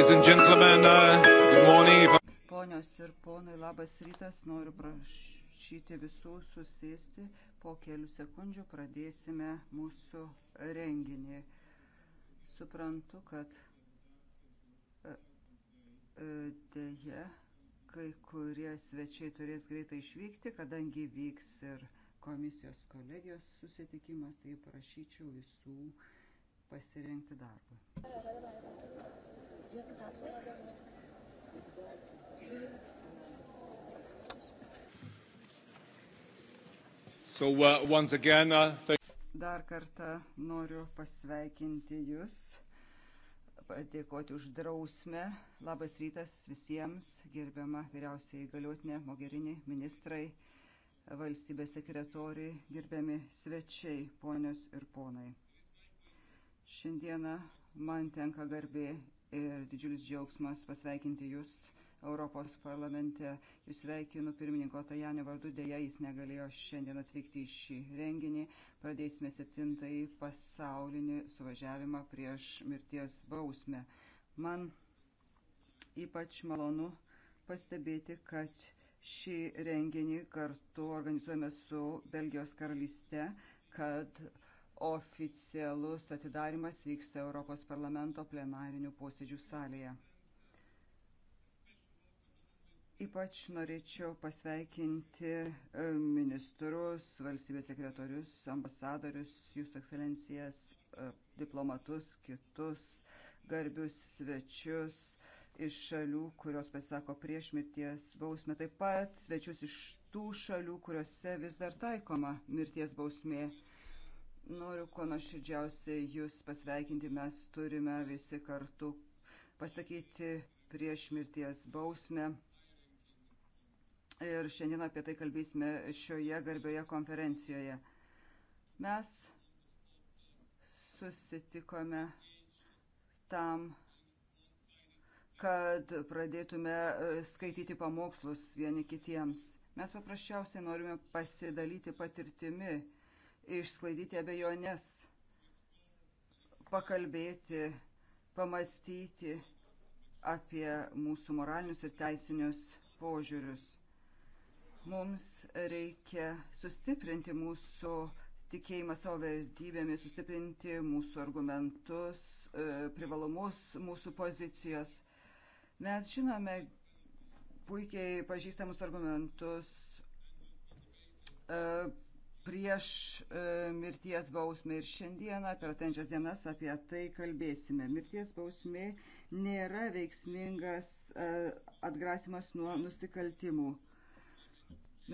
Ladies and gentlemen, uh, good morning. If... Ponios ir ponai, labas rytas. Noriu prašyti visų susėsti. Po kelių sekundžių pradėsime mūsų renginį. Suprantu, kad dėje e, kai kurie svečiai turės greitai išvykti, kadangi vyks ir komisijos kolegijos susitikimas, tai prašyčiau visų pasirengti darbui. You have the password? So, uh, once again, uh, thank Dar kartą noriu pasveikinti Jūs, padėkoti už drausmę. Labas rytas visiems, gerbiama vyriausiai galiotinė, mogerini, ministrai, valstybės sekretoriai, gerbiami svečiai, ponios ir ponai. Šiandieną man tenka garbė ir didžiulis džiaugsmas pasveikinti Jūs Europos parlamente. Jūs sveikinu pirmininko Tajanio vardu, dėja jis negalėjo šiandien atvykti į šį renginį. Pradėsime septintąjį pasaulinį suvažiavimą prieš mirties bausmę. Man ypač malonu pastebėti, kad šį renginį kartu organizuojame su Belgijos karalyste, kad Oficialus atidarimas vyksta Europos parlamento plenarinių posėdžių salėje. Ypač norėčiau pasveikinti e, ministrus, valstybės sekretorius, ambasadorius, jūsų ekscelencijas, e, diplomatus, kitus garbius svečius iš šalių, kurios pasisako prieš mirties bausmę, taip pat svečius iš tų šalių, kuriuose vis dar taikoma mirties bausmė. Noriu kuo nuoširdžiausiai Jūs pasveikinti. Mes turime visi kartu pasakyti prieš mirties bausmę. Ir šiandien apie tai kalbėsime šioje garbioje konferencijoje. Mes susitikome tam, kad pradėtume e, skaityti pamokslus vieni kitiems. Mes paprasčiausiai norime pasidalyti patirtimi išsklaidyti abejonės, pakalbėti, pamastyti apie mūsų moralinius ir teisinius požiūrius. Mums reikia sustiprinti mūsų tikėjimą savo vertybėmis, sustiprinti mūsų argumentus, e, privalumus mūsų pozicijos. Mes žinome puikiai pažįstamus argumentus, e, prieš e, mirties bausmę ir šiandieną per atenčias dienas apie tai kalbėsime. Mirties bausmė nėra veiksmingas e, atgrasimas nuo nusikaltimų.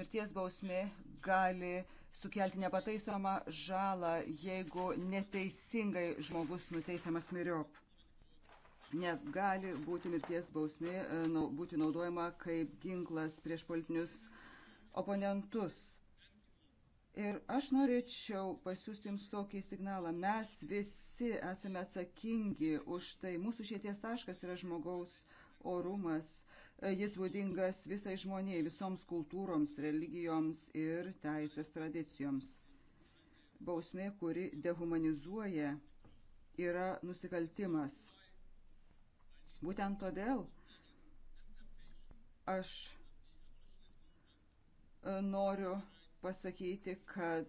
Mirties bausmė gali sukelti nepataisomą žalą, jeigu neteisingai žmogus nuteisiamas miriop. Negali būti mirties bausmė e, būti naudojama kaip ginklas prieš politinius oponentus Ir aš norėčiau pasiūsti Jums tokį signalą. Mes visi esame atsakingi už tai. Mūsų šėties taškas yra žmogaus orumas. E, jis būdingas visai žmoniai, visoms kultūroms, religijoms ir teisės tradicijoms. Bausmė, kuri dehumanizuoja, yra nusikaltimas. Būtent todėl aš e, noriu pasakyti, kad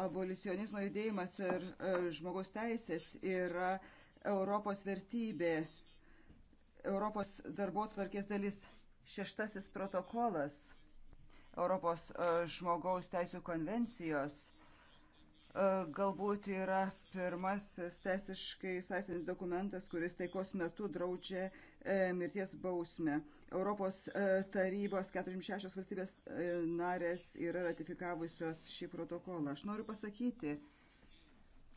abolicionizmo judėjimas ir e, žmogaus teisės yra Europos vertybė, Europos darbo tvarkės dalis. Šeštasis protokolas Europos e, žmogaus teisų konvencijos e, galbūt yra pirmasis teisiškai sąsinis dokumentas, kuris taikos metu draudžia mirties bausmę. Europos e, tarybos 46 valstybės e, narės yra ratifikavusios šį protokolą. Aš noriu pasakyti,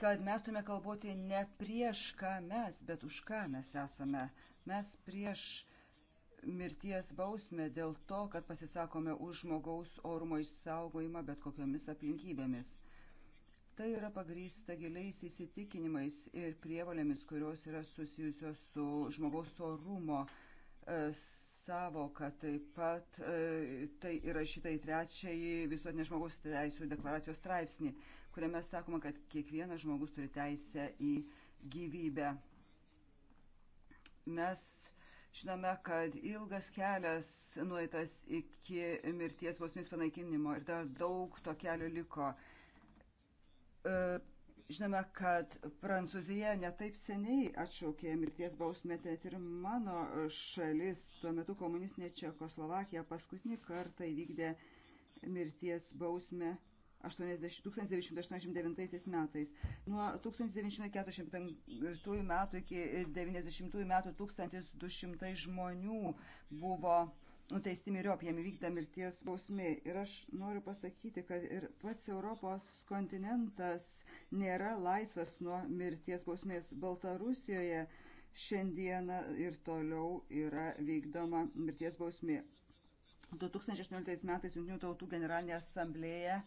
kad mes turime kalboti ne prieš ką mes, bet už ką mes esame. Mes prieš mirties bausmę dėl to, kad pasisakome už žmogaus orumo išsaugojimą bet kokiomis aplinkybėmis. Tai yra pagrįsta giliais įsitikinimais ir prievalėmis, kurios yra susijusios su žmogaus orumo e, savoka. Taip pat e, tai įrašyta į trečiąjį visuotinės žmogaus teisų deklaracijos straipsnį, kuriame sakoma, kad kiekvienas žmogus turi teisę į gyvybę. Mes žinome, kad ilgas kelias nuėtas iki mirties bausmės panaikinimo ir dar daug to kelio liko. E, Žinome, kad Prancūzija netaip seniai atšaukė mirties bausmę, net ir mano šalis, tuo metu komunistinė Čekoslovakija, paskutinį kartą įvykdė mirties bausmę 1989 metais. Nuo 1945 metų iki 1990 metų 1200 žmonių buvo nuteisti miriopjam įvykdyta mirties bausmė. Ir aš noriu pasakyti, kad ir pats Europos kontinentas nėra laisvas nuo mirties bausmės. Baltarusijoje šiandieną ir toliau yra vykdoma mirties bausmė. 2018 metais Junktinių tautų generalinė asamblėja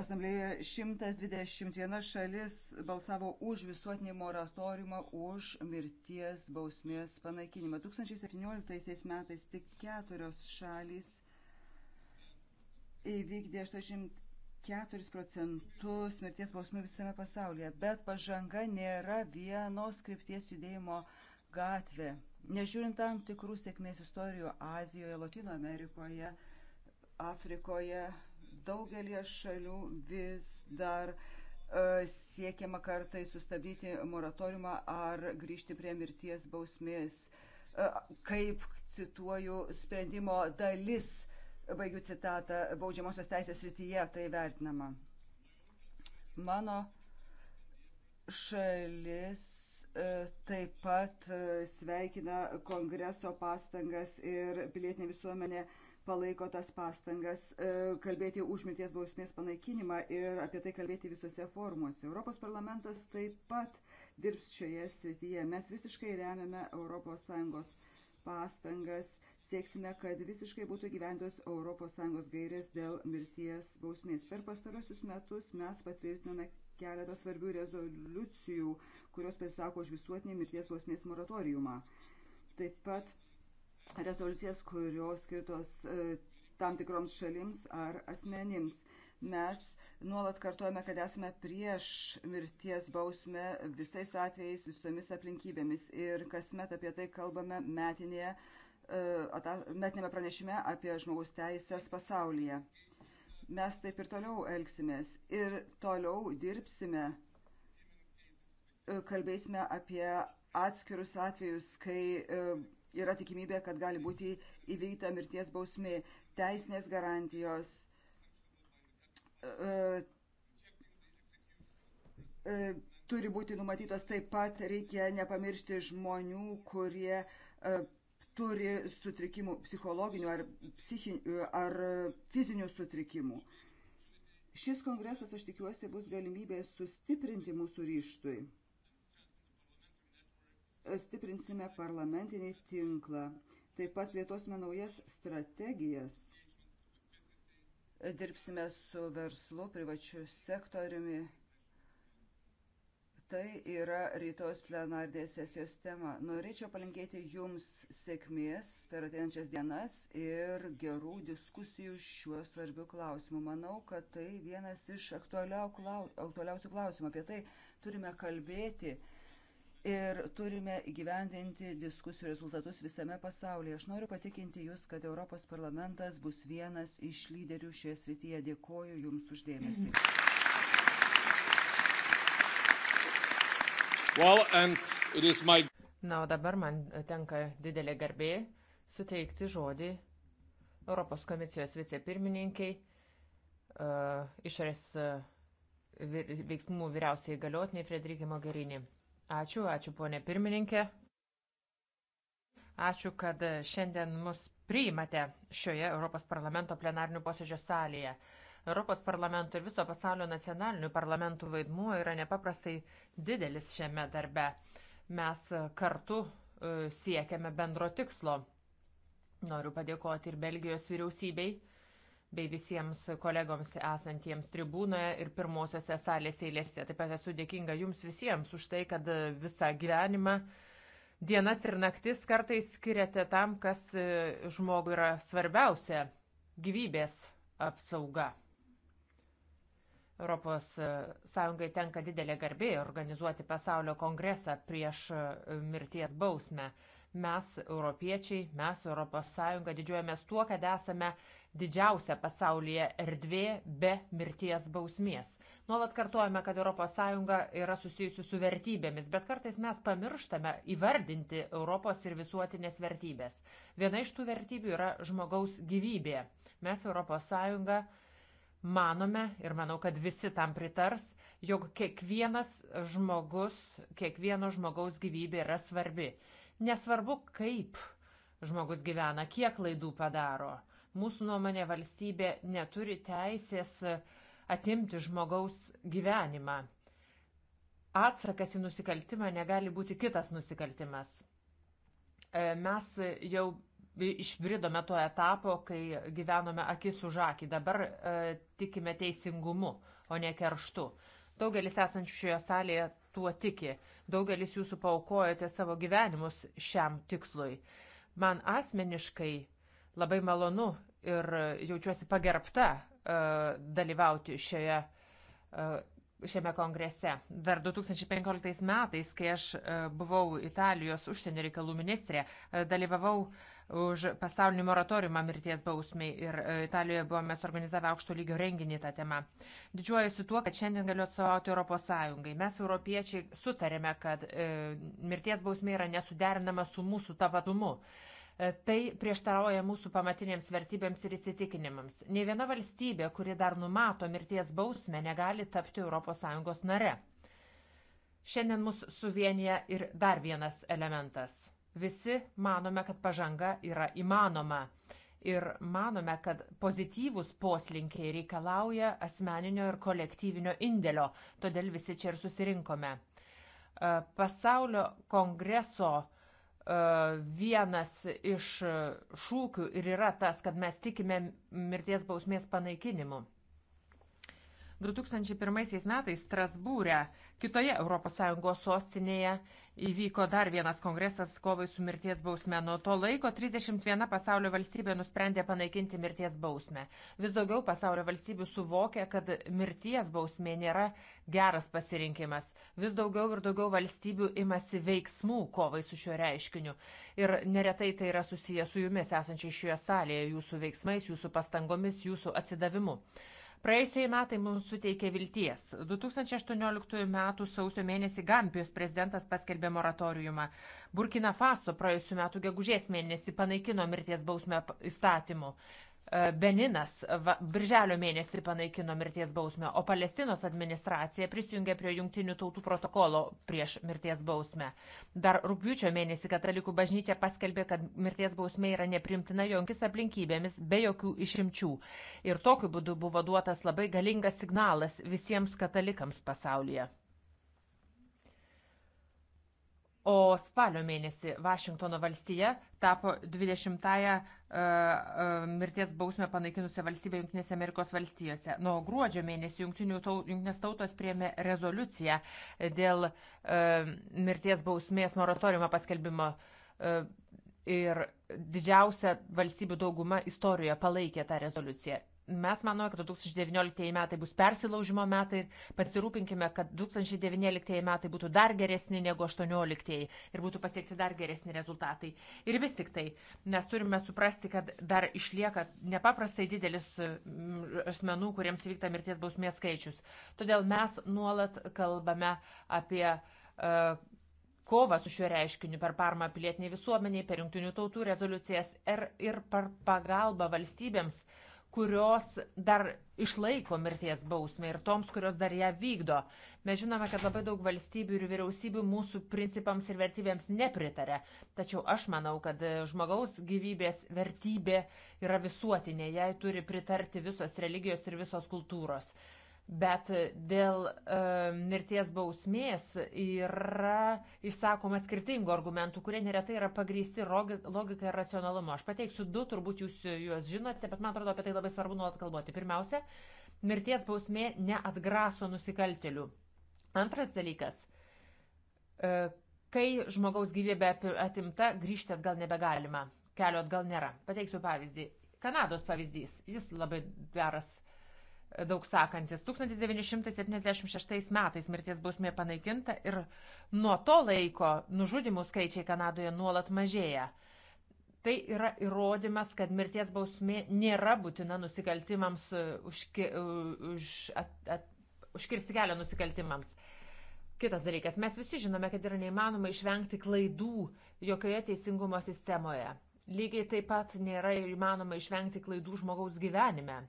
Asamblėje 121 šalis balsavo už visuotinį moratoriumą, už mirties bausmės panaikinimą. 2017 metais tik keturios šalis įvykdė 84 procentus mirties bausmių visame pasaulyje, bet pažanga nėra vienos krypties judėjimo gatvė. Nežiūrint tam tikrų sėkmės istorijų Azijoje, Latino Amerikoje, Afrikoje, daugelie šalių vis dar e, siekiama kartai sustabdyti moratoriumą ar grįžti prie mirties bausmės. E, kaip, cituoju, sprendimo dalis, baigiu citatą, baudžiamosios teisės rytyje tai vertinama. Mano šalis e, taip pat sveikina kongreso pastangas ir pilietinė visuomenė uh, palaiko tas pastangas e, kalbėti už mirties bausmės panaikinimą ir apie tai kalbėti visose formuose. Europos parlamentas taip pat dirbs šioje srityje. Mes visiškai remiame ES pastangas, sieksime, kad visiškai būtų gyventos ES gairės dėl mirties bausmės. Per pastarosius metus mes patvirtinome keletą svarbių rezoliucijų, kurios pasisako už visuotinį mirties bausmės moratoriumą. Taip pat rezoliucijas, kurios skirtos e, tam tikroms šalims ar asmenims. Mes nuolat kartuojame, kad esame prieš mirties bausmę visais atvejais, visomis aplinkybėmis ir kasmet apie tai kalbame metinėje, e, metinėme pranešime apie žmogaus teisės pasaulyje. Mes taip ir toliau elgsimės ir toliau dirbsime, e, kalbėsime apie atskirus atvejus, kai yra tikimybė, kad gali būti įvykdyta mirties bausmė, teisinės garantijos, e, e, turi būti numatytos. Taip pat reikia nepamiršti žmonių, kurie e, turi sutrikimų psichologinių ar, psichinių, ar fizinių sutrikimų. Šis kongresas, aš tikiuosi, bus galimybė sustiprinti mūsų ryštui stiprinsime parlamentinį tinklą, taip pat plėtosime naujas strategijas, dirbsime su verslu, privačiu sektoriumi. Tai yra rytojus plenardės sesijos tema. Norėčiau palinkėti Jums sėkmės per ateinančias dienas ir gerų diskusijų šiuo svarbiu klausimu. Manau, kad tai vienas iš aktualiausių klausimų. Apie tai turime kalbėti ir turime gyvendinti diskusijų rezultatus visame pasaulyje. Aš noriu patikinti Jūs, kad Europos parlamentas bus vienas iš lyderių šioje srityje. Dėkoju Jums uždėmesi. Well, my... Na, o dabar man tenka didelė garbė suteikti žodį Europos komisijos vicepirmininkiai, uh, išorės uh, veiksmų vyriausiai galiotiniai Frederikai Magarinį. Ačiū, ačiū ponė pirmininkė. Ačiū, kad šiandien mus priimate šioje Europos parlamento plenarnių posėdžio salėje. Europos parlamento ir viso pasaulio nacionalinių parlamentų vaidmuo yra nepaprastai didelis šiame darbe. Mes kartu e, siekiame bendro tikslo. Noriu padėkoti ir Belgijos vyriausybei bei visiems kolegoms esantiems tribūnoje ir pirmosiose salės eilėse. Taip pat esu dėkinga jums visiems už tai, kad visą gyvenimą, dienas ir naktis kartais skiriate tam, kas e, žmogui yra svarbiausia - gyvybės apsauga. Europos e, Sąjungai tenka didelė garbė organizuoti pasaulio kongresą prieš e, mirties bausmę. Mes, europiečiai, mes, ES, didžiuojamės tuo, kad esame didžiausia pasaulyje erdvė be mirties bausmės. Nuolat kartuojame, kad ES yra susijusi su vertybėmis, bet kartais mes pamirštame įvardinti Europos ir visuotinės vertybės. Viena iš tų vertybių yra žmogaus gyvybė. Mes ES manome ir manau, kad visi tam pritars, jog kiekvienas žmogus, kiekvieno žmogaus gyvybė yra svarbi. Nesvarbu, kaip žmogus gyvena, kiek klaidų padaro. Mūsų nuomonė valstybė neturi teisės atimti žmogaus gyvenimą. Atsakas į nusikaltimą negali būti kitas nusikaltimas. E, mes jau išbridome to etapo, kai gyvenome akis už akį. Dabar e, tikime teisingumu, o ne kerštu. Daugelis esančių šioje salėje tuo tiki. Daugelis jūsų paukojate savo gyvenimus šiam tikslui. Man asmeniškai labai malonu ir jaučiuosi pagerbta e, dalyvauti šioje, e, šiame kongrese. Dar 2015 metais, kai aš e, buvau Italijos užsienio reikalų ministrė, dalyvavau už pasaulinį moratoriumą mirties bausmiai ir e, Italijoje buvome suorganizavę aukšto lygio renginį tą temą. Didžiuojuosi tuo, kad šiandien galiu atstovauti Europos Sąjungai. Mes, europiečiai, sutarėme, kad e, mirties bausmė yra nesuderinama su mūsų tapatumu. E, tai prieštarauja mūsų pamatinėms vertybėms ir įsitikinimams. Ne viena valstybė, kuri dar numato mirties bausmę, negali tapti ES nare. Šiandien mus suvienyje ir dar vienas elementas Visi manome, kad pažanga yra įmanoma ir manome, kad pozityvūs poslinkiai reikalauja asmeninio ir kolektyvinio indėlio, todėl visi čia ir susirinkome. E, Pasaulio kongreso e, vienas iš šūkių ir yra tas, kad mes tikime mirties bausmės panaikinimu. 2001 metais Strasbūrė Kitoje ES sostinėje įvyko dar vienas kongresas kovai su mirties bausme. Nuo to laiko 31 pasaulio valstybė nusprendė panaikinti mirties bausmę. Vis daugiau pasaulio valstybių suvokia, kad mirties bausmė nėra geras pasirinkimas. Vis daugiau ir daugiau valstybių imasi veiksmų kovai su šiuo reiškiniu. Ir neretai tai yra susiję su jumis esančiai šioje salėje, jūsų veiksmais, jūsų pastangomis, jūsų atsidavimu. Praėjusiai metai mums suteikė vilties. 2018 m. sausio mėnesį Gambijos prezidentas paskelbė moratoriumą. Burkina Faso praėjusiu metu gegužės mėnesį panaikino mirties bausmę įstatymu. E, Beninas va, birželio mėnesį panaikino mirties bausmę, o Palestinos administracija prisijungė prie jungtinių tautų protokolo prieš mirties bausmę. Dar rūpjūčio mėnesį katalikų bažnyčia paskelbė, kad mirties bausmė yra neprimtina jonkis aplinkybėmis be jokių išimčių. Ir tokiu būdu buvo duotas labai galingas signalas visiems katalikams pasaulyje. O spalio mėnesį Vašingtono valstija tapo 20-ąją uh, uh, mirties bausmę panaikinusią valstybę Junktinėse Amerikos valstijose. Nuo gruodžio mėnesį Junktinės tautos priemė rezoliuciją dėl uh, mirties bausmės moratoriumo paskelbimo uh, ir didžiausia valstybių dauguma istorijoje palaikė tą rezoliuciją mes manome, kad 2019 metai bus persilaužimo metai ir pasirūpinkime, kad 2019 metai būtų dar geresni negu 2018 ir būtų pasiekti dar geresni rezultatai. Ir vis tik tai mes turime suprasti, kad dar išlieka nepaprastai didelis mm, asmenų, kuriems vykta mirties bausmės skaičius. Todėl mes nuolat kalbame apie uh, kovą su šiuo reiškiniu per parmą pilietiniai visuomeniai, per jungtinių tautų rezoliucijas er, ir, ir per pagalbą valstybėms uh, kurios dar išlaiko mirties bausmę ir toms, kurios dar ją vykdo. Mes žinome, kad labai daug valstybių ir vyriausybių mūsų principams ir vertybėms nepritarė. Tačiau aš manau, kad e, žmogaus gyvybės vertybė yra visuotinė, jai turi pritarti visos religijos ir visos kultūros. Bet dėl e, mirties bausmės yra išsakoma skirtingų argumentų, kurie neretai yra pagrysti logika ir racionalumu. Aš pateiksiu du, turbūt jūs juos žinote, bet man atrodo apie tai labai svarbu nuolat kalbėti. Pirmiausia, mirties bausmė neatgraso nusikaltelių. Antras dalykas, e, kai žmogaus gyvybė atimta, grįžti atgal nebegalima, kelio atgal nėra. Pateiksiu pavyzdį. Kanados pavyzdys, jis labai geras. Veras daug sakantis. 1976 metais mirties bausmė panaikinta ir nuo to laiko nužudimų skaičiai Kanadoje nuolat mažėja. Tai yra įrodymas, kad mirties bausmė nėra būtina nusikaltimams e, užki, e, už, at, at, užkirsti kelią nusikaltimams. Kitas dalykas, mes visi žinome, kad yra neįmanoma išvengti klaidų jokioje teisingumo sistemoje. Lygiai taip pat nėra įmanoma išvengti klaidų žmogaus gyvenime.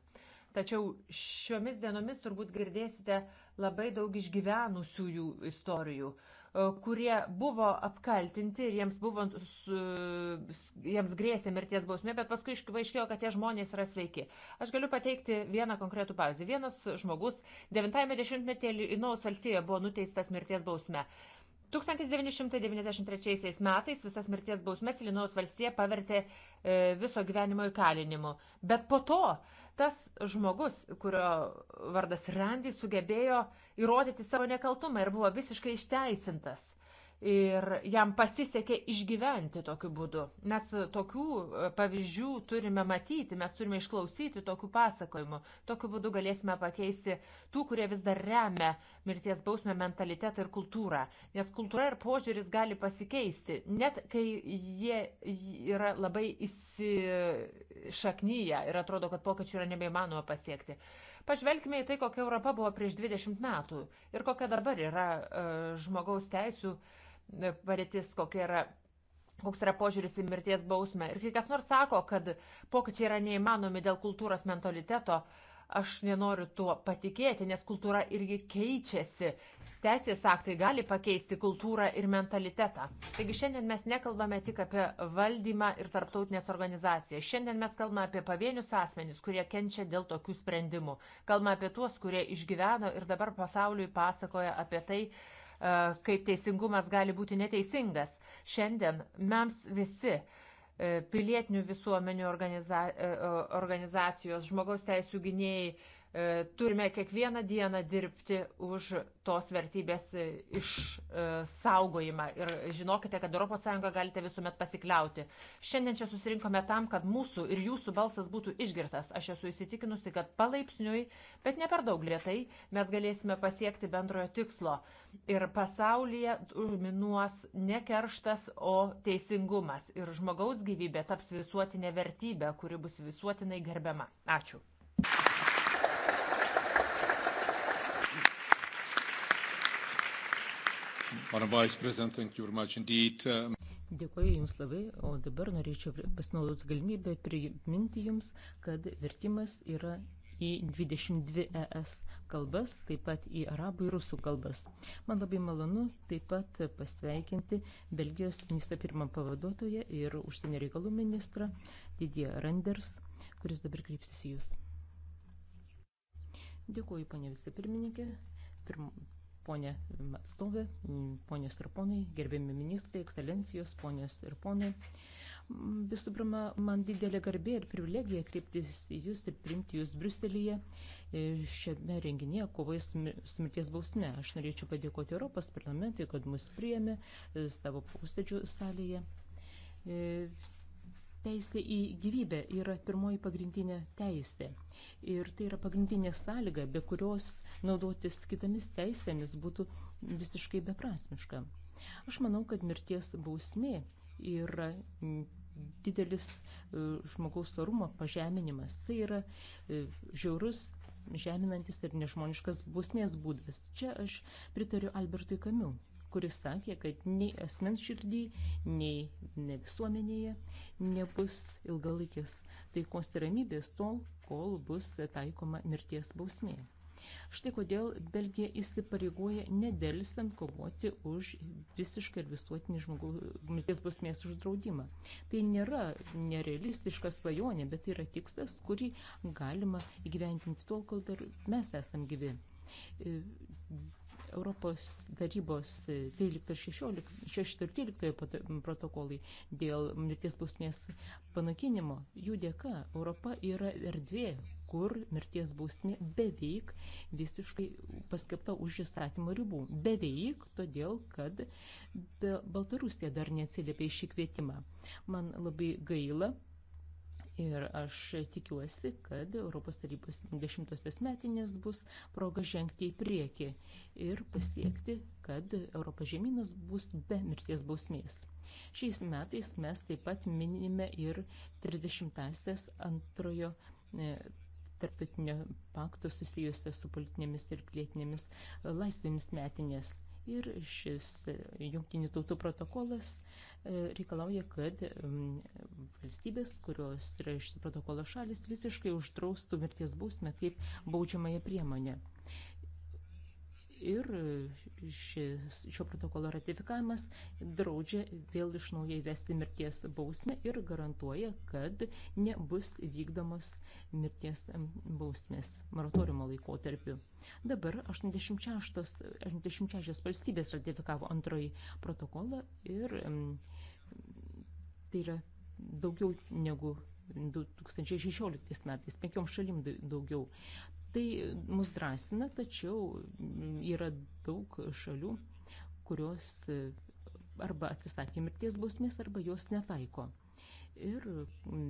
Tačiau šiomis dienomis turbūt girdėsite labai daug išgyvenusiųjų istorijų, e, kurie buvo apkaltinti ir jiems, buvo, jiems grėsė mirties bausmė, bet paskui išaiškėjo, kad tie žmonės yra sveiki. Aš galiu pateikti vieną konkretų pavyzdį. Vienas žmogus 90-metėje Inaus valstijoje buvo nuteistas mirties bausme. 1993 metais visas mirties bausmes Ilinojaus valstija pavertė e, viso gyvenimo įkalinimu. Bet po to e, tas žmogus, kurio vardas Randy, sugebėjo įrodyti savo nekaltumą ir buvo visiškai išteisintas ir jam pasisekė išgyventi tokiu būdu. Mes tokių e, pavyzdžių turime matyti, mes turime išklausyti tokių pasakojimų. Tokiu būdu galėsime pakeisti tų, kurie vis dar remia mirties bausmę mentalitetą ir kultūrą. Nes kultūra ir požiūris gali pasikeisti, net kai jie yra labai įsišaknyje ir atrodo, kad pokyčių yra nebeįmanoma pasiekti. Pažvelkime į tai, kokia Europa buvo prieš 20 metų ir kokia dabar yra uh, žmogaus teisų uh, E, padėtis, kokia yra koks yra požiūris į mirties bausmę. Ir kai kas nors sako, kad pokyčiai yra neįmanomi dėl kultūros mentaliteto, aš nenoriu tuo patikėti, nes kultūra irgi keičiasi. Teisės aktai gali pakeisti kultūrą ir mentalitetą. Taigi šiandien mes nekalbame tik apie valdymą ir tarptautinės organizacijas. Šiandien mes kalbame apie pavienius asmenys, kurie kenčia dėl tokių sprendimų. Kalbame apie tuos, kurie išgyveno ir dabar pasauliui pasakoja apie tai, uh, E, kaip teisingumas gali būti neteisingas. Šiandien mes visi e, pilietinių visuomenių organiza, e, organizacijos, žmogaus teisų gynėjai, E, turime kiekvieną dieną dirbti už tos vertybės e, išsaugojimą e, ir žinokite, kad ES galite visuomet pasikliauti. Šiandien čia susirinkome tam, kad mūsų ir jūsų balsas būtų išgirtas. Aš esu įsitikinusi, kad palaipsniui, bet ne per daug lietai, mes galėsime pasiekti bendrojo tikslo. Ir pasaulyje dominuos ne kerštas, o teisingumas. Ir žmogaus gyvybė taps visuotinė vertybė, kuri bus visuotinai gerbiama. Ačiū. Uh, Dėkuoju Jums labai, o dabar norėčiau pasinaudoti galimybę priminti Jums, kad vertimas yra į 22 ES kalbas, taip pat į arabų ir rusų kalbas. Man labai malonu taip pat pasveikinti Belgijos ministro pirmą pavaduotoją ir užsienio reikalų ministrą Didier Renders, kuris dabar kreipsis į Jūs. Dėkuoju, panė vicepirmininkė. Pirm, ponė atstovė, ponės ir ponai, gerbiami ministrai, ekscelencijos, ponės ir ponai. Visų pirma, man didelė garbė ir privilegija kreiptis į Jūs ir priimti Jūs Bruselėje e, šiame renginėje kovoje su mirties bausme. Aš norėčiau padėkoti Europos parlamentui, kad mus priėmė e, savo posėdžių salėje. E, Teisė į gyvybę yra pirmoji pagrindinė teisė. Ir tai yra pagrindinė sąlyga, be kurios naudotis kitomis teisėmis būtų visiškai beprasmiška. Aš manau, kad mirties bausmė yra didelis e, žmogaus orumo pažeminimas. Tai yra e, žiaurus, žeminantis ir nežmoniškas bausmės būdas. Čia aš pritariu Albertui Kamiu kuris sakė, kad nei asmens širdį, nei ne visuomenėje nebus ilgalaikės taikos ir ramybės tol, kol bus taikoma mirties bausmė. Štai kodėl Belgija įsipareigoja nedelsiant kovoti už visišką ir visuotinį mirties bausmės uždraudimą. Tai nėra nerealistiška svajonė, bet tai yra tikslas, kurį galima įgyventinti tol, kol dar mes esam gyvi. Europos tarybos 13-16 protokolai dėl mirties bausmės panakinimo, jų dėka Europa yra erdvė, kur mirties bausmė beveik visiškai paskapta už įstatymo ribų. Beveik todėl, kad Baltarusija dar neatsiliepia į šį kvietimą. Man labai gaila, Ir aš tikiuosi, kad Europos tarybos 10-osios metinės bus proga žengti į priekį ir pasiekti, kad Europos žemynas bus be mirties bausmės. Šiais metais mes taip pat minime ir 30-asias antrojo e, tarptautinio pakto susijusio su politinėmis ir plėtinėmis laisvėmis metinės. Ir šis e, jungtinių tautų protokolas e, reikalauja, kad valstybės, kurios yra šitą protokolo šalis, visiškai uždraustų mirties bausmę kaip baudžiamąją priemonę ir šis, šio protokolo ratifikavimas draudžia vėl iš naujo įvesti mirties bausmę ir garantuoja, kad nebus vykdomos mirties bausmės moratoriumo laikotarpiu. Dabar 86, 86 valstybės ratifikavo antrąjį protokolą ir mm, tai yra daugiau negu 2016 metais, penkiom šalim daugiau. Tai mus drąsina, tačiau yra daug šalių, kurios e, arba atsisakė mirties bausmės, arba jos netaiko. Ir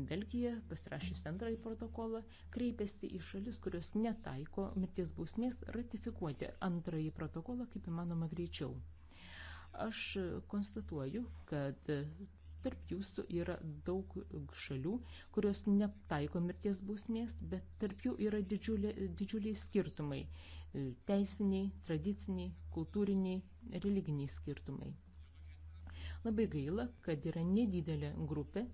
Belgija, pasirašysi antrąjį protokolą, kreipėsi į šalis, kurios netaiko mirties bausmės, ratifikuoti antrąjį protokolą kaip įmanoma greičiau. Aš konstatuoju, kad tarp jūsų yra daug šalių, kurios netaiko mirties bausmės, bet tarp jų yra didžiulė, didžiuliai skirtumai - teisiniai, tradiciniai, kultūriniai, religiniai skirtumai. Labai gaila, kad yra nedidelė grupė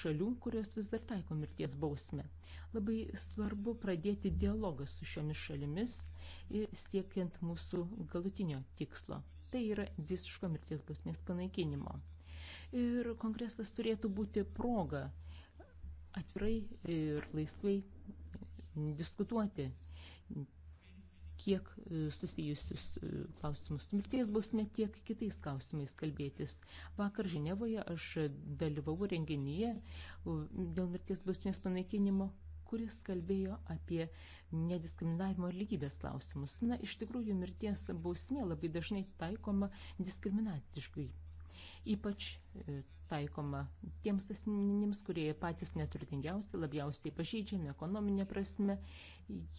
šalių, kurios vis dar taiko mirties bausmę. Labai svarbu pradėti dialogą su šiomis šalimis siekiant mūsų galutinio tikslo. Tai yra visiško mirties bausmės panaikinimo ir kongresas turėtų būti proga atvirai ir laisvai diskutuoti, kiek e, susijusius e, klausimus su mirties bausme, tiek kitais klausimais kalbėtis. Vakar Ženevoje aš dalyvau renginyje dėl mirties bausmės panaikinimo kuris kalbėjo apie nediskriminavimo ir lygybės klausimus. Na, iš tikrųjų, mirties bausmė labai dažnai taikoma diskriminaciškai ypač e, taikoma tiems asmenims, kurie patys neturtingiausi, labiausiai pažydžiami ekonominė prasme,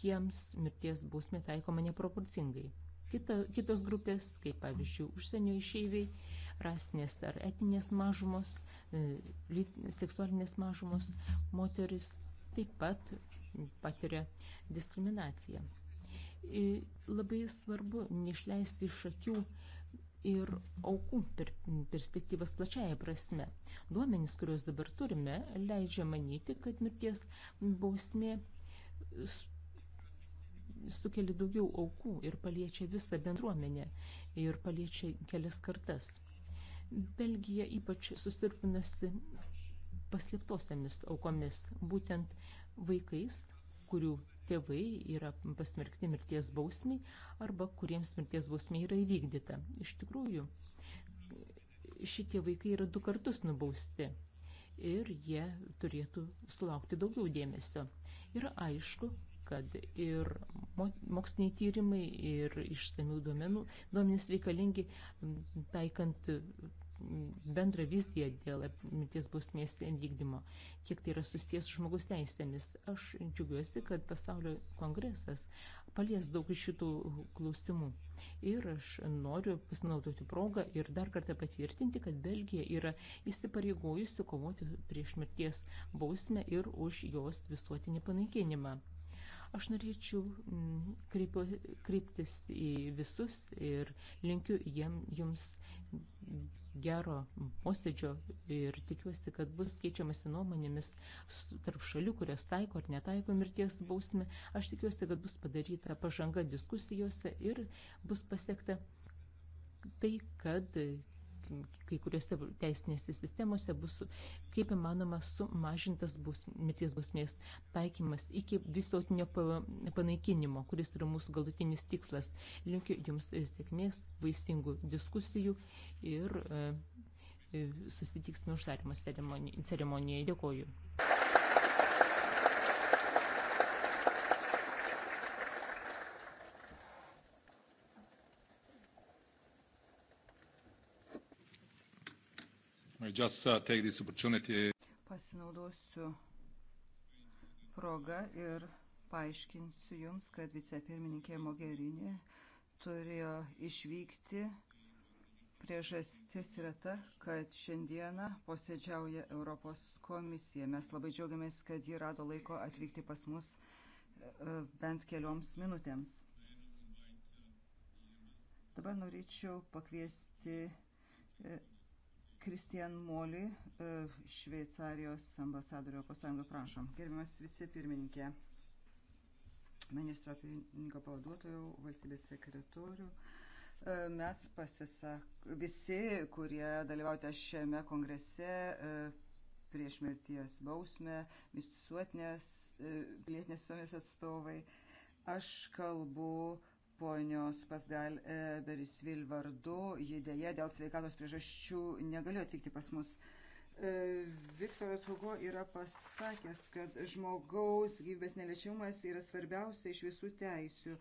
jiems mirties bausmė taikoma neproporcingai. Kita, kitos grupės, kaip pavyzdžiui, užsienio išeiviai, rasinės ar etinės mažumos, e, seksualinės mažumos, moteris taip pat patiria diskriminaciją. Labai svarbu neišleisti iš akių ir aukų per, perspektyvas plačiaja prasme. Duomenys, kuriuos dabar turime, leidžia manyti, kad mirties bausmė sukelia daugiau aukų ir paliečia visą bendruomenę ir paliečia kelias kartas. Belgija ypač susirūpinasi paslėptosiamis aukomis, būtent vaikais, kurių tėvai yra pasmerkti mirties bausmiai arba kuriems mirties bausmė yra įvykdyta. Iš tikrųjų, šitie vaikai yra du kartus nubausti ir jie turėtų sulaukti daugiau dėmesio. Yra aišku, kad ir moksliniai tyrimai, ir išsamių duomenų duomenys reikalingi taikant bendrą viziją dėl mirties bausmės vykdymo, kiek tai yra susijęs su žmogus teisėmis. Aš džiugiuosi, kad pasaulio kongresas palies daug iš šitų klausimų. Ir aš noriu pasinaudoti progą ir dar kartą patvirtinti, kad Belgija yra įsipareigojusi kovoti prieš mirties bausmę ir už jos visuotinį panaikinimą. Aš norėčiau mm, kreipio, kreiptis į visus ir linkiu jiem, jums gero posėdžio ir tikiuosi, kad bus keičiamasi nuomonėmis tarp šalių, kurios taiko ar netaiko mirties bausmę. Aš tikiuosi, kad bus padaryta pažanga diskusijose ir bus pasiekta tai, kad kai kuriuose teisinėse sistemose bus kaip įmanoma sumažintas bus, mirties bausmės taikymas iki visuotinio panaikinimo, kuris yra mūsų galutinis tikslas. Linkiu Jums sėkmės, vaisingų diskusijų ir e, e, susitiksime uždarimo ceremonijoje. Dėkoju. just uh, take this opportunity. Pasinaudosiu progą ir paaiškinsiu Jums, kad vicepirmininkė Mogerinė turėjo išvykti. Priežastis yra ta, kad šiandieną posėdžiauja Europos komisija. Mes labai džiaugiamės, kad ji rado laiko atvykti pas mus e, bent kelioms minutėms. Dabar norėčiau pakviesti e, Kristian Moli, e, Šveicarijos ambasadorio Europos Sąjungoje, prašom. Gerbiamas vicepirmininkė, ministro pirmininko pavaduotojų, valstybės sekretorių. E, mes pasisak, visi, kurie dalyvaujate šiame kongrese, e, prieš mirties bausmę, visuotinės pilietinės visuomenės atstovai. Aš kalbu ponios Pasgal Berisvil vardu. Ji dėja dėl sveikatos priežasčių negalėjo atvykti pas mus. E, Viktoras Hugo yra pasakęs, kad žmogaus gyvybės neliečiamumas yra svarbiausia iš visų teisių.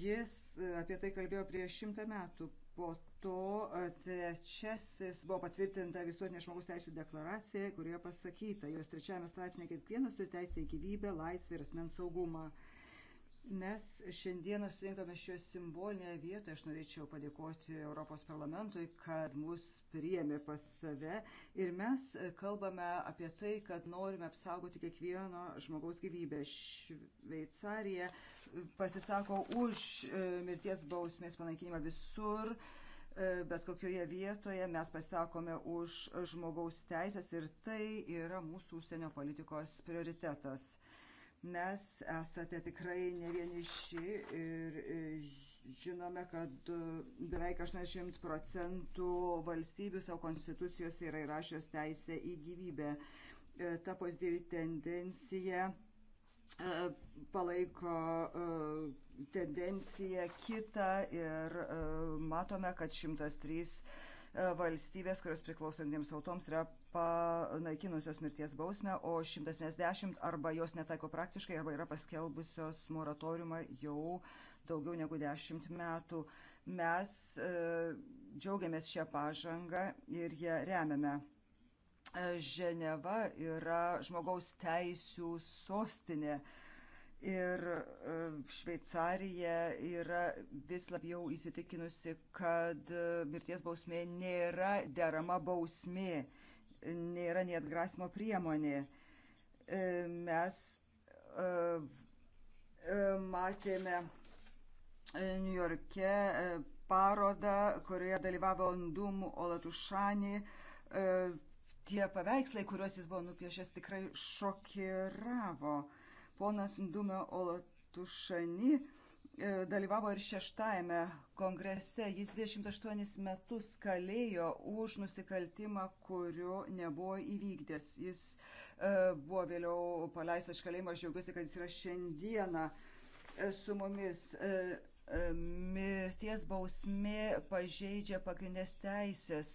Jis e, apie tai kalbėjo prieš šimtą metų. Po to e, trečiasis buvo patvirtinta visuotinė žmogaus teisų deklaracija, kurioje pasakyta, jos trečiajame straipsnėje kiekvienas turi teisę į gyvybę, laisvę ir asmens saugumą. Mes šiandieną surinkome šioje simbolinėje vietoje. Aš norėčiau padėkoti Europos parlamentui, kad mus priėmė pas save. Ir mes kalbame apie tai, kad norime apsaugoti kiekvieno žmogaus gyvybę. Šveicarija pasisako už e, mirties bausmės panaikinimą visur e, bet kokioje vietoje mes pasisakome už žmogaus teisės ir tai yra mūsų užsienio politikos prioritetas. Mes esate tikrai ne vieniši ir e, žinome, kad e, beveik 80 procentų valstybių savo konstitucijose yra įrašęs teisę į gyvybę. E, ta pozityvi tendencija palaiko tendenciją kitą ir matome, kad 103 valstybės, kurios priklausantiems tautoms yra panaikinusios mirties bausmę, o 110 arba jos netaiko praktiškai, arba yra paskelbusios moratoriumą jau daugiau negu 10 metų. Mes e, džiaugiamės šią pažangą ir ją remiame. E, Ženeva yra žmogaus teisų sostinė. Ir e, Šveicarija yra vis labiau įsitikinusi, kad e, mirties bausmė nėra derama bausmė nėra nei atgrasimo priemonė. E, mes e, e, matėme New York'e parodą, kurioje dalyvavo Ondum Olatušani. Tie paveikslai, kuriuos jis buvo nupiešęs, tikrai šokiravo. Ponas Ndume Olatušani E, dalyvavo ir šeštajame kongrese. Jis 28 metus kalėjo už nusikaltimą, kurio nebuvo įvykdęs. Jis e, buvo vėliau paleistas iš kalėjimo. Aš džiaugiuosi, kad jis yra šiandieną e, su mumis. Mirties bausmė pažeidžia pagrindinės teisės.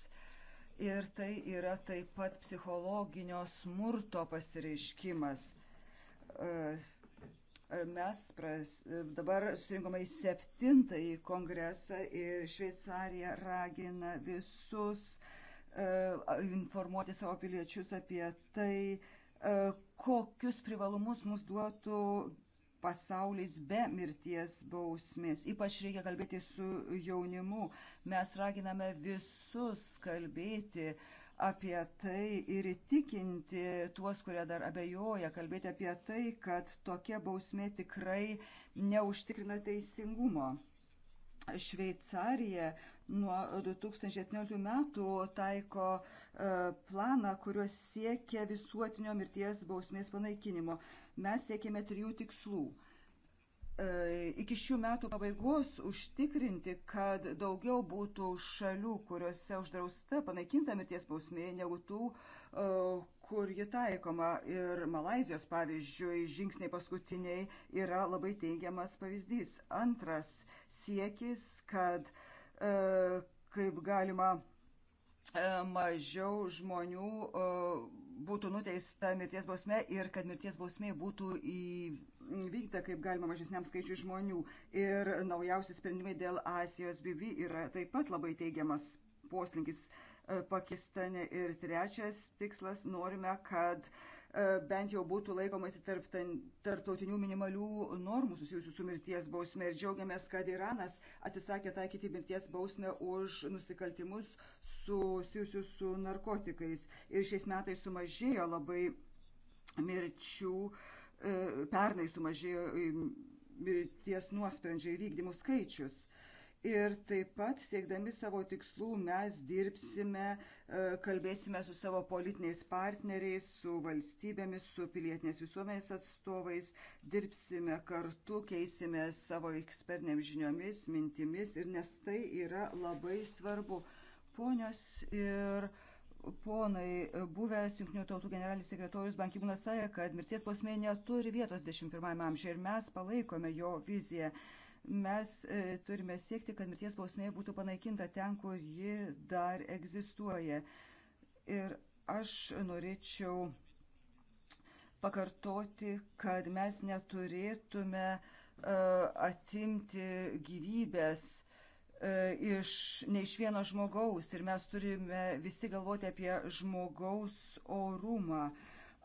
Ir tai yra taip pat psichologinio smurto pasireiškimas. Uh, Mes pras, dabar susirinkome į septintąjį kongresą ir Šveicarija ragina visus uh, informuoti savo piliečius apie tai, uh, kokius privalumus mus duotų pasaulis be mirties bausmės. Ypač reikia kalbėti su jaunimu. Mes raginame visus kalbėti uh, apie tai ir įtikinti tuos, kurie dar abejoja, kalbėti apie tai, kad tokia bausmė tikrai neužtikrina teisingumo. Šveicarija nuo 2017 metų taiko e, planą, kuriuos siekia visuotinio mirties bausmės panaikinimo. Mes siekime trijų tikslų E, iki šių metų pabaigos užtikrinti, kad daugiau būtų šalių, kuriuose uždrausta panaikinta mirties bausmė, negu tų, e, kur ji taikoma. Ir Malazijos pavyzdžiui, žingsniai paskutiniai yra labai teigiamas pavyzdys. Antras siekis, kad e, kaip galima mažiau žmonių būtų nuteista mirties bausmė ir kad mirties bausmė būtų į vykdyta kaip galima mažesniam skaičiui žmonių. Ir naujausi sprendimai dėl Azijos BB yra taip pat labai teigiamas poslinkis e, Pakistane. Ir trečias tikslas - norime, kad e, bent jau būtų laikomasi tarp tarptautinių minimalių normų susijusių su mirties bausme. Ir džiaugiamės, kad Iranas atsisakė taikyti mirties bausmę už nusikaltimus susijusius su narkotikais. Ir šiais metais sumažėjo labai mirčių uh, E, pernai sumažėjo e, mirties nuosprendžiai vykdymų skaičius. Ir taip pat siekdami savo tikslų mes dirbsime, e, kalbėsime su savo politiniais partneriais, su valstybėmis, su pilietinės visuomenės atstovais, dirbsime kartu, keisime savo ekspertiniam žiniomis, mintimis ir nes tai yra labai svarbu. Ponios ir uh, ponai, buvęs Junktinių tautų generalinis sekretorius Bankimūnas sąja, kad mirties posmė neturi vietos 21 amžiuje ir mes palaikome jo viziją. Mes e, turime siekti, kad mirties bausmė būtų panaikinta ten, kur ji dar egzistuoja. Ir aš norėčiau pakartoti, kad mes neturėtume e, atimti gyvybės E, iš, ne iš vieno žmogaus ir mes turime visi galvoti apie žmogaus orumą.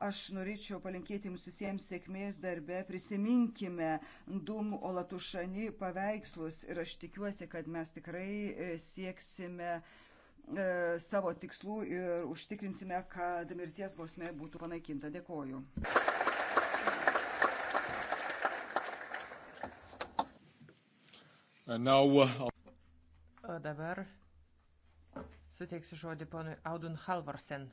Aš norėčiau palinkėti jums visiems sėkmės darbe, prisiminkime Dum Olatušani paveikslus ir aš tikiuosi, kad mes tikrai e, sieksime e, savo tikslų ir užtikrinsime, kad mirties bausmė būtų panaikinta. Dėkoju. And now, uh, O dabar suteiksiu žodį ponui Audun Halvorsen,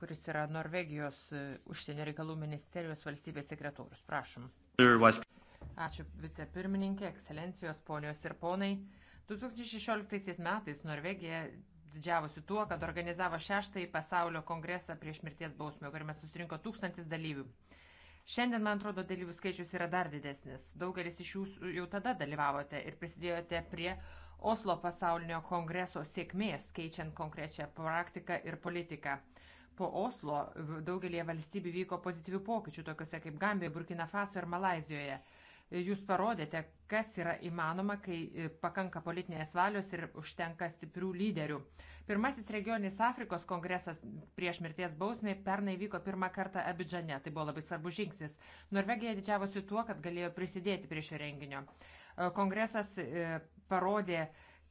kuris yra Norvegijos e, užsienio reikalų ministerijos valstybės sekretorius. Prašom. Ačiū vicepirmininkė, ekscelencijos, ponios ir ponai. 2016 metais Norvegija didžiavosi tuo, kad organizavo šeštąjį pasaulio kongresą prieš mirties bausmę, kuriame susirinko tūkstantis dalyvių. Šiandien, man atrodo, dalyvių skaičius yra dar didesnis. Daugelis iš jūsų jau tada dalyvavote ir prisidėjote prie uh, Oslo pasaulinio kongreso sėkmės, keičiant konkrečią praktiką ir politiką. Po Oslo daugelie valstybių vyko pozityvių pokyčių, tokiuose kaip Gambija, Burkina Faso ir Malazijoje. Jūs parodėte, kas yra įmanoma, kai e, pakanka politinės valios ir užtenka stiprių lyderių. Pirmasis regioninis Afrikos kongresas prieš mirties bausmį pernai vyko pirmą kartą Abidžane. Tai buvo labai svarbus žingsnis. Norvegija didžiavosi tuo, kad galėjo prisidėti prie šio renginio. E, kongresas e, parodė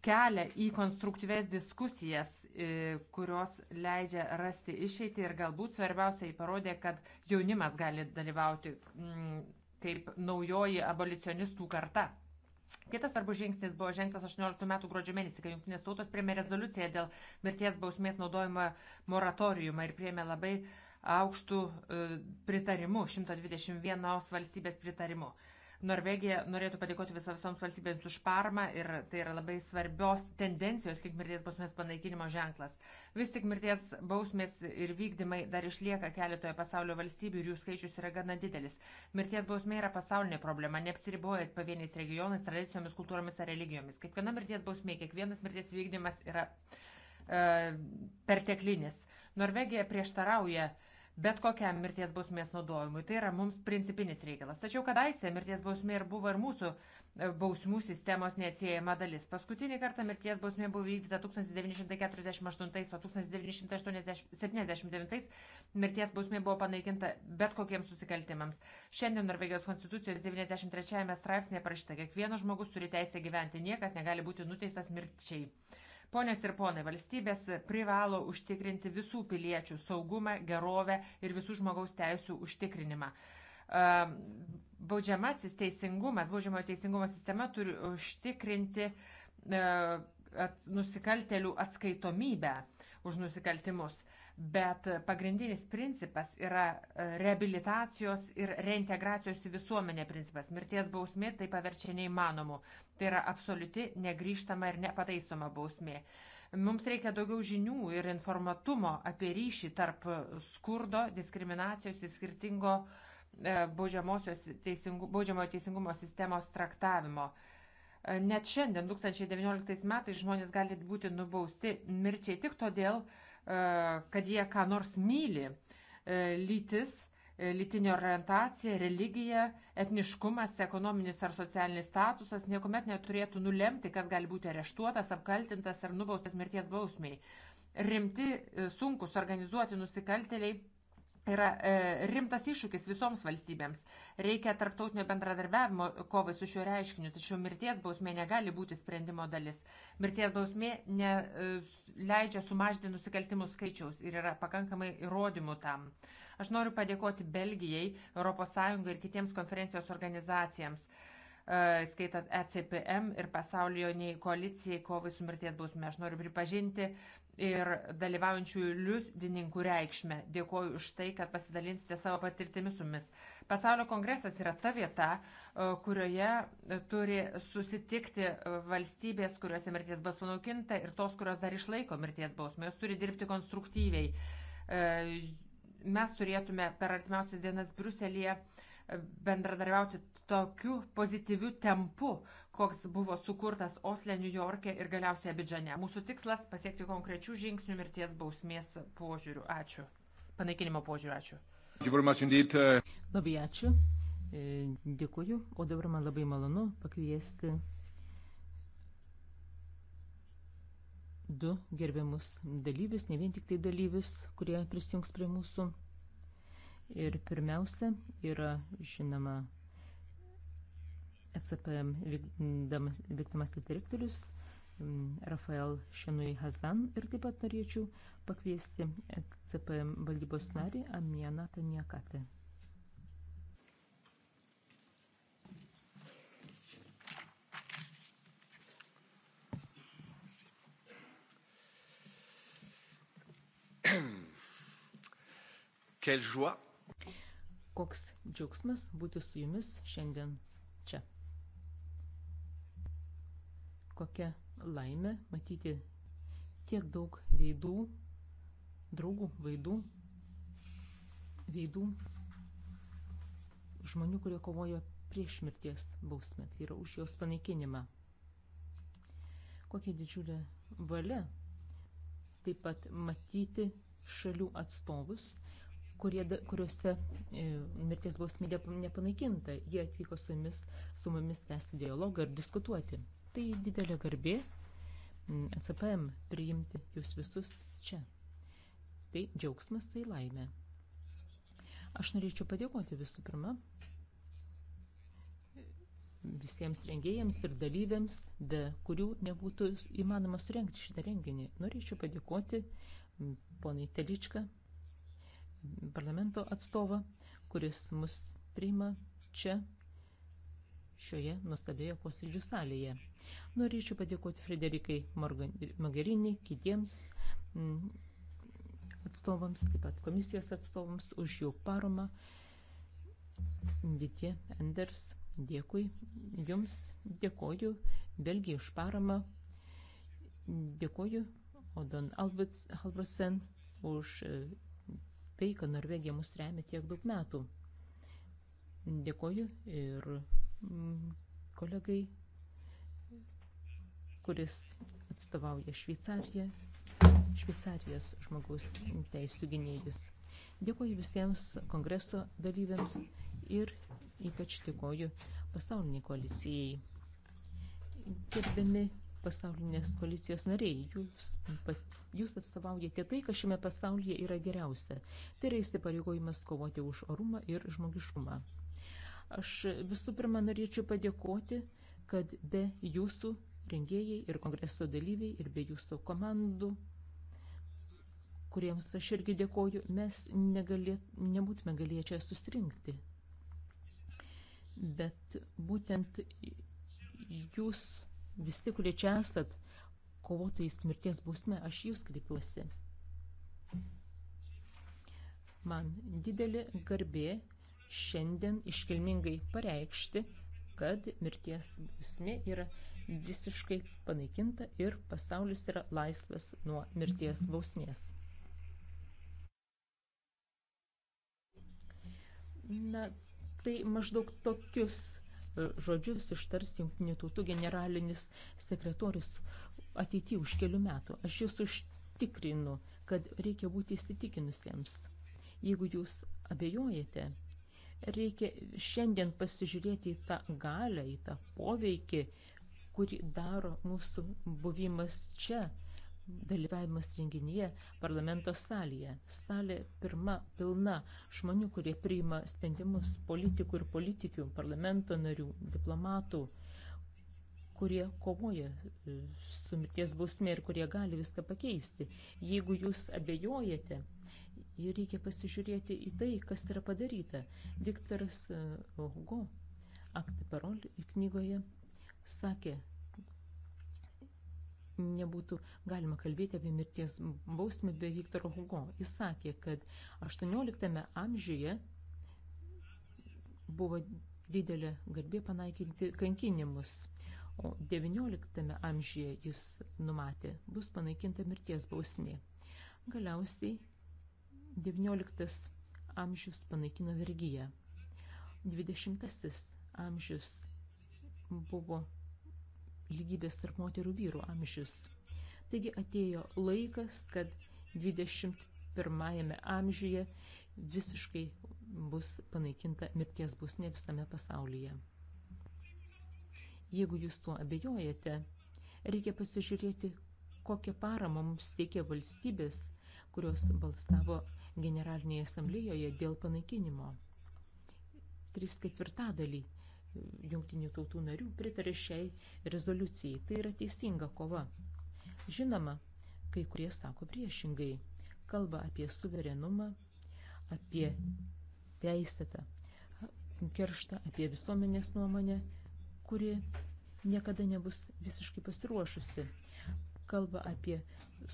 kelią į konstruktyves diskusijas, e, kurios leidžia rasti išeitį ir galbūt svarbiausia, jį parodė, kad jaunimas gali dalyvauti mm, kaip naujoji abolicionistų karta. Kitas svarbus žingsnis buvo žengtas 18 metų gruodžio mėnesį, kai Junktinės tautos priemė rezoliuciją dėl mirties bausmės naudojimo moratoriumą ir priemė labai aukštų e, pritarimų, 121 valstybės pritarimų. Norvegija norėtų padėkoti visoms valstybėms už parmą ir tai yra labai svarbios tendencijos, kaip mirties bausmės panaikinimo ženklas. Vis tik mirties bausmės ir vykdymai dar išlieka keletoje pasaulio valstybių ir jų skaičius yra gana didelis. Mirties bausmė yra pasaulinė problema, neapsiriboja pavieniais regionais, tradicijomis, kultūromis ar religijomis. Kiekviena mirties bausmė, kiekvienas mirties vykdymas yra e, perteklinis. Norvegija prieštarauja e, bet kokiam mirties bausmės naudojimui. Tai yra mums principinis reikalas. Tačiau kadaise mirties bausmė ir buvo ir mūsų e, bausmų sistemos neatsiejama dalis. Paskutinį kartą mirties bausmė buvo vykdyta 1948, o 1979 mirties bausmė buvo panaikinta bet kokiems susikaltimams. Šiandien Norvegijos konstitucijos 93 straipsnėje parašyta, kiekvienas žmogus turi teisę gyventi, niekas negali būti nuteistas mirčiai. Ponios ir ponai, valstybės privalo užtikrinti visų piliečių saugumą, gerovę ir visų žmogaus teisų užtikrinimą. Ehm, baudžiamasis teisingumas, baudžiamojo teisingumo sistema turi užtikrinti e, nusikaltelių atskaitomybę už nusikaltimus bet pagrindinis principas yra e, rehabilitacijos ir reintegracijos į visuomenę principas. Mirties bausmė tai paverčia neįmanomu. Tai yra absoliuti, negryžtama ir nepataisoma bausmė. Mums reikia daugiau žinių ir informatumo apie ryšį tarp skurdo, diskriminacijos ir skirtingo e, teisingu, baudžiamojo teisingumo sistemos traktavimo. E, net šiandien, 2019 metais, žmonės gali būti nubausti mirčiai tik todėl, E, kad jie ką nors myli. E, lytis, e, lytinė orientacija, religija, etniškumas, ekonominis ar socialinis statusas niekuomet neturėtų nulemti, kas gali būti areštuotas, apkaltintas ar nubaustas mirties bausmiai. Rimti, sunkus organizuoti nusikalteliai yra e, rimtas iššūkis visoms valstybėms. Reikia tarptautinio bendradarbiavimo kovai su šiuo reiškiniu, tačiau mirties bausmė negali būti sprendimo dalis. Mirties bausmė neleidžia e, sumažinti nusikaltimų skaičiaus ir yra pakankamai įrodymų tam. Aš noriu padėkoti Belgijai, ES ir kitiems konferencijos organizacijams e, skaitant ECPM ir pasaulioniai koalicijai kovai su mirties bausmė. Aš noriu pripažinti ir dalyvaujančių liudininkų reikšmę. Dėkoju už tai, kad pasidalinsite savo patirtimi su mumis. Pasaulio kongresas yra ta vieta, e, kurioje e, turi susitikti e, valstybės, kuriuose mirties bus panaukinta ir tos, kurios dar išlaiko mirties bausmę. Jos turi dirbti konstruktyviai. Mes turėtume per artimiausias dienas Bruselėje bendradarbiauti tokiu pozityviu tempu, koks buvo sukurtas Osle, New York'e ir galiausiai Abidžane. Mūsų tikslas - pasiekti konkrečių žingsnių mirties bausmės požiūrių. Ačiū. Panaikinimo požiūrių. Ačiū. Uh, labai ačiū. E, dėkuoju. O dabar man labai malonu pakviesti du gerbiamus dalyvius, ne vien tik tai dalyvius, kurie prisijungs prie mūsų. Ir pirmiausia yra, žinoma, ECP vykdomasis direktorius Rafael Šenui Hazan ir taip pat norėčiau pakviesti ECP valdybos narį Amieną Taniakatę. Quelle joie! Koks džiaugsmas būti su jumis šiandien. kokia laimė matyti tiek daug veidų, draugų veidų, veidų žmonių, kurie kovojo prieš mirties bausmę, tai yra už jos panaikinimą. Kokia didžiulė valia taip pat matyti šalių atstovus, kurie, kuriuose e, mirties bausmė nepanaikinta. Jie atvyko su mumis, su mumis tęsti dialogą ir diskutuoti. Tai didelė garbė SPM mm, priimti jūs visus čia. Tai džiaugsmas, tai laimė. Aš norėčiau padėkoti visų pirma visiems rengėjams ir dalyviams, be kurių nebūtų įmanoma surenkti šitą renginį. Norėčiau padėkoti mm, ponai Teličką, mm, parlamento atstovą, kuris mus priima čia šioje nuostabioje posėdžių salėje. Norėčiau padėkoti Frederikai Magarinį, kitiems mm, atstovams, taip pat komisijos atstovams už jų paromą. Ditė Enders, dėkui Jums, dėkoju Belgijai už paramą, dėkoju Odon Albertsen už e, tai, kad Norvegija mus remia tiek daug metų. Dėkoju ir Mm, kolegai, kuris atstovauja Šveicariją, Šveicarijos žmogaus teisų gynėjus. Dėkuoju visiems kongreso dalyviams ir ypač dėkuoju pasauliniai koalicijai. Gerbiami pasaulinės koalicijos nariai, jūs, jūs atstovaujate tai, kas šiame pasaulyje yra geriausia. Tai yra įsipareigojimas kovoti už orumą ir žmogiškumą. Aš visų pirma norėčiau padėkoti, kad be jūsų rengėjai ir kongreso dalyviai ir be jūsų komandų, kuriems aš irgi dėkoju, mes negalėt, nebūtume galėję čia susirinkti. Bet būtent jūs visi, kurie čia esat, kovotojais mirties bausme, aš jūs kreipiuosi. Man didelė garbė šiandien iškilmingai pareikšti, kad mirties bausmė yra visiškai panaikinta ir pasaulis yra laisvas nuo mirties bausmės. Na, tai maždaug tokius e, žodžius ištars Junktinių tautų generalinis sekretorius ateity už kelių metų. Aš jūs užtikrinu, kad reikia būti įsitikinusiems. Jeigu jūs abejojate, Reikia šiandien pasižiūrėti į tą galę, į tą poveikį, kurį daro mūsų buvimas čia, dalyvavimas renginyje, parlamento salėje. Salė pirma pilna žmonių, kurie priima sprendimus politikų ir politikių, parlamento narių, diplomatų, kurie kovoja e, su mirties bausmė ir kurie gali viską pakeisti. Jeigu jūs abejojate, Ir reikia pasižiūrėti į tai, kas yra padaryta. Viktoras e, Hugo, Akta Parol knygoje, sakė, nebūtų galima kalbėti apie mirties bausmę be Viktoro Hugo. Jis sakė, kad 18 amžiuje buvo didelė garbė panaikinti kankinimus, o 19 amžiuje jis numatė, bus panaikinta mirties bausmė. Galiausiai XIX amžius panaikino vergyją. XX amžius buvo lygybės tarp moterų vyrų amžius. Taigi atėjo laikas, kad 21 amžiuje visiškai bus panaikinta mirties bausmė visame pasaulyje. Jeigu jūs tuo abejojate, reikia pasižiūrėti, kokią paramą mums teikė valstybės, kurios balsavo Generalinėje asamblėjoje dėl panaikinimo. Tris ketvirtadalį jungtinių tautų narių pritarė šiai rezoliucijai. Tai yra teisinga kova. Žinoma, kai kurie sako priešingai. Kalba apie suverenumą, apie teisėtą kerštą, apie visuomenės nuomonę, kuri niekada nebus visiškai pasiruošusi. Kalba apie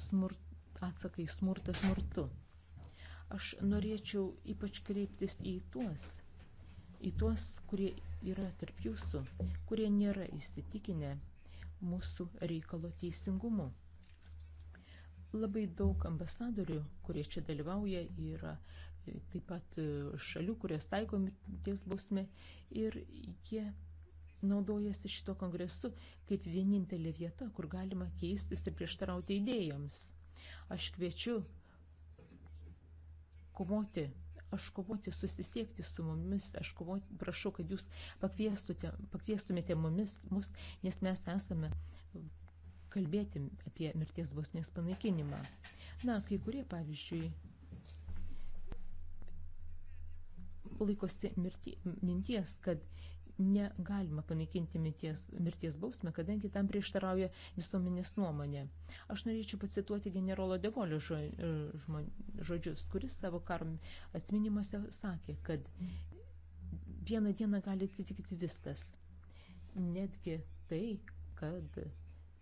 smurt, atsakai smurtą smurtu. Aš norėčiau ypač kreiptis į tuos, į tuos, kurie yra tarp jūsų, kurie nėra įsitikinę mūsų reikalo teisingumu. Labai daug ambasadorių, kurie čia dalyvauja, yra e, taip pat e, šalių, kurios taikomi ties bausmė ir jie naudojasi šito kongresu kaip vienintelė vieta, kur galima keistis ir prieštarauti idėjams. Aš kviečiu kovoti, aš kovoti, susisiekti su mumis, aš kovoti, prašau, kad jūs pakviestumėte mumis, mus, nes mes esame kalbėti apie mirties bausmės panaikinimą. Na, kai kurie, pavyzdžiui, laikosi mirti, minties, kad negalima panaikinti mirties, mirties bausmę, kadangi tam prieštarauja visuomenės nuomonė. Aš norėčiau pacituoti generolo Degolio žo, žmo, žodžius, kuris savo karo atminimuose sakė, kad vieną dieną gali atsitikti viskas. Netgi tai, kad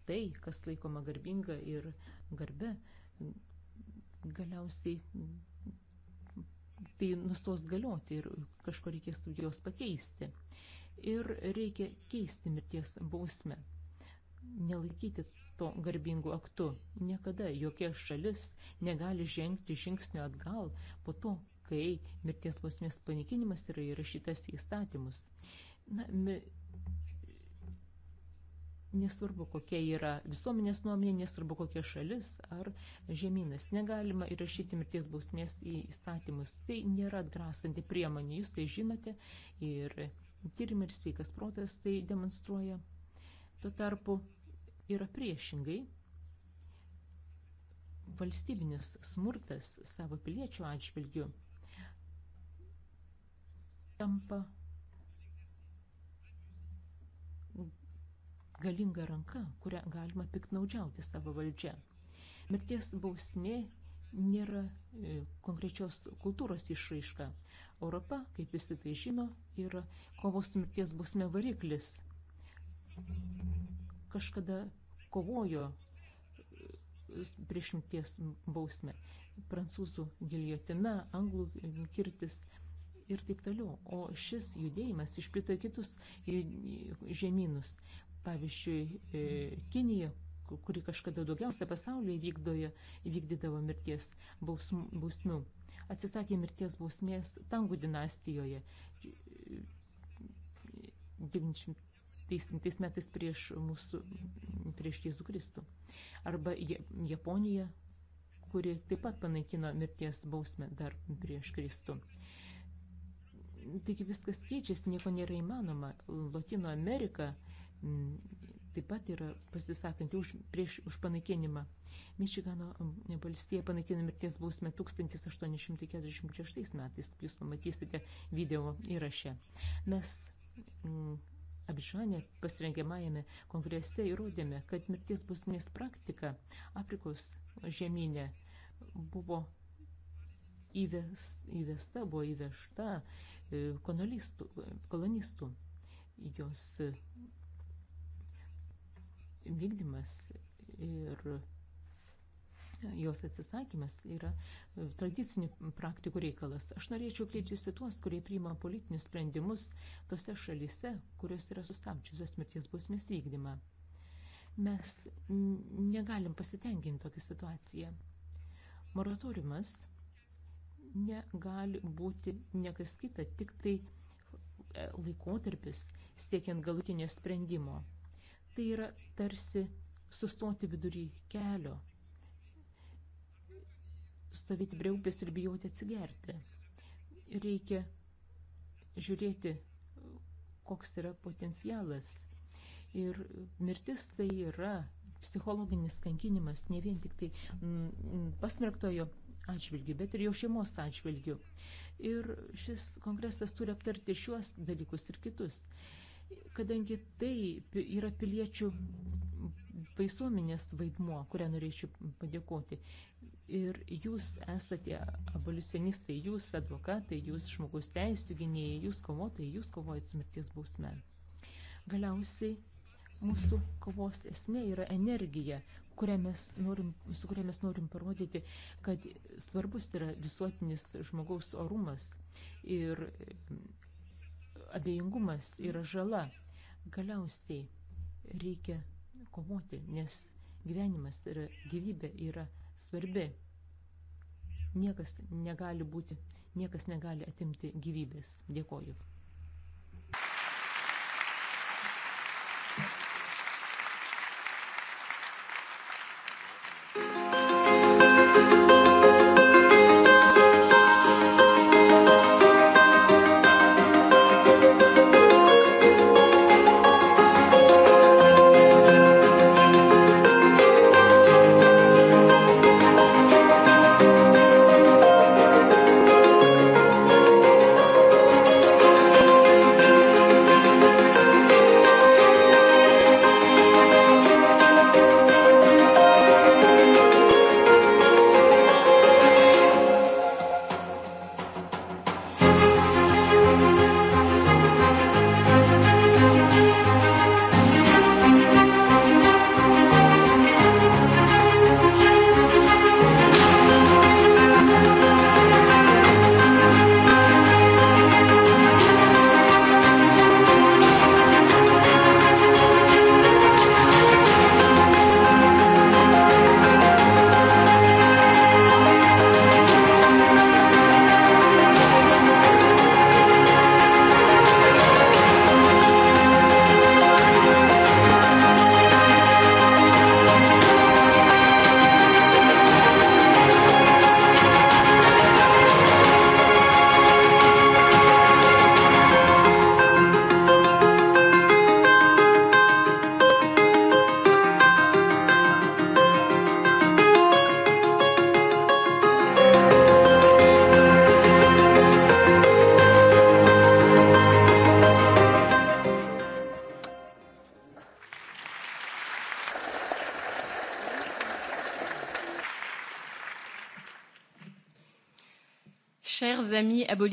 tai, kas laikoma garbinga ir garbe, galiausiai tai nustos galioti ir kažko reikės jos pakeisti ir reikia keisti mirties bausmę. Nelaikyti to garbingu aktu. Niekada jokia šalis negali žengti žingsnio atgal po to, kai mirties bausmės panikinimas yra įrašytas į įstatymus. Na, mi, nesvarbu kokia yra visuomenės nuomonė, nesvarbu kokia šalis ar žemynas, negalima įrašyti mirties bausmės į įstatymus. Tai nėra atgrasanti priemonė, jūs tai žinote ir tyrimai ir sveikas protas tai demonstruoja. Tuo tarpu yra priešingai. Valstybinis smurtas savo piliečių atžvilgių tampa galinga ranka, kurią galima piknaudžiauti savo valdžia. Mirties bausmė nėra e, konkrečios kultūros išraiška. Europa, kaip visi tai žino, yra kovos su mirties bausme variklis. Kažkada kovojo e, prieš mirties bausmę. Prancūzų giljotina, anglų kirtis ir taip toliau. O šis judėjimas išplito į kitus žemynus. Pavyzdžiui, e, Kinija, kuri kažkada daugiausia pasaulyje vykdoje, vykdydavo mirties bausmių atsisakė mirties bausmės Tangų dinastijoje 90 metais prieš mūsų, prieš Jėzų Kristų. Arba Japonija, kuri taip pat panaikino mirties bausmę dar prieš Kristų. Taigi viskas keičiasi, nieko nėra įmanoma. Latino Amerika taip pat yra pasisakanti už, prieš, už panaikinimą. Mičigano um, valstija panaikino mirties bausmę 1846 metais, jūs pamatysite video įraše. Mes m, mm, Abidžanė pasirengiamajame kongrese įrodėme, kad mirties bausmės praktika Afrikos žemynė buvo įves, įvesta, buvo įvežta e, kolonistų. kolonistų. Jos vykdymas ir jos atsisakymas yra e, tradicinių praktikų reikalas. Aš norėčiau kreiptis į tuos, kurie priima politinius sprendimus tose šalise, kurios yra sustabdžiusios mirties bausmės vykdymą. Mes negalim pasitenkinti tokią situaciją. Moratoriumas negali būti niekas kita, tik tai e, laikotarpis siekiant galutinio sprendimo. Tai yra tarsi sustoti vidury kelio, stovėti prie upės ir bijoti atsigerti. Reikia žiūrėti, koks yra potencialas. Ir mirtis tai yra psichologinis kankinimas ne vien tik tai mm, pasmerktojo atžvilgių, bet ir jo šeimos atžvilgių. Ir šis kongresas turi aptarti šiuos dalykus ir kitus kadangi tai yra piliečių visuomenės vaidmuo, kurią norėčiau padėkoti. Ir jūs esate abolicionistai, jūs advokatai, jūs žmogaus teisų gynėjai, jūs kovotojai, jūs kovojate su mirties bausme. Galiausiai mūsų kovos esmė yra energija, kurią mes norim, su kuria mes norim parodyti, kad svarbus yra visuotinis žmogaus orumas ir abejingumas yra žala. Galiausiai reikia kovoti, nes gyvenimas yra gyvybė, yra svarbi. Niekas negali būti, niekas negali atimti gyvybės. Dėkoju.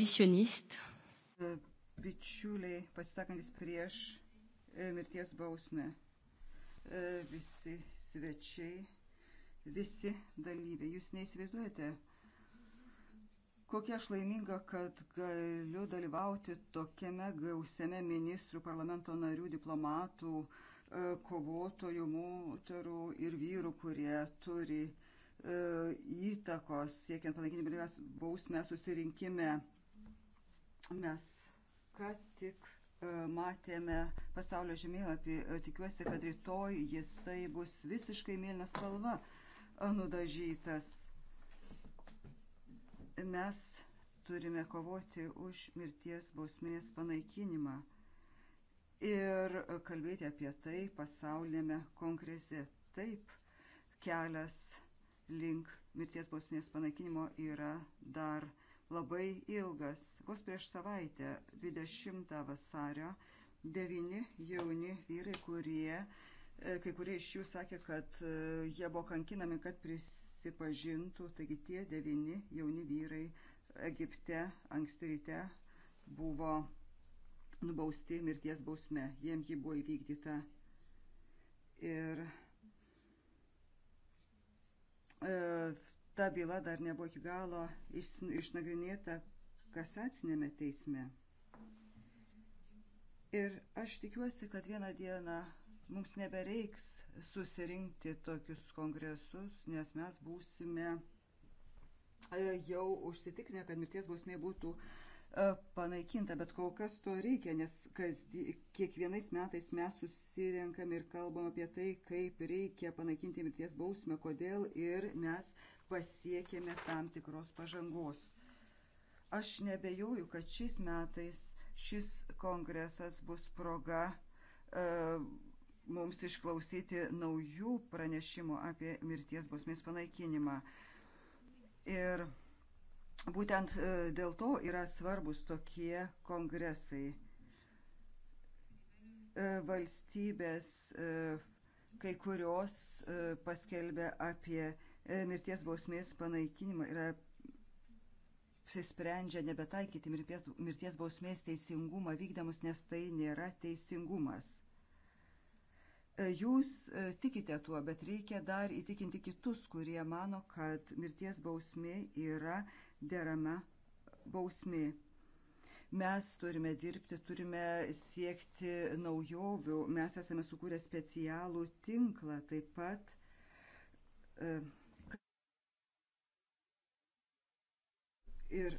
abolitionniste. Bičiuliai pasisakantis prieš e, mirties bausmę. E, visi svečiai, visi dalyviai. Jūs neįsivaizduojate, kokia aš laiminga, kad galiu dalyvauti tokiame gausiame ministrų, parlamento narių, diplomatų, e, kovotojų, moterų ir vyrų, kurie turi įtakos siekiant panaikinti mirties bausmę susirinkime Mes ką tik e, matėme pasaulio žemėlapį, e, tikiuosi, kad rytoj jisai bus visiškai mėlyna spalva e, nudažytas. Mes turime kovoti už mirties bausmės panaikinimą ir kalbėti apie tai pasaulyme kongrese. Taip, kelias link mirties bausmės panaikinimo yra dar labai ilgas. Vos prieš savaitę, 20 vasario, devyni jauni vyrai, kurie, e, kai kurie iš jų sakė, kad e, jie buvo kankinami, kad prisipažintų. Taigi tie devyni jauni vyrai Egipte anksti ryte buvo nubausti mirties bausme. Jiem ji buvo įvykdyta. Ir e, ta byla dar nebuvo iki galo išnagrinėta kasacinėme teisme. Ir aš tikiuosi, kad vieną dieną mums nebereiks susirinkti tokius kongresus, nes mes būsime e, jau užsitikrinę, kad mirties bausmė būtų e, panaikinta, bet kol kas to reikia, nes kasdien, kiekvienais metais mes susirenkam ir kalbam apie tai, kaip reikia panaikinti mirties bausmę, kodėl ir mes pasiekėme tam tikros pažangos. Aš nebejoju, kad šiais metais šis kongresas bus proga e, mums išklausyti naujų pranešimų apie mirties bausmės panaikinimą. Ir būtent e, dėl to yra svarbus tokie kongresai. E, valstybės e, kai kurios paskelbė apie E, mirties bausmės panaikinimą yra apsisprendžia nebetaikyti mirties, mirties bausmės teisingumą vykdamus, nes tai nėra teisingumas. E, jūs e, tikite tuo, bet reikia dar įtikinti kitus, kurie mano, kad mirties bausmė yra derama bausmė. Mes turime dirbti, turime siekti naujovių, mes esame sukūrę specialų tinklą, taip pat Ir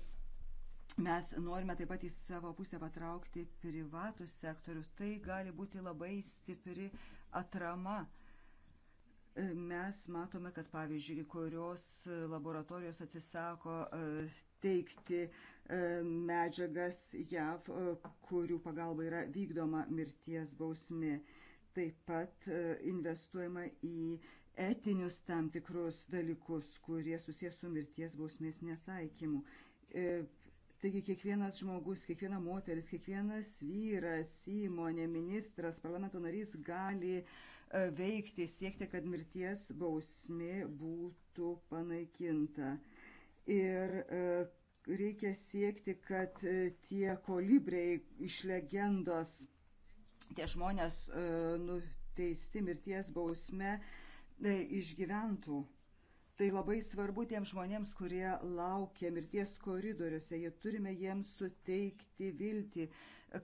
mes norime taip pat į savo pusę patraukti privatų sektorių. Tai gali būti labai stipri atrama. E, mes matome, kad pavyzdžiui, kurios laboratorijos atsisako e, teikti e, medžiagas JAV, kurių pagalba yra vykdoma mirties bausmi. Taip pat investuojama į etinius tam tikrus dalykus, kurie susijęs su mirties bausmės netaikymu. E, taigi kiekvienas žmogus, kiekviena moteris, kiekvienas vyras, įmonė, ministras, parlamento narys gali e, veikti, siekti, kad mirties bausmė būtų panaikinta. Ir e, reikia siekti, kad tie kolibriai iš legendos, tie žmonės nuteisti mirties bausme, Tai išgyventų. Tai labai svarbu tiems žmonėms, kurie laukia mirties koridoriuose. Jie turime jiems suteikti viltį,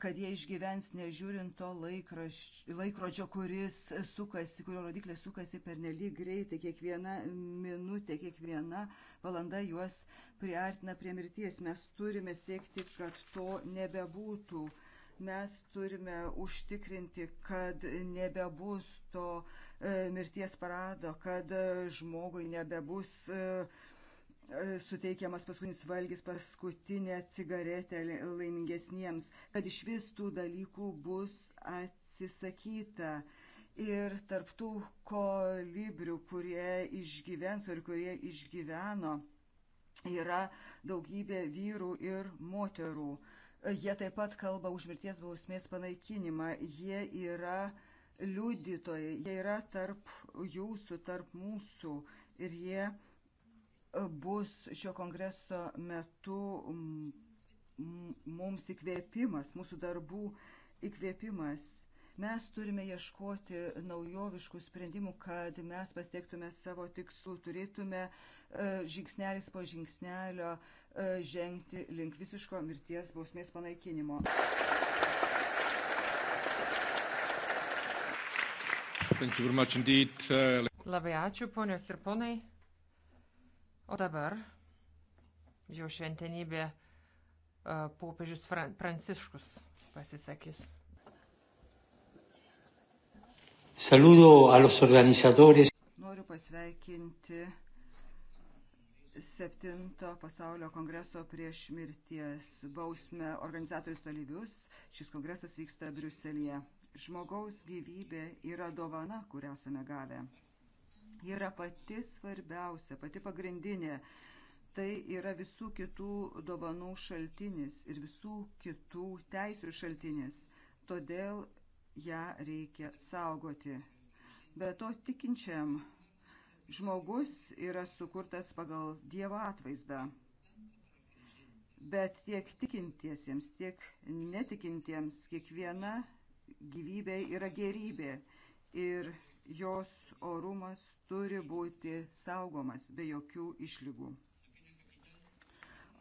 kad jie išgyvens nežiūrint to laikraš, laikrodžio, kuris sukasi, kurio rodiklė sukasi per nelyg greitai. Kiekviena minutė, kiekviena valanda juos priartina prie mirties. Mes turime siekti, kad to nebebūtų. Mes turime užtikrinti, kad nebebus to e, mirties parado, kad e, žmogui nebebus e, suteikiamas paskutinis valgys, paskutinė cigaretė laimingesniems, kad iš vis tų dalykų bus atsisakyta. Ir tarptų kolibrių, kurie išgyvens ir kurie išgyveno, yra daugybė vyrų ir moterų. Jie taip pat kalba už mirties bausmės panaikinimą. Jie yra liudytojai, jie yra tarp jūsų, tarp mūsų ir jie e, bus šio kongreso metu mums įkvėpimas, mūsų darbų įkvėpimas. Mes turime ieškoti naujoviškų sprendimų, kad mes pasiektume savo tikslų, turėtume e, žingsnelis po žingsnelio e, žengti link visiško mirties bausmės panaikinimo. Uh, Labai ačiū, ponios ir ponai. O dabar jau šventenybė e, popiežius Fran Pranciškus pasisakys. Saludo a los organizadores. Noriu pasveikinti septinto pasaulio kongreso prieš mirties bausmę organizatorius dalyvius. Šis kongresas vyksta Briuselėje. Žmogaus gyvybė yra dovana, kurią esame gavę. Yra pati svarbiausia, pati pagrindinė tai yra visų kitų dovanų šaltinis ir visų kitų teisų šaltinis. Todėl ją reikia saugoti. Be to tikinčiam žmogus yra sukurtas pagal Dievo atvaizdą. Bet tiek tikintiesiems, tiek netikintiems kiekviena gyvybė yra gerybė ir jos orumas turi būti saugomas be jokių išlygų.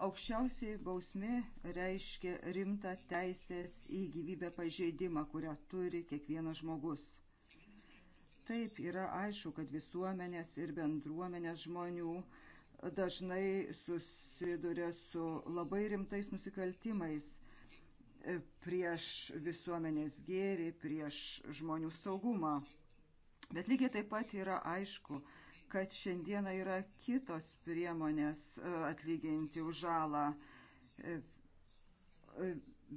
Aukščiausiai bausmė reiškia rimtą teisės į gyvybę pažeidimą, kurią turi kiekvienas žmogus. Taip yra aišku, kad visuomenės ir bendruomenės žmonių dažnai susiduria su labai rimtais nusikaltimais e, prieš visuomenės gėrį, prieš žmonių saugumą. Bet lygiai taip pat yra aišku, kad šiandieną yra kitos priemonės e, atlyginti už žalą. E, e,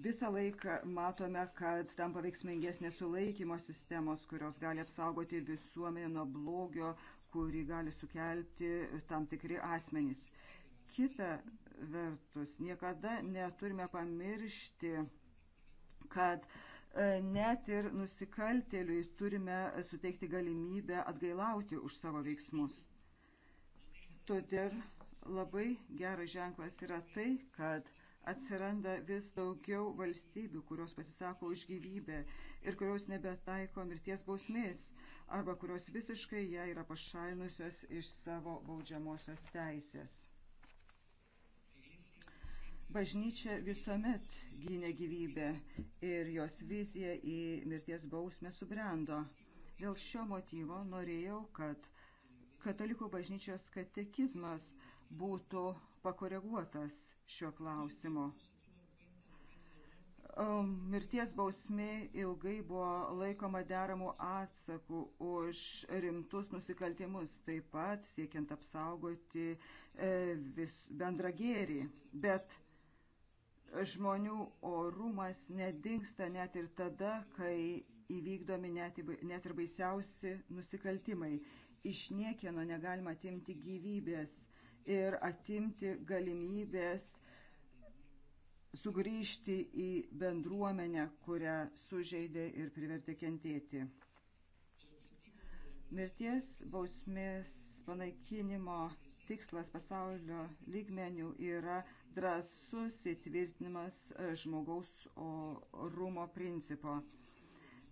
visą laiką matome, kad tampa veiksmingesnės sulaikymo sistemos, kurios gali apsaugoti visuomenę nuo blogio, kurį gali sukelti tam tikri asmenys. Kita vertus, niekada neturime pamiršti, kad uh, E, net ir nusikaltėliui turime suteikti galimybę atgailauti už savo veiksmus. Todėl labai geras ženklas yra tai, kad atsiranda vis daugiau valstybių, kurios pasisako už gyvybę ir kurios nebetaiko mirties bausmės arba kurios visiškai ją yra pašalinusios iš savo baudžiamosios teisės. Bažnyčia visuomet gynė gyvybę ir jos vizija į mirties bausmę subrendo. Dėl šio motyvo norėjau, kad Katalikų bažnyčios katekizmas būtų pakoreguotas šiuo klausimu. Ehm, mirties bausmė ilgai buvo laikoma deramų atsakų už rimtus nusikaltimus, taip pat siekiant apsaugoti e, vis bendrą gėrį. Bet žmonių orumas nedingsta net ir tada, kai įvykdomi net, net ir baisiausi nusikaltimai. Iš niekieno negalima atimti gyvybės ir atimti galimybės sugrįžti į bendruomenę, kurią sužeidė ir privertė kentėti. Mirties bausmės panaikinimo tikslas pasaulio lygmenių yra drąsus įtvirtinimas e, žmogaus orumo principo.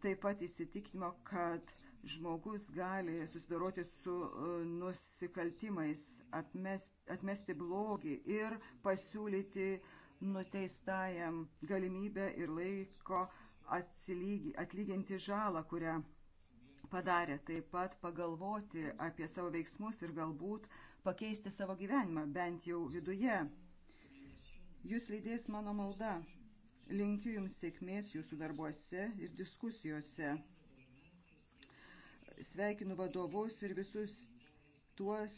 Taip pat įsitikinimo, kad žmogus gali susidoroti su e, nusikaltimais, atmest, atmesti blogį ir pasiūlyti nuteistajam galimybę ir laiko atsilygi, atlyginti žalą, kurią padarė. Taip pat pagalvoti apie savo veiksmus ir galbūt pakeisti savo gyvenimą, bent jau viduje Jūs lydės mano malda. Linkiu Jums sėkmės Jūsų darbuose ir diskusijose. Sveikinu vadovus ir visus tuos,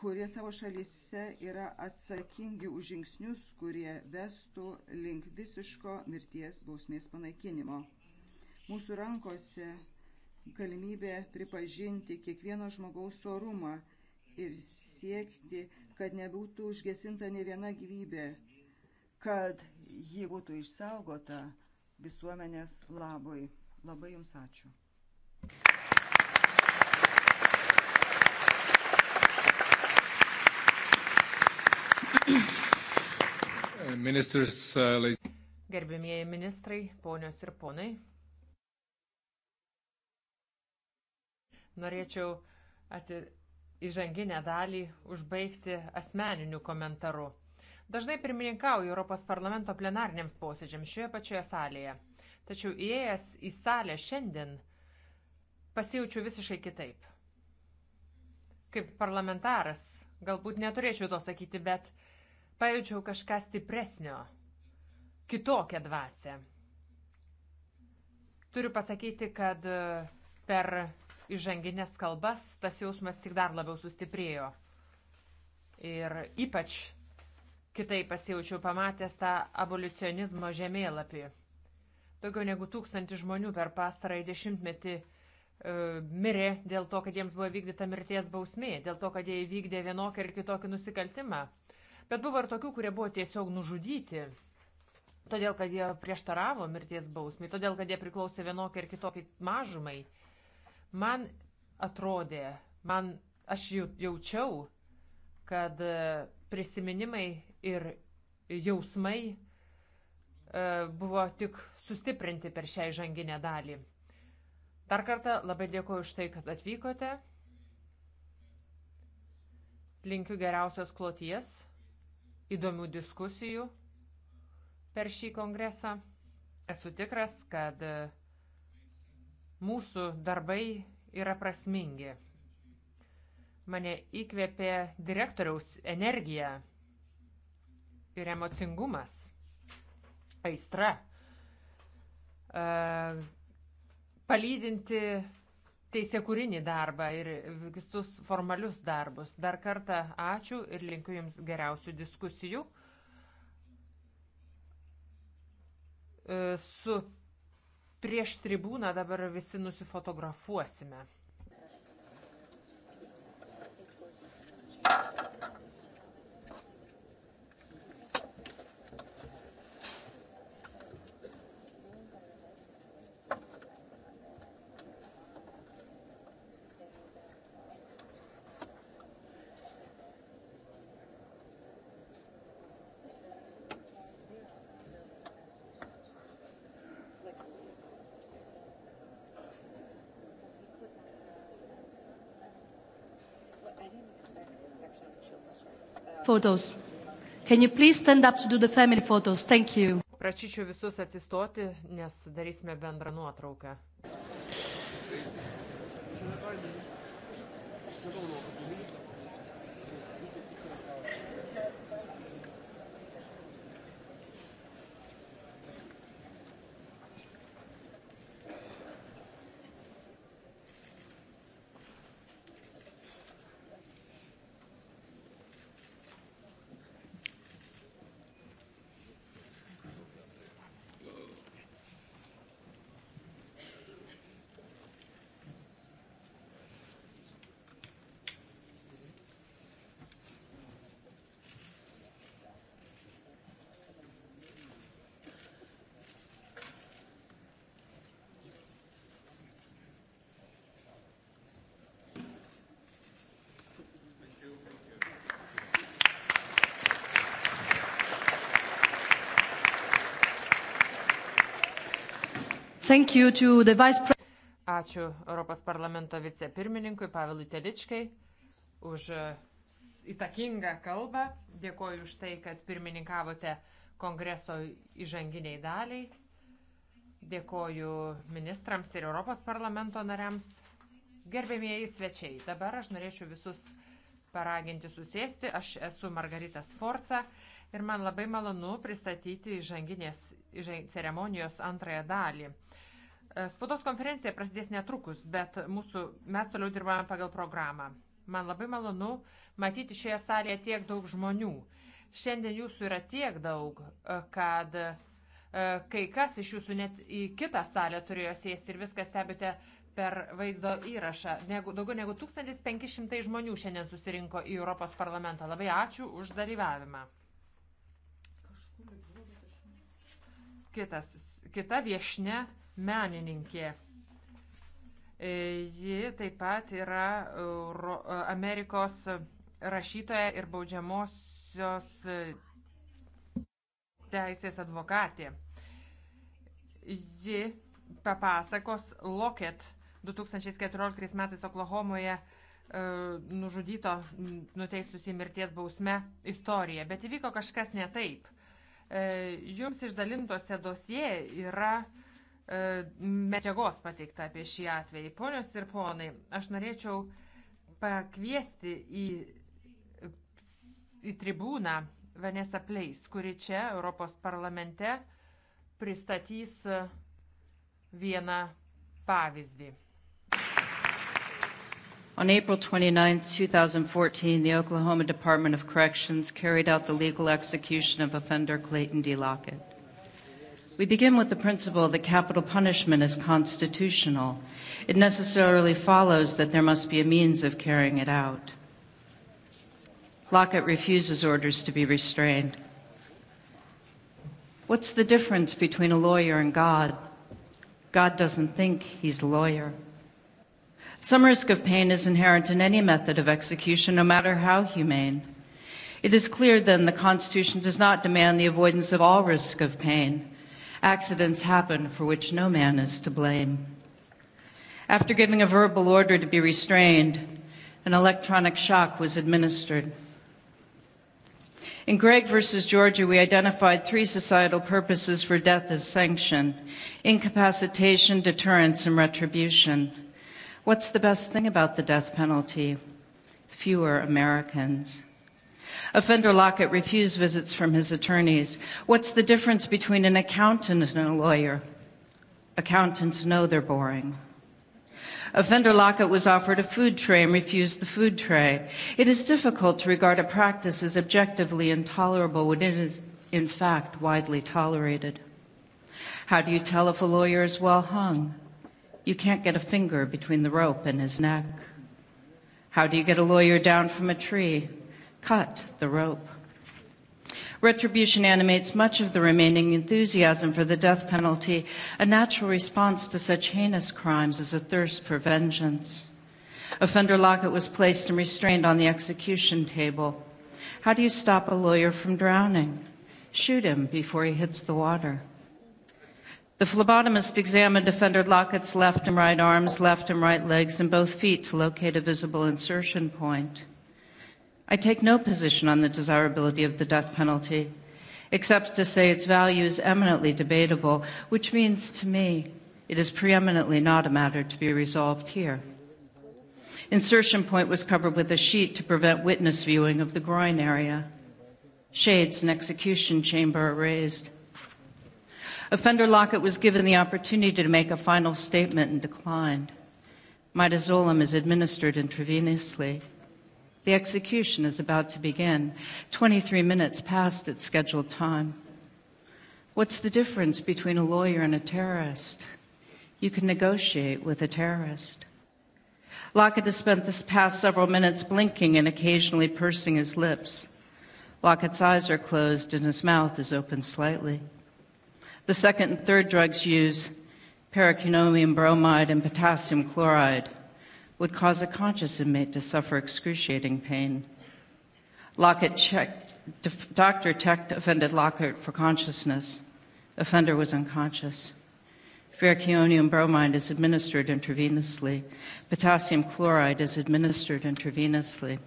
kurie savo šalyse yra atsakingi už žingsnius, kurie vestų link visiško mirties bausmės panaikinimo. Mūsų rankose galimybė pripažinti kiekvieno žmogaus orumą ir siekti, kad nebūtų užgesinta ne viena gyvybė, kad ji būtų išsaugota visuomenės labui. Labai Jums ačiū. Uh, Gerbimieji ministrai, ponios ir ponai, norėčiau ati... įžanginę dalį užbaigti asmeniniu komentaru. Dažnai pirmininkauju Europos parlamento plenariniams posėdžiams šioje pačioje salėje. Tačiau įėjęs į salę šiandien pasijaučiu visiškai kitaip. Kaip parlamentaras, galbūt neturėčiau to sakyti, bet pajaučiau kažką stipresnio, kitokią dvasę. Turiu pasakyti, kad e, per įžanginės kalbas tas jausmas tik dar labiau sustiprėjo. Ir ypač kitaip pasijaučiau pamatęs tą abolicionizmo žemėlapį. Daugiau negu tūkstantį žmonių per pastarąjį dešimtmetį e, mirė dėl to, kad jiems buvo vykdyta mirties bausmė, dėl to, kad jie įvykdė vienokį ir kitokį nusikaltimą. Bet buvo ir tokių, kurie buvo tiesiog nužudyti, todėl, kad jie prieštaravo mirties bausmį, todėl, kad jie priklausė vienokį ir kitokį mažumai. Man atrodė, man aš jaučiau, kad e, prisiminimai ir jausmai e, buvo tik sustiprinti per šią įžanginę dalį. Dar kartą labai dėkuoju už tai, kad atvykote. Linkiu geriausios kloties, įdomių diskusijų per šį kongresą. Esu tikras, kad e, mūsų darbai yra prasmingi. Mane įkvėpė direktoriaus energija ir emocingumas, aistra. Uh, palydinti teisėkūrinį darbą ir visus formalius darbus. Dar kartą ačiū ir linkiu Jums geriausių diskusijų. Uh, su prieš tribūną dabar visi nusifotografuosime. photos. Can you please stand up to do the family photos? Thank you. Prašyčiau visus atsistoti, nes darysime bendrą nuotrauką. Je n'ai pas Vice... Ačiū Europos parlamento vicepirmininkui Pavilui Teličkai už e, įtakingą kalbą. Dėkoju už tai, kad pirmininkavote kongreso įžanginiai daliai. Dėkoju ministrams ir Europos parlamento nariams. Gerbėmieji svečiai, dabar aš norėčiau visus paraginti susėsti. Aš esu Margarita Sforca ir man labai malonu pristatyti įžanginės ceremonijos antrąją dalį. E, spaudos konferencija prasidės netrukus, bet mūsų, mes toliau dirbame pagal programą. Man labai malonu matyti šioje salėje tiek daug žmonių. Šiandien jūsų yra tiek daug, e, kad e, kai kas iš jūsų net į kitą salę turėjo sėsti ir viską stebite per vaizdo įrašą. Negu, daugiau negu 1500 žmonių šiandien susirinko į Europos parlamentą. Labai ačiū už dalyvavimą. kitas, kita viešne menininkė. E, ji taip pat yra Euro, e, Amerikos rašytoja ir baudžiamosios e, teisės advokatė. Ji papasakos Loket 2014 metais Oklahomoje nužudyto nuteistusi mirties bausme istoriją, bet įvyko kažkas ne taip. E, jums išdalintose dosie yra e, medžiagos pateikta apie šį atvejį. Ponios ir ponai, aš norėčiau pakviesti į, į tribūną Vanessa Pleis, kuri čia Europos parlamente pristatys vieną pavyzdį. On April 29, 2014, the Oklahoma Department of Corrections carried out the legal execution of offender Clayton D. Lockett. We begin with the principle that capital punishment is constitutional. It necessarily follows that there must be a means of carrying it out. Lockett refuses orders to be restrained. What's the difference between a lawyer and God? God doesn't think he's a lawyer. Some risk of pain is inherent in any method of execution, no matter how humane. It is clear, then, the Constitution does not demand the avoidance of all risk of pain. Accidents happen for which no man is to blame. After giving a verbal order to be restrained, an electronic shock was administered. In Gregg versus Georgia, we identified three societal purposes for death as sanction incapacitation, deterrence, and retribution. What's the best thing about the death penalty? Fewer Americans. Offender Lockett refused visits from his attorneys. What's the difference between an accountant and a lawyer? Accountants know they're boring. Offender Lockett was offered a food tray and refused the food tray. It is difficult to regard a practice as objectively intolerable when it is, in fact, widely tolerated. How do you tell if a lawyer is well hung? You can't get a finger between the rope and his neck. How do you get a lawyer down from a tree? Cut the rope. Retribution animates much of the remaining enthusiasm for the death penalty, a natural response to such heinous crimes as a thirst for vengeance. Offender Lockett was placed and restrained on the execution table. How do you stop a lawyer from drowning? Shoot him before he hits the water. The phlebotomist examined Defender Lockett's left and right arms, left and right legs, and both feet to locate a visible insertion point. I take no position on the desirability of the death penalty, except to say its value is eminently debatable, which means to me it is preeminently not a matter to be resolved here. Insertion point was covered with a sheet to prevent witness viewing of the groin area. Shades in execution chamber are raised. Offender Lockett was given the opportunity to make a final statement and declined. Midazolam is administered intravenously. The execution is about to begin, 23 minutes past its scheduled time. What's the difference between a lawyer and a terrorist? You can negotiate with a terrorist. Lockett has spent the past several minutes blinking and occasionally pursing his lips. Lockett's eyes are closed and his mouth is open slightly. The second and third drugs used, paraquinomium bromide and potassium chloride, would cause a conscious inmate to suffer excruciating pain. Lockett checked, Dr. Tech offended Lockhart for consciousness. Offender was unconscious. Ferrocheonium bromide is administered intravenously. Potassium chloride is administered intravenously.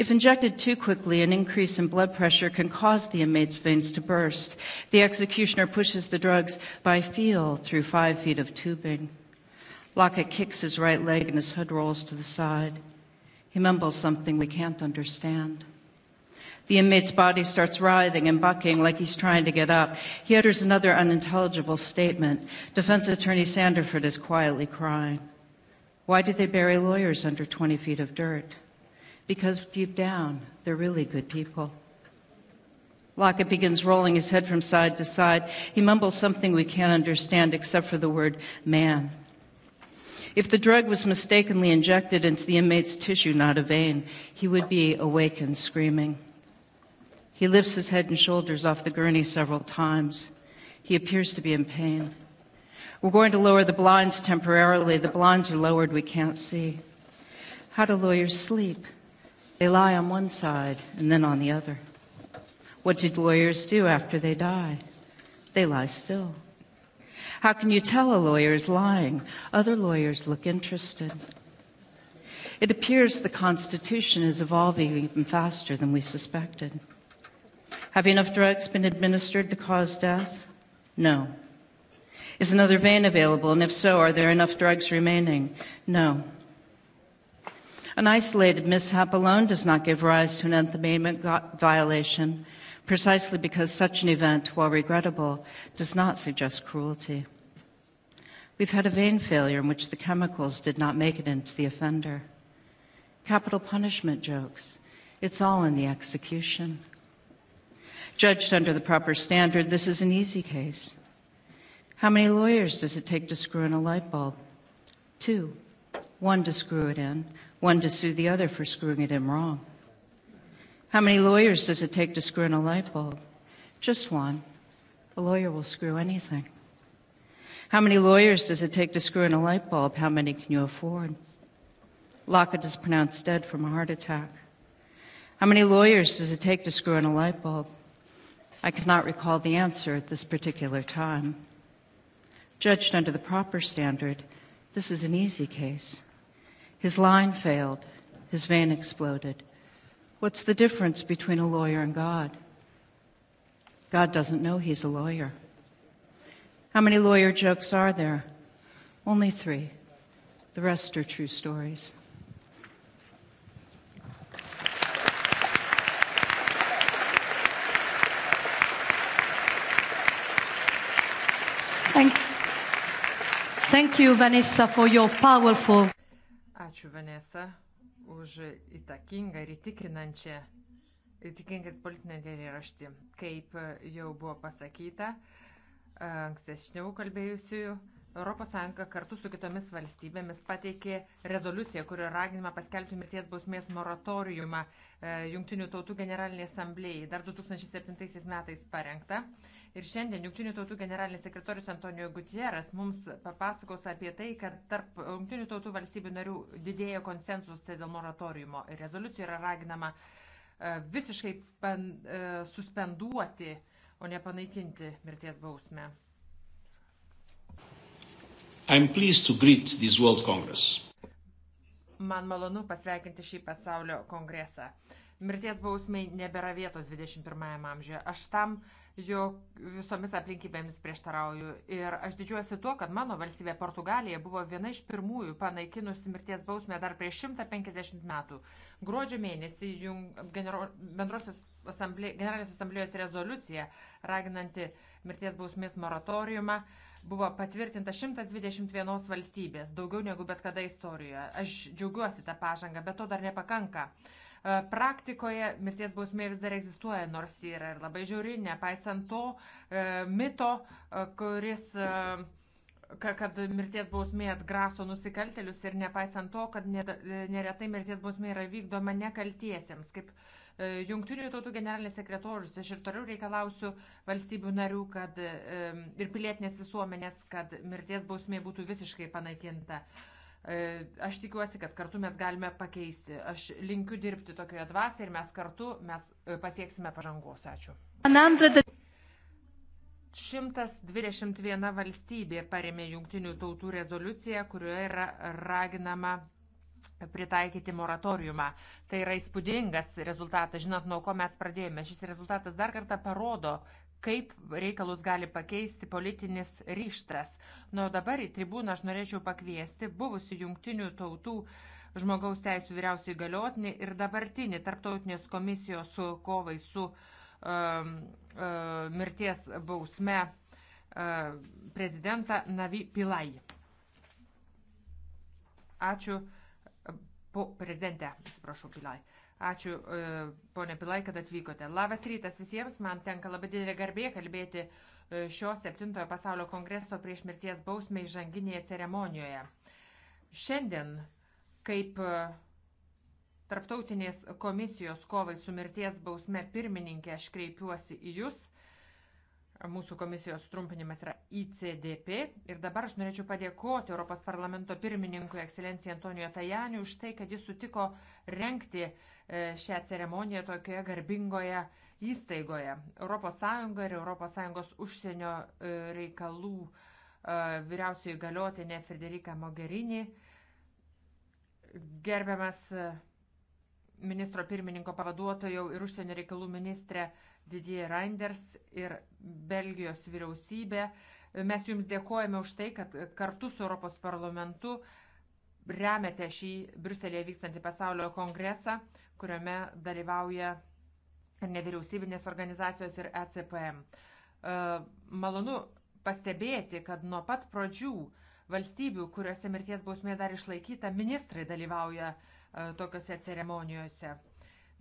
If injected too quickly, an increase in blood pressure can cause the inmate's veins to burst. The executioner pushes the drugs by feel through five feet of tubing. Lockett kicks his right leg and his hood rolls to the side. He mumbles something we can't understand. The inmate's body starts writhing and bucking like he's trying to get up. He utters another unintelligible statement. Defense attorney Sanderford is quietly crying. Why do they bury lawyers under 20 feet of dirt? because deep down, they're really good people. Lockett begins rolling his head from side to side. He mumbles something we can't understand except for the word man. If the drug was mistakenly injected into the inmate's tissue, not a vein, he would be awakened screaming. He lifts his head and shoulders off the gurney several times. He appears to be in pain. We're going to lower the blinds temporarily. The blinds are lowered, we can't see. How do lawyers sleep? They lie on one side and then on the other. What do lawyers do after they die? They lie still. How can you tell a lawyer is lying? Other lawyers look interested. It appears the Constitution is evolving even faster than we suspected. Have enough drugs been administered to cause death? No. Is another vein available? And if so, are there enough drugs remaining? No. An isolated mishap alone does not give rise to an Nth Amendment violation, precisely because such an event, while regrettable, does not suggest cruelty. We've had a vein failure in which the chemicals did not make it into the offender. Capital punishment jokes. It's all in the execution. Judged under the proper standard, this is an easy case. How many lawyers does it take to screw in a light bulb? Two. One to screw it in, one to sue the other for screwing it him wrong. How many lawyers does it take to screw in a light bulb? Just one. A lawyer will screw anything. How many lawyers does it take to screw in a light bulb? How many can you afford? Lockett is pronounced dead from a heart attack. How many lawyers does it take to screw in a light bulb? I cannot recall the answer at this particular time. Judged under the proper standard, this is an easy case. His line failed. His vein exploded. What's the difference between a lawyer and God? God doesn't know he's a lawyer. How many lawyer jokes are there? Only three. The rest are true stories. Thank, thank you, Vanessa, for your powerful. Ačiū, Vanesa, už įtakingą ir įtikinančią, įtikinką ir politinę dėlėraštį. Kaip jau buvo pasakyta ankstesniau kalbėjusiųjų, ES kartu su kitomis valstybėmis pateikė rezoliuciją, kurio raginimą paskelbti mirties bausmės moratoriumą e, Junktinių tautų generalinėje asamblėjai dar 2007 metais parengta. Ir šiandien Junktinių tautų generalinis sekretorius Antonijo Gutieras mums papasakos apie tai, kad tarp Junktinių tautų valstybių narių didėja konsensusai dėl moratoriumo. Rezoliucija yra raginama e, visiškai pan, e, suspenduoti, o ne panaikinti mirties bausmę. Man malonu pasveikinti šį pasaulio kongresą. Mirties bausmiai nebėra vietos 21 amžiuje. Aš tam uh, jog visomis aplinkybėmis prieštarauju. Ir aš didžiuosi tuo, kad mano valstybė Portugalija buvo viena iš pirmųjų panaikinusi mirties bausmę dar prieš 150 metų. Gruodžio mėnesį genero, bendrosios asamblė, generalinės asamblėjos rezoliucija raginanti mirties bausmės moratoriumą buvo patvirtinta 121 valstybės, daugiau negu bet kada istorijoje. Aš džiaugiuosi tą pažangą, bet to dar nepakanka. Uh, E, praktikoje mirties bausmė vis dar egzistuoja, nors yra ir labai žiauri, nepaisant to e, mito, e, kuris kad mirties bausmė atgraso nusikaltelius ir nepaisant to, kad neretai mirties bausmė yra vykdoma nekaltiesiems. Kaip Junktinių tautų generalinis sekretorius, aš ir toliau reikalausiu valstybių narių kad, ir pilietinės visuomenės, kad mirties bausmė būtų visiškai panaikinta. E, aš tikiuosi, kad kartu mes galime pakeisti. Aš linkiu dirbti tokioje dvasioje ir mes kartu mes e, pasieksime pažangos. Ačiū. 121 valstybė paremė jungtinių tautų rezoliuciją, kurioje yra raginama pritaikyti moratoriumą. Tai yra įspūdingas rezultatas, žinot, nuo ko mes pradėjome. Šis rezultatas dar kartą parodo kaip reikalus gali pakeisti politinis ryštas. Nuo dabar į tribūną aš norėčiau pakviesti buvusių jungtinių tautų žmogaus teisų vyriausiai galiotinį ir dabartinį tarptautinės komisijos su kovai su uh, uh, mirties bausme uh, prezidentą Navi Pilai. Ačiū. Po prezidente, atsiprašau, Pilai. Ačiū, e, ponė Pilai, kad atvykote. Labas rytas visiems, man tenka labai didelė garbė kalbėti e, šio 7 pasaulio kongreso prieš mirties bausmę įžanginėje ceremonijoje. Šiandien, kaip e, Tarptautinės komisijos kovai su mirties bausme pirmininkė, aš kreipiuosi į Jūs. Mūsų komisijos trumpinimas yra ICDP. Ir dabar aš norėčiau padėkoti Europos parlamento pirmininkui ekscelencijai Antonijo Tajaniu už tai, kad jis sutiko renkti e, šią ceremoniją tokioje garbingoje įstaigoje. ES ir ES užsienio e, reikalų e, vyriausioji galiotinė Federika Mogherini, gerbiamas ministro pirmininko pavaduotojau ir užsienio reikalų ministrė Didier Reinders ir Belgijos vyriausybė Mes jums dėkojame už tai, kad kartu su Europos parlamentu remiate šį Bruselėje vykstantį pasaulio kongresą, kuriame dalyvauja nevyriausybinės organizacijos ir ECPM. E, malonu pastebėti, kad nuo pat pradžių valstybių, kuriuose mirties bausmė dar išlaikyta, ministrai dalyvauja e, tokiuose ceremonijose.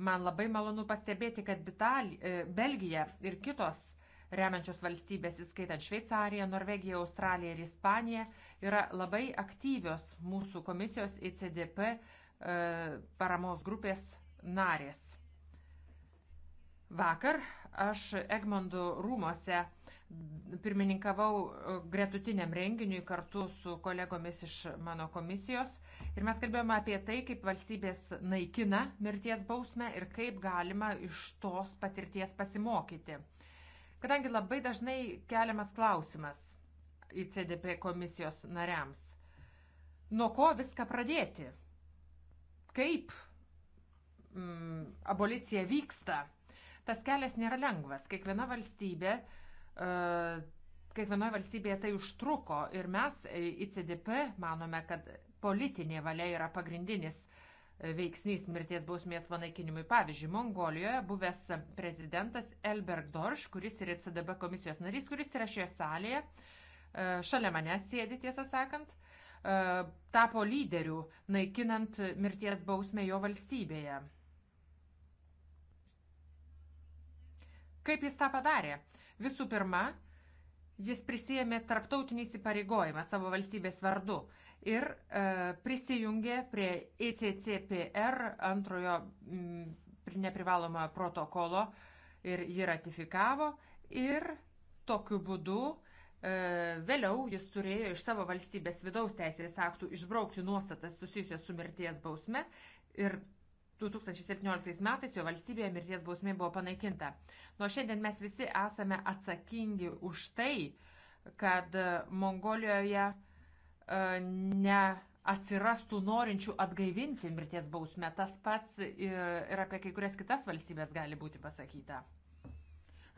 Man labai malonu pastebėti, kad Bitali, e, Belgija ir kitos remiančios valstybės, įskaitant Šveicariją, Norvegiją, Australiją ir Ispaniją, yra labai aktyvios mūsų komisijos ICDP e, paramos grupės narės. Vakar aš Egmondų rūmose pirmininkavau e, gretutiniam renginiui kartu su kolegomis iš mano komisijos ir mes kalbėjome apie tai, kaip valstybės naikina mirties bausmę ir kaip galima iš tos patirties pasimokyti. Kadangi labai dažnai keliamas klausimas į CDP komisijos nariams, nuo ko viską pradėti? Kaip mm, abolicija vyksta? Tas kelias nėra lengvas. Kiekviena valstybė uh, e, kiekvienoje valstybėje tai užtruko ir mes e, į CDP manome, kad politinė valia yra pagrindinis veiksnys mirties bausmės panaikinimui. Pavyzdžiui, Mongolijoje buvęs prezidentas Elberg Dorš, kuris yra CDB komisijos narys, kuris yra šioje salėje, e, šalia manęs sėdi tiesą sakant, e, tapo lyderių, naikinant mirties bausmę jo valstybėje. Kaip jis tą padarė? Visų pirma, jis prisijėmė tarptautinį įsipareigojimą savo valstybės vardu ir e, prisijungė prie ECCPR antrojo m, neprivalomojo protokolo ir jį ratifikavo ir tokiu būdu e, vėliau jis turėjo iš savo valstybės vidaus teisės aktų išbraukti nuostatas susijusias su mirties bausme ir 2017 metais jo valstybėje mirties bausmė buvo panaikinta. Nuo šiandien mes visi esame atsakingi už tai, kad e, Mongolijoje E, neatsirastų norinčių atgaivinti mirties bausmę. Tas pats e, ir apie kai kurias kitas valstybės gali būti pasakyta.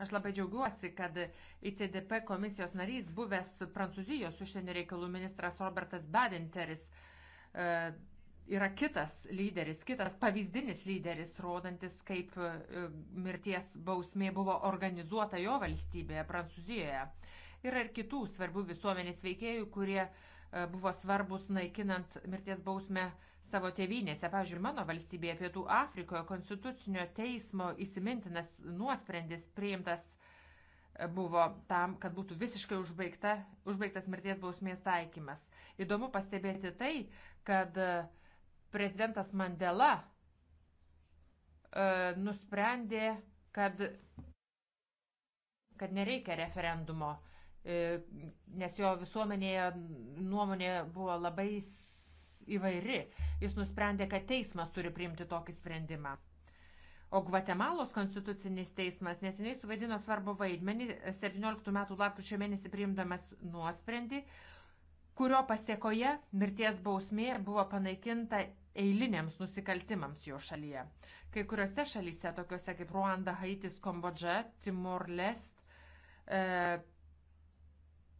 Aš labai džiaugiuosi, kad ICDP komisijos narys, buvęs Prancūzijos užsienio reikalų ministras Robertas Badinteris, e, yra kitas lyderis, kitas pavyzdinis lyderis, rodantis, kaip mirties bausmė buvo organizuota jo valstybėje, Prancūzijoje. Yra ir kitų svarbių visuomenės veikėjų, kurie uh, E, buvo svarbus naikinant mirties bausmę savo tėvynėse. Pavyzdžiui, mano valstybėje Pietų Afrikoje konstitucinio teismo įsimintinas nuosprendis priimtas e, buvo tam, kad būtų visiškai užbaigta, užbaigtas mirties bausmės taikymas. Įdomu pastebėti tai, kad e, prezidentas Mandela e, nusprendė, kad, kad nereikia referendumo. E, E, nes jo visuomenėje nuomonė buvo labai įvairi. Jis nusprendė, kad teismas turi priimti tokį sprendimą. O Gvatemalos konstitucinis teismas neseniai suvaidino svarbu vaidmenį 17 metų lapkričio mėnesį priimdamas nuosprendį, kurio pasiekoje mirties bausmė buvo panaikinta eiliniams nusikaltimams jo šalyje. Kai kuriuose šalyse, tokiuose kaip Ruanda, Haitis, Kambodža, Timor-Lest, e,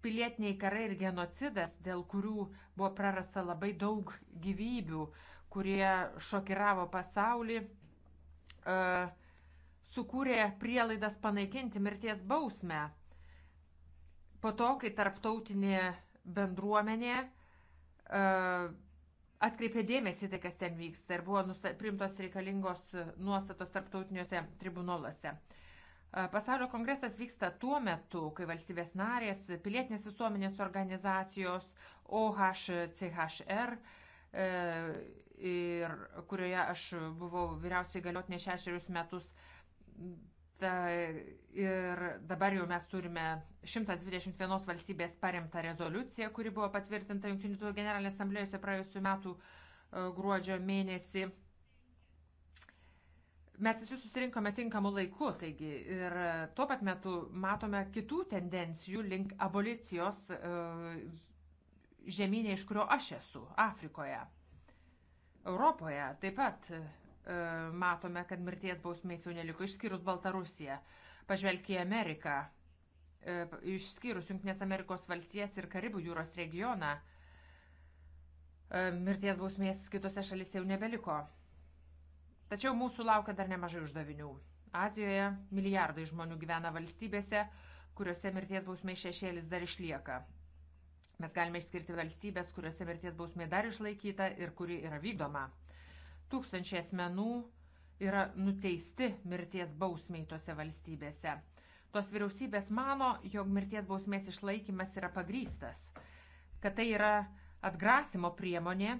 pilietiniai karai ir genocidas, dėl kurių buvo prarasta labai daug gyvybių, kurie šokiravo pasaulį, e, sukūrė prielaidas panaikinti mirties bausmę. Po to, kai tarptautinė bendruomenė e, atkreipė dėmesį tai, kas ten vyksta ir buvo priimtos reikalingos nuostatos tarptautiniuose tribunoluose. Pasaulio kongresas vyksta tuo metu, kai valstybės narės, pilietinės visuomenės organizacijos, OHCHR, e, ir kurioje aš buvau vyriausiai galiotinė šešerius metus, ta, ir dabar jau mes turime 121 valstybės paremtą rezoliuciją, kuri buvo patvirtinta Junktinių tautų generalinės asamblėjose praėjusiu metu e, gruodžio mėnesį. Mes visi susirinkome tinkamu laiku, taigi ir e, tuo pat metu matome kitų tendencijų link abolicijos e, žemynė, iš kurio aš esu, Afrikoje. Europoje taip pat e, matome, kad mirties bausmės jau neliko, išskyrus Baltarusiją. Pažvelk į Ameriką, išskyrus Junktinės Amerikos valstijas ir Karibų jūros regioną, mirties bausmės kitose šalise jau nebeliko. Tačiau mūsų laukia dar nemažai uždavinių. Azijoje milijardai žmonių gyvena valstybėse, kuriuose mirties bausmė šešėlis dar išlieka. Mes galime išskirti valstybės, kuriuose mirties bausmė dar išlaikyta ir kuri yra vykdoma. Tūkstančiai asmenų yra nuteisti mirties bausmiai tose valstybėse. Tos vyriausybės mano, jog mirties bausmės išlaikymas yra pagrystas, kad tai yra atgrasimo priemonė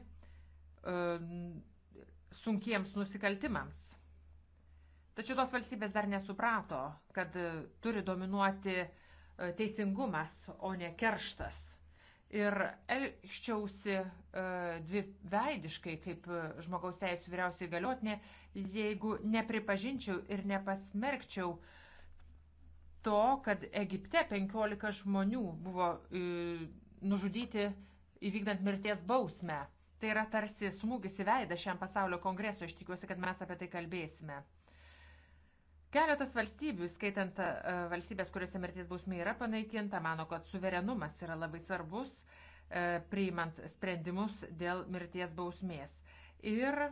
sunkiems nusikaltimams. Tačiau tos valstybės dar nesuprato, kad e, turi dominuoti e, teisingumas, o ne kerštas. Ir elgščiausi e, dviveidiškai kaip žmogaus teisų vyriausiai galiotinė, jeigu nepripažinčiau ir nepasmerkčiau to, kad Egipte 15 žmonių buvo nužudyti įvykdant mirties bausmę. Tai yra tarsi smūgis į veidą šiam pasaulio kongresui, aš tikiuosi, kad mes apie tai kalbėsime. Keletas valstybių, skaitant e, valstybės, kuriuose mirties bausmė yra panaikinta, mano, kad suverenumas yra labai svarbus, e, priimant sprendimus dėl mirties bausmės. Ir e,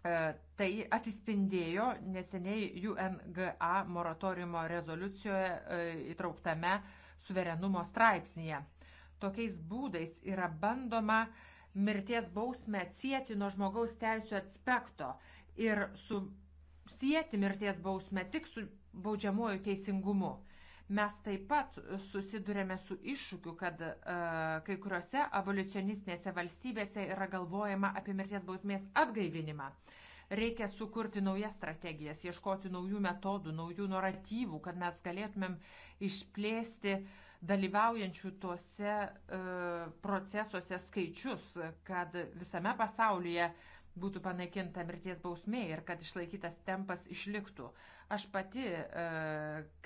Tai atsispindėjo neseniai UNGA moratoriumo rezoliucijoje įtrauktame suverenumo straipsnėje. Tokiais būdais yra bandoma uh, mirties bausmę atsijėti nuo žmogaus teisų aspekto ir susijęti mirties bausmę tik su baudžiamuoju teisingumu. Mes taip pat susidurėme su iššūkiu, kad e, kai kuriuose abolicionistinėse valstybėse yra galvojama apie mirties bausmės atgaivinimą. Reikia sukurti naujas strategijas, ieškoti naujų metodų, naujų naratyvų, kad mes galėtumėm išplėsti e, dalyvaujančių tuose e, procesuose skaičius, kad visame pasaulyje būtų panaikinta mirties bausmė ir kad išlaikytas tempas išliktų. Aš pati, e,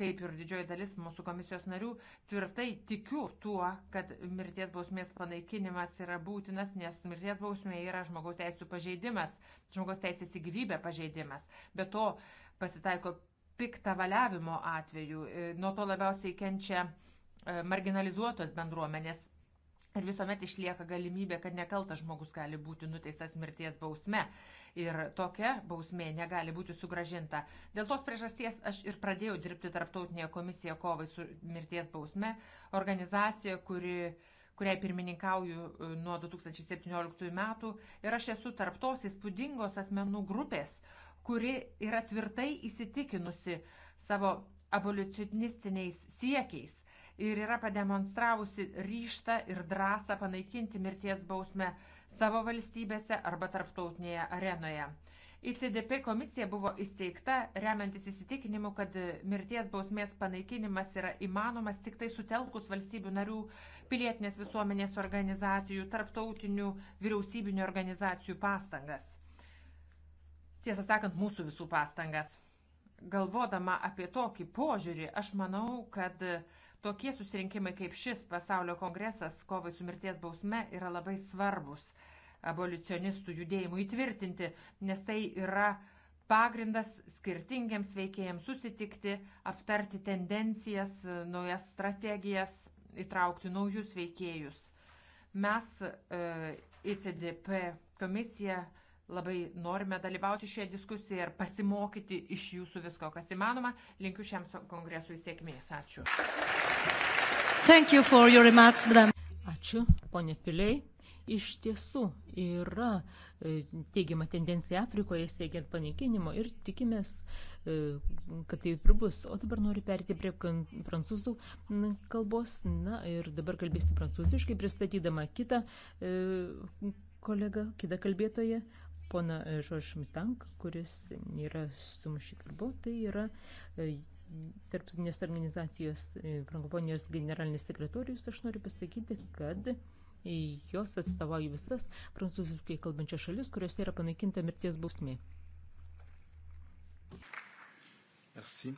kaip ir didžioji dalis mūsų komisijos narių, tvirtai tikiu tuo, kad mirties bausmės panaikinimas yra būtinas, nes mirties bausmė yra žmogaus teisų pažeidimas, žmogaus teisės į gyvybę pažeidimas. Be to pasitaiko piktavaliavimo atveju, e, nuo to labiausiai kenčia uh, E, marginalizuotos bendruomenės ir visuomet išlieka galimybė, kad nekaltas žmogus gali būti nuteistas mirties bausme ir tokia bausmė negali būti sugražinta. Dėl tos priežasties aš ir pradėjau dirbti Tarptautinėje komisijoje kovai su mirties bausme, organizacija, kuri kuriai pirmininkauju e, nuo 2017 metų ir aš esu tarptos įspūdingos asmenų grupės, kuri yra tvirtai įsitikinusi savo abolicionistiniais siekiais ir yra pademonstravusi ryštą ir drąsą panaikinti mirties bausmę savo valstybėse arba tarptautinėje arenoje. ICDP komisija buvo įsteigta remiantis įsitikinimu, kad mirties bausmės panaikinimas yra įmanomas tik tai sutelkus valstybių narių, pilietinės visuomenės organizacijų, tarptautinių vyriausybinių organizacijų pastangas. Tiesą sakant, mūsų visų pastangas. Galvodama apie tokį požiūrį, aš manau, kad uh, Tokie susirinkimai kaip šis pasaulio kongresas kovai su mirties bausme yra labai svarbus abolicionistų judėjimui įtvirtinti, nes tai yra pagrindas skirtingiems veikėjams susitikti, aptarti tendencijas, naujas strategijas, įtraukti naujus veikėjus. Mes e, ICDP komisija Labai norime dalyvauti šioje diskusijoje ir pasimokyti iš jūsų visko, kas įmanoma. Linkiu šiam kongresui sėkmės. Ačiū. You remarks, Ačiū, ponė Piliai iš tiesų yra e, teigiama tendencija Afrikoje siekiant panaikinimo ir tikimės, e, kad taip ir bus. O dabar noriu perėti prie prancūzų kalbos. Na ir dabar kalbėsiu prancūziškai, pristatydama kitą e, kolegą, kitą kalbėtoją, pona Žošmitank, kuris yra su muši kalbu, tai yra e, tarptautinės organizacijos e, Frankofonijos generalinis sekretorius. Aš noriu pasakyti, kad jos atstovauja visas prancūziškai kalbančias šalis, kuriuose yra panaikinta mirties bausmė. Merci.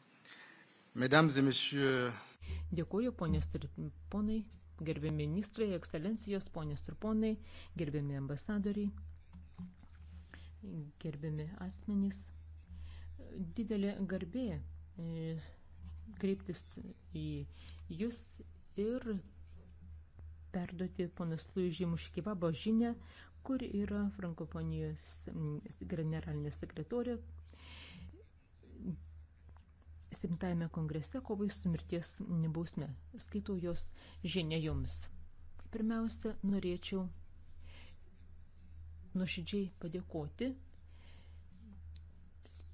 Mesdames et messieurs. Dėkuoju, ponės ir ponai, gerbiami ministrai, ekscelencijos, ponės ir ponai, gerbiami ambasadoriai gerbiami asmenys. Didelė garbė e, kreiptis į jūs ir perduoti ponas Luižiai Muškivabo žinę, kur yra Frankoponijos generalinė sekretorė 7 kongrese kovai su mirties bausme. Skaitau jos žinia jums. Pirmiausia, norėčiau nuoširdžiai padėkoti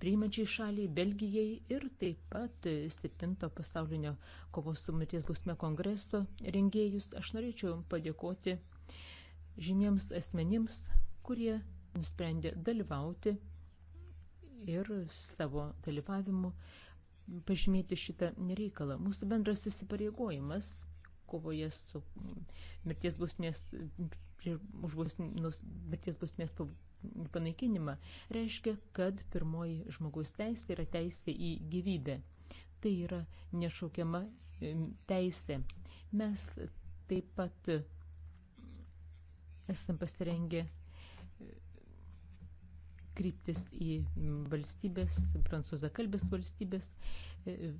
priimančiai šaliai, Belgijai ir taip pat 7 pasaulinio kovos su mirties bausme kongreso rengėjus. Aš norėčiau padėkoti žymiems asmenims, kurie nusprendė dalyvauti ir savo dalyvavimu pažymėti šitą reikalą. Mūsų bendras įsipareigojimas kovoje su mirties bausmės už mirties bausmės panaikinimą, reiškia, kad pirmoji žmogaus teisė yra teisė į gyvybę. Tai yra nešaukiama teisė. Mes taip pat esam pasirengę e, kryptis į valstybės, prancūzakalbės valstybės, e,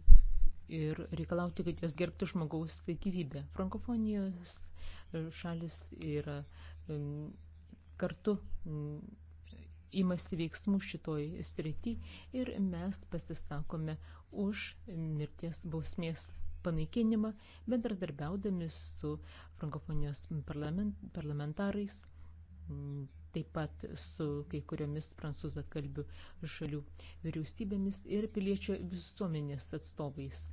ir reikalauti, kad jos gerbtų žmogaus gyvybę. Frankofonijos e, šalis yra kartu imasi veiksmų šitoj srity ir mes pasisakome už mirties bausmės panaikinimą, bendradarbiaudami su frankofonijos parlamentarais taip pat su kai kuriomis prancūzakalbių šalių vyriausybėmis ir piliečio visuomenės atstovais.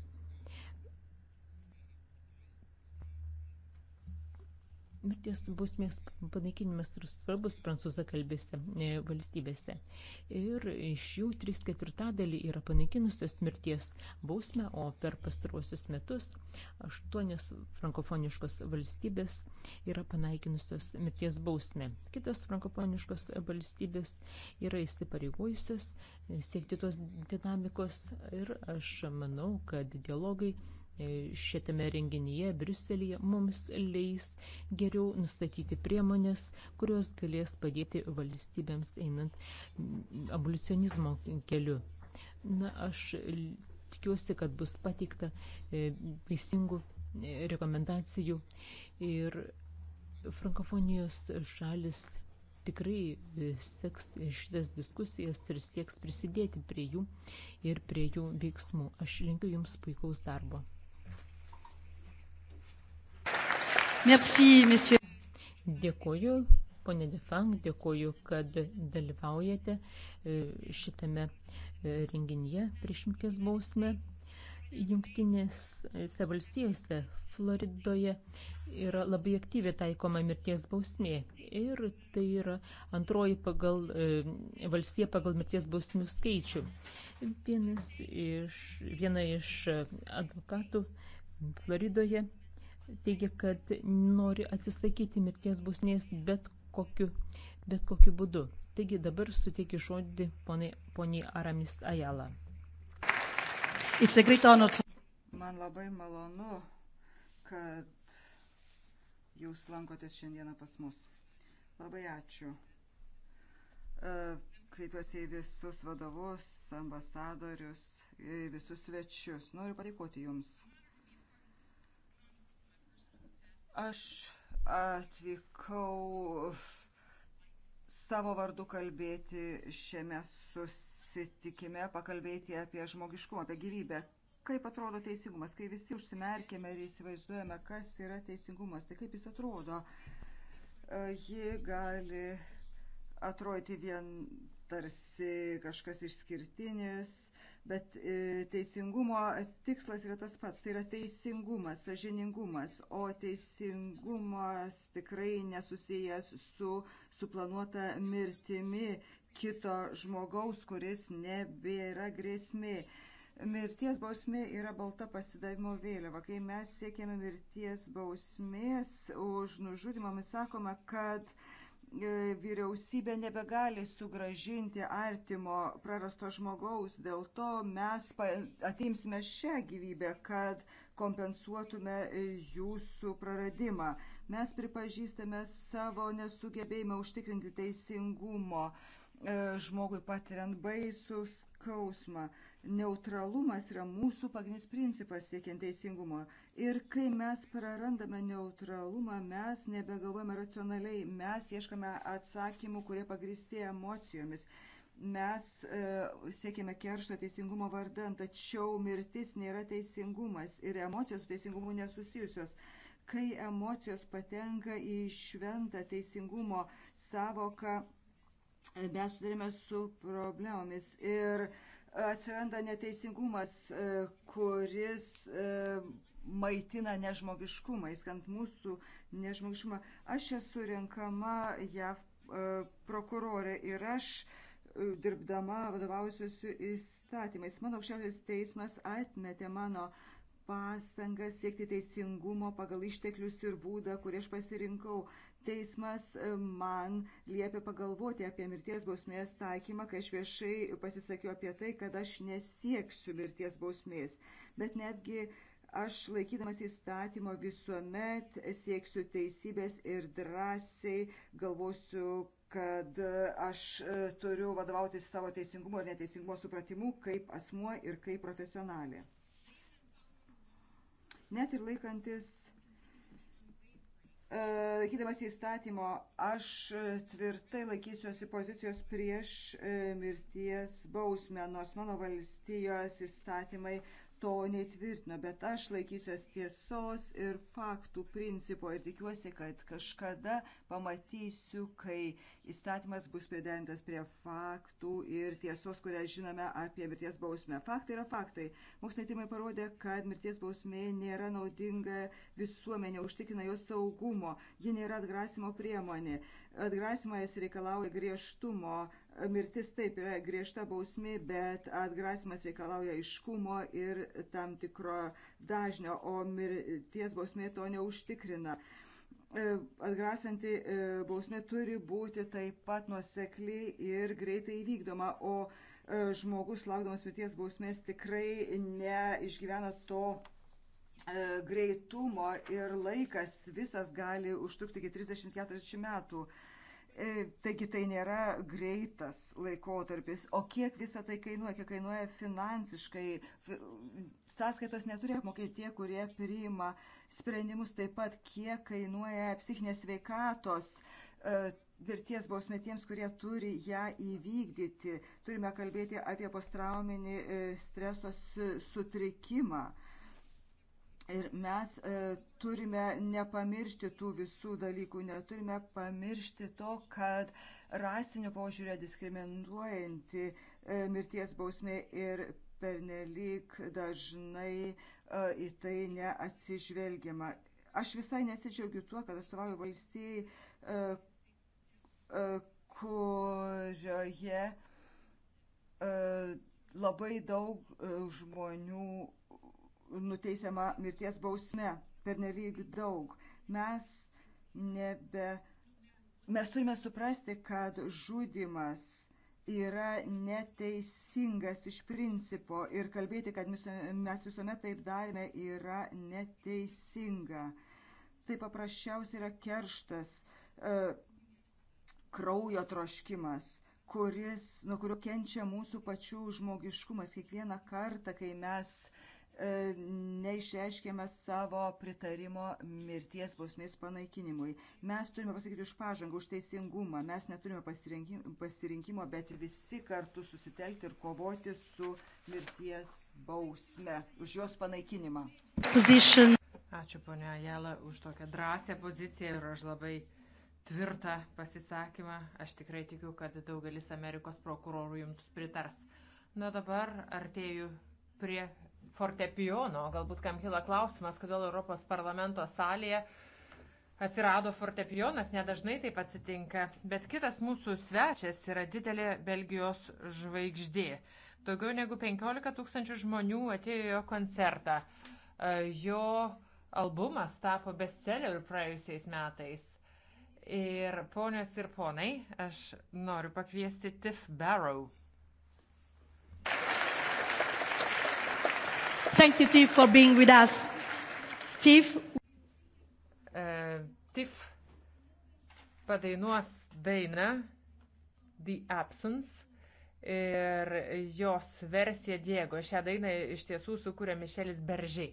mirties bausmės panaikinimas yra svarbus prancūzakalbėse e, valstybėse. Ir iš jų 3 ketvirtadalį yra panaikinusios mirties bausmę, o per pastaruosius metus 8 frankofoniškos valstybės yra panaikinusios mirties bausmę. Kitos frankofoniškos valstybės yra įsipareigojusios siekti tos dinamikos ir aš manau, kad dialogai E, šitame renginyje Briuselėje mums leis geriau nustatyti priemonės, kurios galės padėti valstybėms einant abolicionizmo keliu. Na, aš tikiuosi, kad bus pateikta e, teisingų e, rekomendacijų ir frankofonijos šalis tikrai seks šitas diskusijas ir sieks prisidėti prie jų ir prie jų veiksmų. Aš linkiu Jums puikaus darbo. Merci, messieurs. Dėkuoju, ponė Defang, dėkuoju, kad dalyvaujate e, šitame e, renginyje priešimties bausmę. Jungtinėse valstijose, Floridoje yra labai aktyviai taikoma mirties bausmė. Ir tai yra antroji pagal, e, valstija pagal mirties bausmių skaičių. Vienas iš, viena iš e, advokatų Floridoje teigia, kad nori atsisakyti mirties bausmės bet kokiu, bet kokiu būdu. Taigi dabar suteikiu žodį poniai, poniai Aramis Ajala. Man labai malonu, kad jūs lankotės šiandieną pas mus. Labai ačiū. E, kreipiuosi į visus vadovus, ambasadorius, į visus svečius. Noriu padėkoti jums Aš atvykau savo vardu kalbėti šiame susitikime, pakalbėti apie žmogiškumą, apie gyvybę. Kaip atrodo teisingumas, kai visi užsimerkėme ir įsivaizduojame, kas yra teisingumas, tai kaip jis atrodo. E, ji gali atrodyti vien tarsi kažkas išskirtinis, bet e, teisingumo tikslas yra tas pats, tai yra teisingumas, sažiningumas, o teisingumas tikrai nesusijęs su suplanuota mirtimi kito žmogaus, kuris nebėra grėsmė. Mirties bausmė yra balta pasidavimo vėliava. Kai mes siekėme mirties bausmės už nužudymą, mes sakome, kad uh, E, vyriausybė nebegali sugražinti artimo prarasto žmogaus, dėl to mes atimsime šią gyvybę, kad kompensuotume jūsų praradimą. Mes pripažįstame savo nesugebėjimą užtikrinti teisingumo e, žmogui patiriant baisų skausmą neutralumas yra mūsų pagrindinis principas siekiant teisingumo. Ir kai mes prarandame neutralumą, mes nebegalvojame racionaliai, mes ieškame atsakymų, kurie pagristi emocijomis. Mes e, siekime keršto teisingumo vardan, tačiau mirtis nėra teisingumas ir emocijos su teisingumu nesusijusios kai emocijos patenka į šventą teisingumo savoką, mes sudarėme su problemomis. Ir atsiranda neteisingumas, e, kuris e, maitina nežmogiškumą, įskant mūsų nežmogiškumą. Aš esu renkama JAV e, prokurorė ir aš dirbdama vadovausiuosiu įstatymais. Mano aukščiausias teismas atmetė mano pastangas siekti teisingumo pagal išteklius ir būdą, kurį aš pasirinkau. Teismas e, man liepia pagalvoti apie mirties bausmės taikymą, kai aš viešai pasisakiau apie tai, kad aš nesieksiu mirties bausmės. Bet netgi aš laikydamas įstatymo visuomet sieksiu teisybės ir drąsiai galvosiu, kad aš e, turiu vadovautis savo teisingumo ir neteisingumo supratimu kaip asmuo ir kaip profesionalė. Net ir laikantis E, Laikydamas įstatymo, aš tvirtai laikysiuosi pozicijos prieš e, mirties bausmę, nors mano valstijos įstatymai to netvirtino, bet aš laikysiuos tiesos ir faktų principo ir tikiuosi, kad kažkada pamatysiu, kai įstatymas bus pridentas prie faktų ir tiesos, kurią žinome apie mirties bausmę. Faktai yra faktai. Moksliniai tyrimai parodė, kad mirties bausmė nėra naudinga visuomenė, užtikrina jos saugumo, ji nėra atgrasimo priemonė. Atgrasimas reikalauja griežtumo, Mirtis taip yra griežta bausmė, bet atgrasimas reikalauja iškumo ir tam tikro dažnio, o mirties bausmė to neužtikrina. E, atgrasanti e, bausmė turi būti taip pat nuosekli ir greitai įvykdoma, o e, žmogus laukdamas mirties bausmės tikrai neišgyvena to greitumo ir laikas visas gali užtrukti iki 30-40 metų. E, taigi tai nėra greitas laikotarpis. O kiek visą tai kainuoja, kiek kainuoja finansiškai? Sąskaitos neturi apmokėti tie, kurie priima sprendimus taip pat, kiek kainuoja psichinės veikatos virties e, bausmė tiems, kurie turi ją įvykdyti. Turime kalbėti apie postrauminį e, streso sutrikimą. Su Ir mes e, turime nepamiršti tų visų dalykų, neturime pamiršti to, kad rasinių požiūrė diskriminuojanti e, mirties bausmė ir pernelyg dažnai e, į tai neatsižvelgiama. Aš visai nesidžiaugiu tuo, kad atstovauju valstijai, e, e, kurioje e, labai daug e, žmonių nuteisiama mirties bausme per nelyg daug. Mes nebe. Mes turime suprasti, kad žudimas yra neteisingas iš principo ir kalbėti, kad mes visuomet taip darėme, yra neteisinga. Tai paprasčiausiai yra kerštas, e, kraujo troškimas, kuris, nuo kurio kenčia mūsų pačių žmogiškumas kiekvieną kartą, kai mes e, E, neišreiškėme savo pritarimo mirties bausmės panaikinimui. Mes turime pasakyti už pažangą, už teisingumą, mes neturime pasirinkimo, bet visi kartu susitelkti ir kovoti su mirties bausme, už jos panaikinimą. Position. Ačiū ponia Jela už tokią drąsią poziciją ir už labai tvirtą pasisakymą. Aš tikrai tikiu, kad daugelis Amerikos prokurorų jums pritars. Na dabar artėju prie fortepijono. Galbūt kam kila klausimas, kodėl Europos parlamento salėje atsirado fortepijonas, nedažnai taip atsitinka. Bet kitas mūsų svečias yra didelė Belgijos žvaigždė. Daugiau negu 15 tūkstančių žmonių atėjo jo koncertą. E, jo albumas tapo bestselleriu praėjusiais metais. Ir ponios ir ponai, aš noriu pakviesti Tiff Barrow. Thank you, Tiff, for being with us. Tiff. Uh, Tiff padainuos dainą The Absence ir jos versiją Diego. Šią dainą iš tiesų sukūrė Mišelis Beržiai.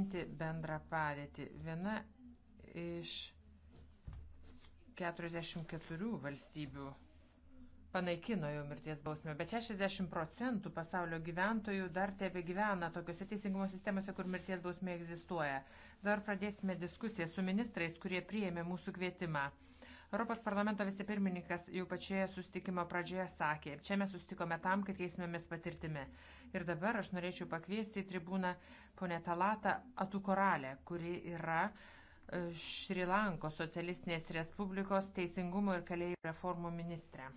įvertinti bendrą padėtį. Viena iš 44 valstybių panaikino jau mirties bausmę, bet 60 procentų pasaulio gyventojų dar tebe gyvena tokiuose teisingumo sistemose, kur mirties bausmė egzistuoja. Dar pradėsime diskusiją su ministrais, kurie priėmė mūsų kvietimą. Europos parlamento vicepirmininkas jau pačioje sustikimo pradžioje sakė, čia mes sustikome tam, kad keismėmės patirtimi. Ir dabar aš norėčiau pakviesti į tribūną ponę Talatą Atukoralę, kuri yra e, Šri Lankos socialistinės Respublikos teisingumo ir kalėjų reformų ministrė.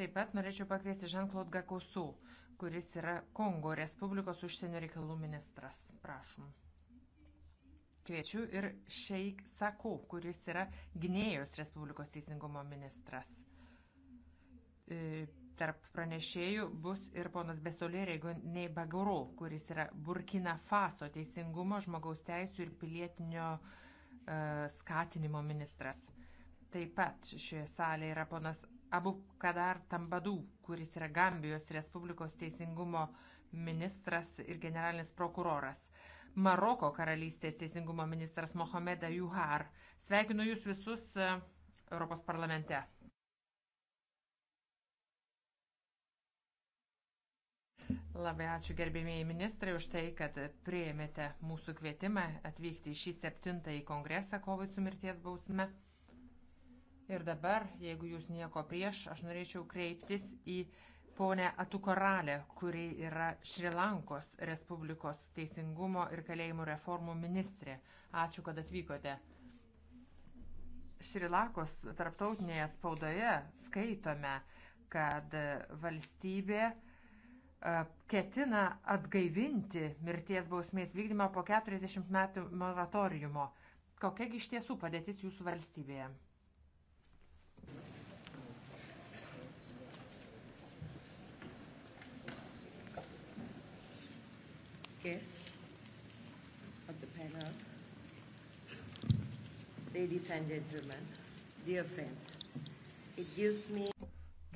Taip pat norėčiau pakviesti Žanklaud Gakosu, kuris yra Kongo Respublikos užsienio reikalų ministras. Prašom. Kviečiu ir Šeik Saku, kuris yra Gynėjos Respublikos teisingumo ministras. E, tarp pranešėjų bus ir ponas Besolė Reigonei Bagaro, kuris yra Burkina Faso teisingumo, žmogaus teisų ir pilietinio uh, skatinimo ministras. Taip pat šioje salėje yra ponas Abu Kadar Tambadu, kuris yra Gambijos Respublikos teisingumo ministras ir generalinis prokuroras. Maroko karalystės teisingumo ministras Mohameda Juhar. Sveikinu Jūs visus e, Europos parlamente. Labai ačiū gerbėmėjai ministrai už tai, kad prieėmėte mūsų kvietimą atvykti į šį septintąjį kongresą kovai su mirties bausme. Ir dabar, jeigu jūs nieko prieš, aš norėčiau kreiptis į ponę Atukoralę, kuri yra Šrilankos Respublikos teisingumo ir kalėjimų reformų ministrė. Ačiū, kad atvykote. Šrilakos tarptautinėje spaudoje skaitome, kad valstybė e, ketina atgaivinti mirties bausmės vykdymą po 40 metų moratoriumo. Kokiagi iš tiesų padėtis jūsų valstybėje? guests of the panel, ladies and gentlemen, dear friends, it gives me.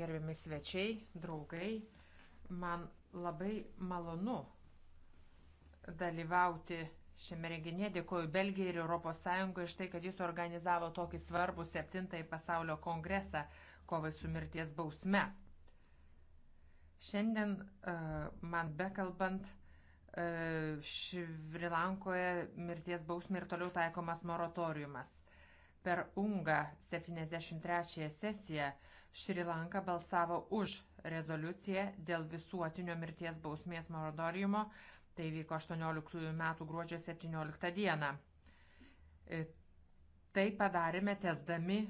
Gerbiami svečiai, draugai, man labai malonu dalyvauti šiame renginėje. Dėkoju Belgijai ir ES iš tai, kad jis organizavo tokį svarbų septintąjį pasaulio kongresą kovai su mirties bausme. Šiandien e, man bekalbant E, Šrilankoje mirties bausmė ir toliau taikomas moratoriumas. Per UNGA 73 sesiją Šrilanka balsavo už rezoliuciją dėl visuotinio mirties bausmės moratoriumo. Tai vyko 18 metų gruodžio 17 dieną. E, tai padarėme tesdami e,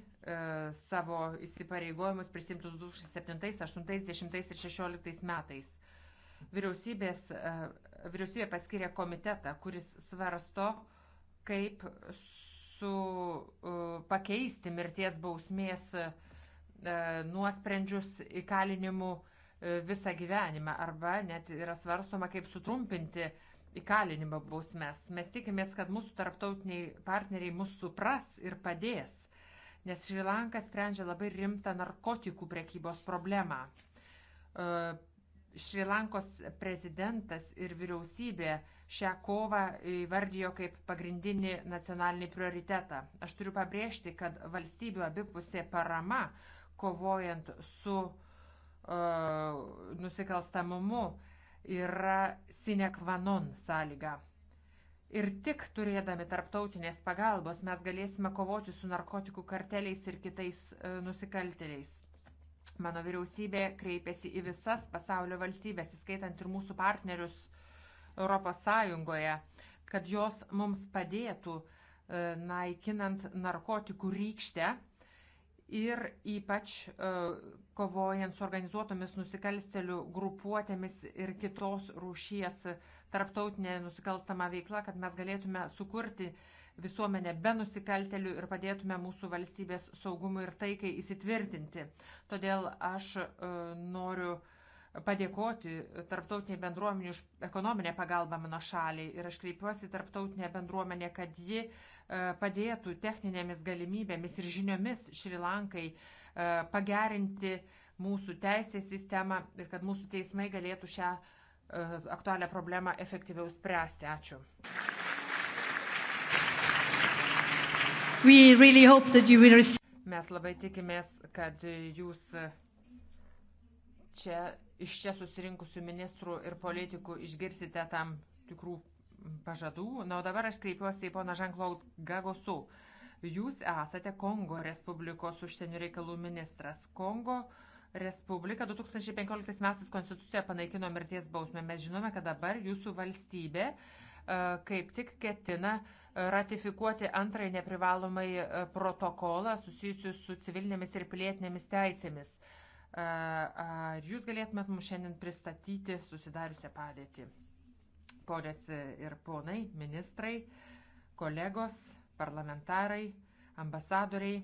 savo įsipareigojimus prisimtus 2007, 2008, 2010 ir 2016 metais Vyriausybės, e, vyriausybė paskiria komitetą, kuris svarsto, kaip su e, pakeisti mirties bausmės e, nuosprendžius įkalinimu visą gyvenimą arba net yra svarstoma, kaip sutrumpinti įkalinimo bausmes. Mes tikimės, kad mūsų tarptautiniai partneriai mus supras ir padės, nes Šrilanka sprendžia labai rimtą narkotikų prekybos problemą. Šrilankos prezidentas ir vyriausybė šią kovą įvardijo kaip pagrindinį nacionalinį prioritetą. Aš turiu pabrėžti, kad valstybių abipusė parama kovojant su uh, nusikalstamumu yra sinekvanon sąlyga. Ir tik turėdami tarptautinės pagalbos mes galėsime kovoti su narkotikų karteliais ir kitais uh, nusikaltėliais. Mano vyriausybė kreipėsi į visas pasaulio valstybės, įskaitant ir mūsų partnerius Europos Sąjungoje, kad jos mums padėtų e, naikinant narkotikų rykštę ir ypač e, kovojant su organizuotomis nusikalstelių grupuotėmis ir kitos rūšies tarptautinė nusikalstama veikla, kad mes galėtume sukurti uh, visuomenę be nusikaltelių ir padėtume mūsų valstybės saugumui ir taikai įsitvirtinti. Todėl aš e, noriu padėkoti tarptautiniai bendruomeniai už ekonominę pagalbą mano šaliai ir aš kreipiuosi tarptautinę bendruomenę, kad ji e, padėtų techninėmis galimybėmis ir žiniomis Šrilankai e, pagerinti mūsų teisės sistemą ir kad mūsų teismai galėtų šią aktualią problemą efektyviau spręsti. Ačiū. Really will... Mes labai tikimės, kad jūs čia iš čia susirinkusių ministrų ir politikų išgirsite tam tikrų pažadų. Na, o dabar aš kreipiuosi į poną Žanklaud Gagosu. Jūs esate Kongo Respublikos užsienio reikalų ministras. Kongo Respublika 2015 metais konstituciją panaikino mirties bausmę. Mes žinome, kad dabar jūsų valstybė e, kaip tik ketina uh, ratifikuoti antrąjį neprivalomai e, protokolą susijusiu su civilinėmis ir pilietinėmis teisėmis. E, ar jūs galėtumėt mums šiandien pristatyti susidariusią padėtį? Ponės e, ir ponai, ministrai, kolegos, parlamentarai, ambasadoriai.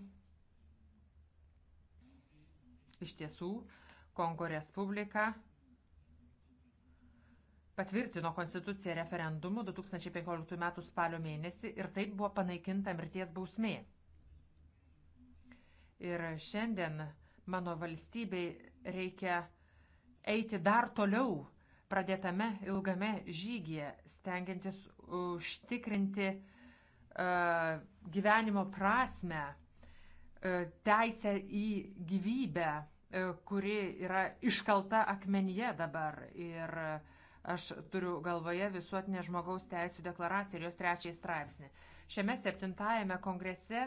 Iš tiesų, Kongo Respublika patvirtino konstituciją referendumu 2015 m. spalio mėnesį ir taip buvo panaikinta mirties bausmė. Ir šiandien mano valstybei reikia eiti dar toliau pradėtame ilgame žygyje, stengiantis užtikrinti uh, gyvenimo prasme, uh, teisę į gyvybę, uh, kuri yra iškalta akmenyje dabar. Ir uh, Aš turiu galvoje visuotinę žmogaus teisų deklaraciją ir jos trečiai straipsnį. Šiame septintajame kongrese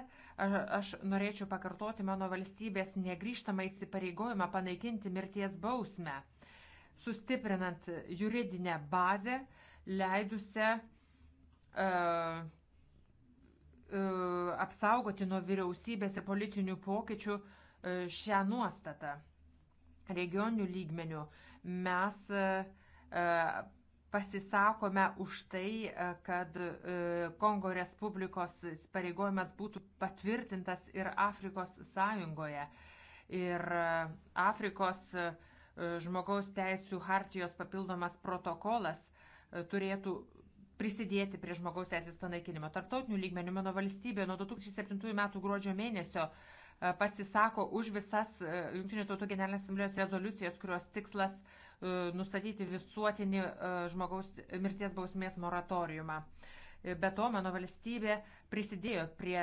aš norėčiau pakartoti mano valstybės negryžtamą įsipareigojimą panaikinti mirties bausmę, sustiprinant juridinę bazę, leidusią uh, uh, apsaugoti nuo vyriausybės ir politinių pokyčių uh, šią nuostatą. Regioninių lygmenių mes uh, E, pasisakome už tai, e, kad e, Kongo Respublikos pareigojimas būtų patvirtintas ir Afrikos sąjungoje. Ir Afrikos žmogaus teisų hartijos papildomas protokolas turėtų prisidėti prie žmogaus teisės panaikinimo. Tartautinių lygmenių mano valstybė nuo 2007 metų gruodžio mėnesio pasisako už visas Junktinių tautų generalinės asamblėjos rezoliucijas, kurios tikslas uh, E, nustatyti visuotinį e, žmogaus mirties bausmės moratoriumą. E, be to, mano valstybė prisidėjo prie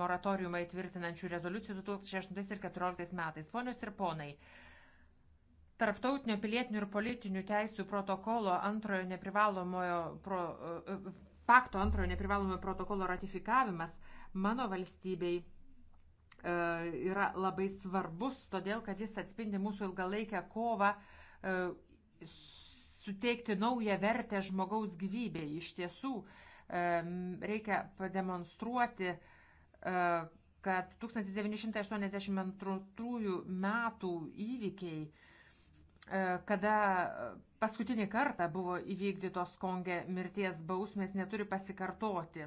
moratoriumą įtvirtinančių rezoliucijų 2008 ir 2014 metais. Ponios ir ponai, Tarptautinio pilietinių ir politinių teisų protokolo antrojo neprivalomojo pro, pakto antrojo neprivalomojo protokolo ratifikavimas mano valstybei yra labai svarbus, todėl kad jis atspindi mūsų ilgalaikę kovą uh, E, suteikti naują vertę žmogaus gyvybei. Iš tiesų e, reikia pademonstruoti, e, kad 1982 metų įvykiai, kada paskutinį kartą buvo įvykdytos Konge mirties bausmės, neturi pasikartoti.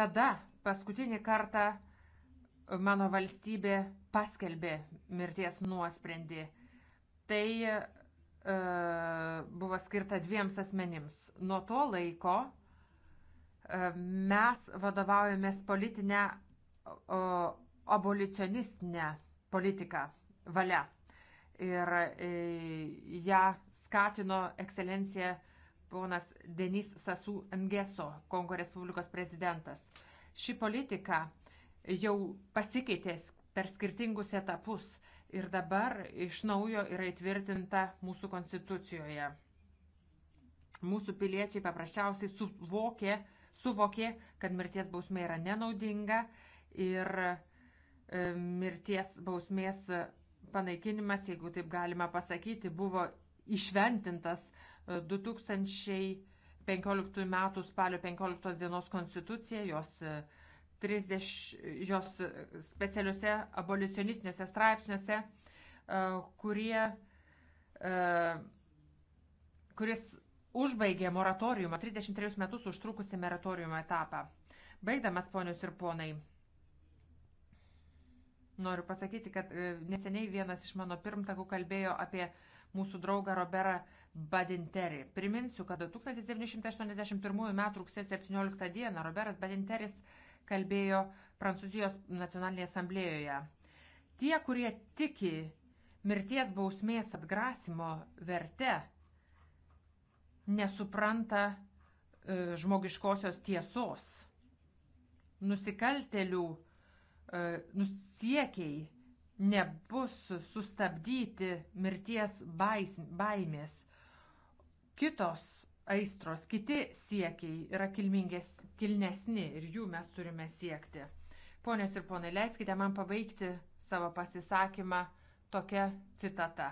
Tada paskutinį kartą mano valstybė paskelbė mirties nuosprendį. Tai e, buvo skirta dviems asmenims. Nuo to laiko e, mes vadovaujamės politinę o, abolicionistinę politiką valia. Ir e, ją skatino ekscelencija ponas Denis Sasu Engeso, Kongo Respublikos prezidentas. Ši politika e, jau pasikeitė per skirtingus etapus ir dabar iš naujo yra įtvirtinta mūsų konstitucijoje. Mūsų piliečiai paprasčiausiai suvokė, suvokė kad mirties bausmė yra nenaudinga ir e, mirties bausmės panaikinimas, jeigu taip galima pasakyti, buvo išventintas 2015 e, m. spalio 15 d. konstitucija, jos e, 30 jos specialiuose abolicionistiniuose straipsniuose, e, kurie, e, kuris užbaigė moratoriumą, 33 metus užtrukusi moratoriumo etapą. Baigdamas, ponius ir ponai, noriu pasakyti, kad e, neseniai vienas iš mano pirmtakų kalbėjo apie mūsų draugą Roberą Badinterį. Priminsiu, kad 1981 m. rugsėjo 17 d. Roberas Badinteris kalbėjo Prancūzijos nacionalinėje asamblėjoje. Tie, kurie tiki mirties bausmės atgrasimo verte, nesupranta e, žmogiškosios tiesos. Nusikaltelių e, nusiekiai nebus sustabdyti mirties baimės. Kitos aistros, kiti siekiai yra kilnesni ir jų mes turime siekti. Ponios ir ponai, leiskite man pabaigti savo pasisakymą tokia citata.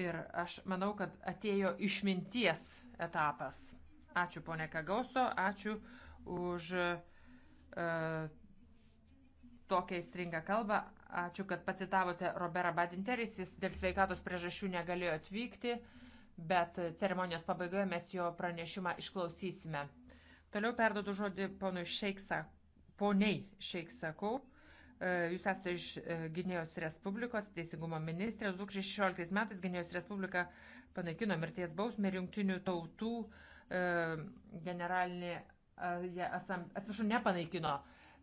Ir aš manau, kad atėjo išminties etapas. Ačiū ponė Kagauso, ačiū už e, tokią įstringą kalbą, ačiū, kad pacitavote Roberą Badinteris, jis dėl sveikatos priežasčių negalėjo atvykti bet ceremonijos pabaigoje mes jo pranešimą išklausysime. Toliau perdodu žodį ponui Šeiksa, poniai Šeiksakau. E, jūs esate iš e, Gynėjos Respublikos, Teisingumo ministrė. 2016 metais Gynėjos Respublika panaikino mirties bausmę ir jungtinių tautų e, generalinė, atsiprašau, nepanaikino.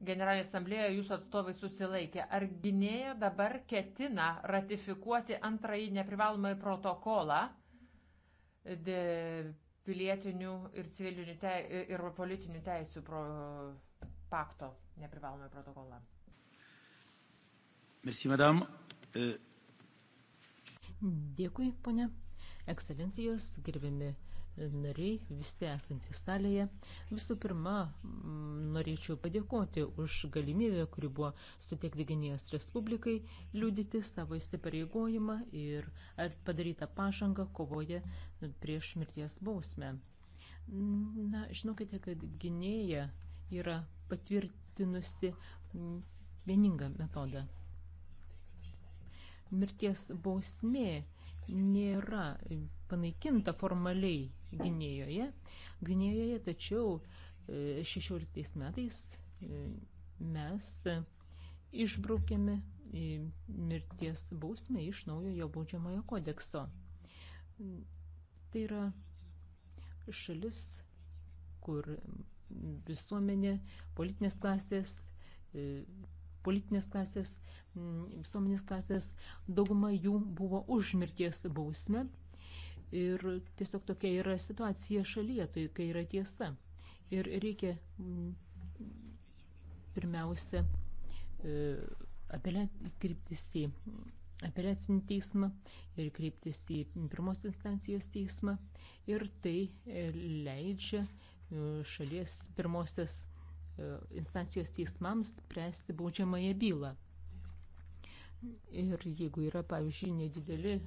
Generalinė asamblėja jūsų atstovai susilaikė. Ar Gynėja dabar ketina ratifikuoti antrąjį neprivalomąjį protokolą? pilietinių ir civilinių te, ir politinių teisų pro, pakto neprivalomą protokolą. Merci, madame. Euh, Dėkui, ponė. Ekscelencijos, gerbiami nariai, visi esantys salėje. Visų pirma, mm, norėčiau padėkoti už galimybę, kuri buvo suteikti Genijos Respublikai, liūdyti savo įsipareigojimą ir padarytą pažangą kovoje prieš mirties bausmę. Na, žinokite, kad gynėja yra patvirtinusi vieningą metodą. Mirties bausmė nėra panaikinta formaliai Gvinėjoje, Gvinėjoje tačiau 16 e, metais e, mes išbraukėme e, mirties bausmę iš naujojo baudžiamojo kodekso. Tai yra šalis, kur visuomenė, politinės klasės, politinės klasės, visuomenės klasės, dauguma jų buvo už mirties bausmę, Ir tiesiog tokia yra situacija šalyje, tai kai yra tiesa. Ir reikia mm, pirmiausia e, apeliat, kryptis į apeliacinį teismą ir kryptis į pirmos instancijos teismą. Ir tai e, leidžia e, šalies pirmosios instancijos teismams spręsti baudžiamąją bylą. Ir jeigu yra, pavyzdžiui, nedideli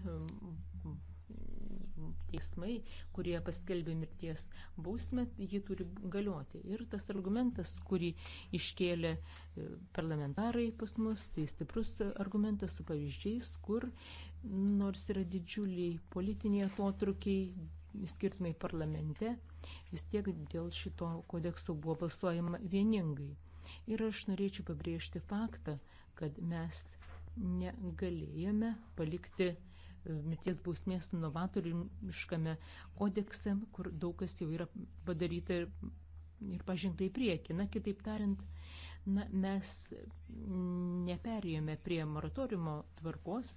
teismai, kurie paskelbė mirties bausmę, ji turi galioti. Ir tas argumentas, kurį iškėlė e, parlamentarai pas mus, tai stiprus argumentas su pavyzdžiais, kur nors yra didžiuliai politiniai atotrukiai, skirtumai parlamente, vis tiek dėl šito kodekso buvo balsuojama vieningai. Ir aš norėčiau pabrėžti faktą, kad mes negalėjome palikti mirties bausmės novatoriškame kodekse, kur daug kas jau yra padaryta ir, ir pažengta į priekį. Na, kitaip tariant, na, mes neperėjome prie moratoriumo tvarkos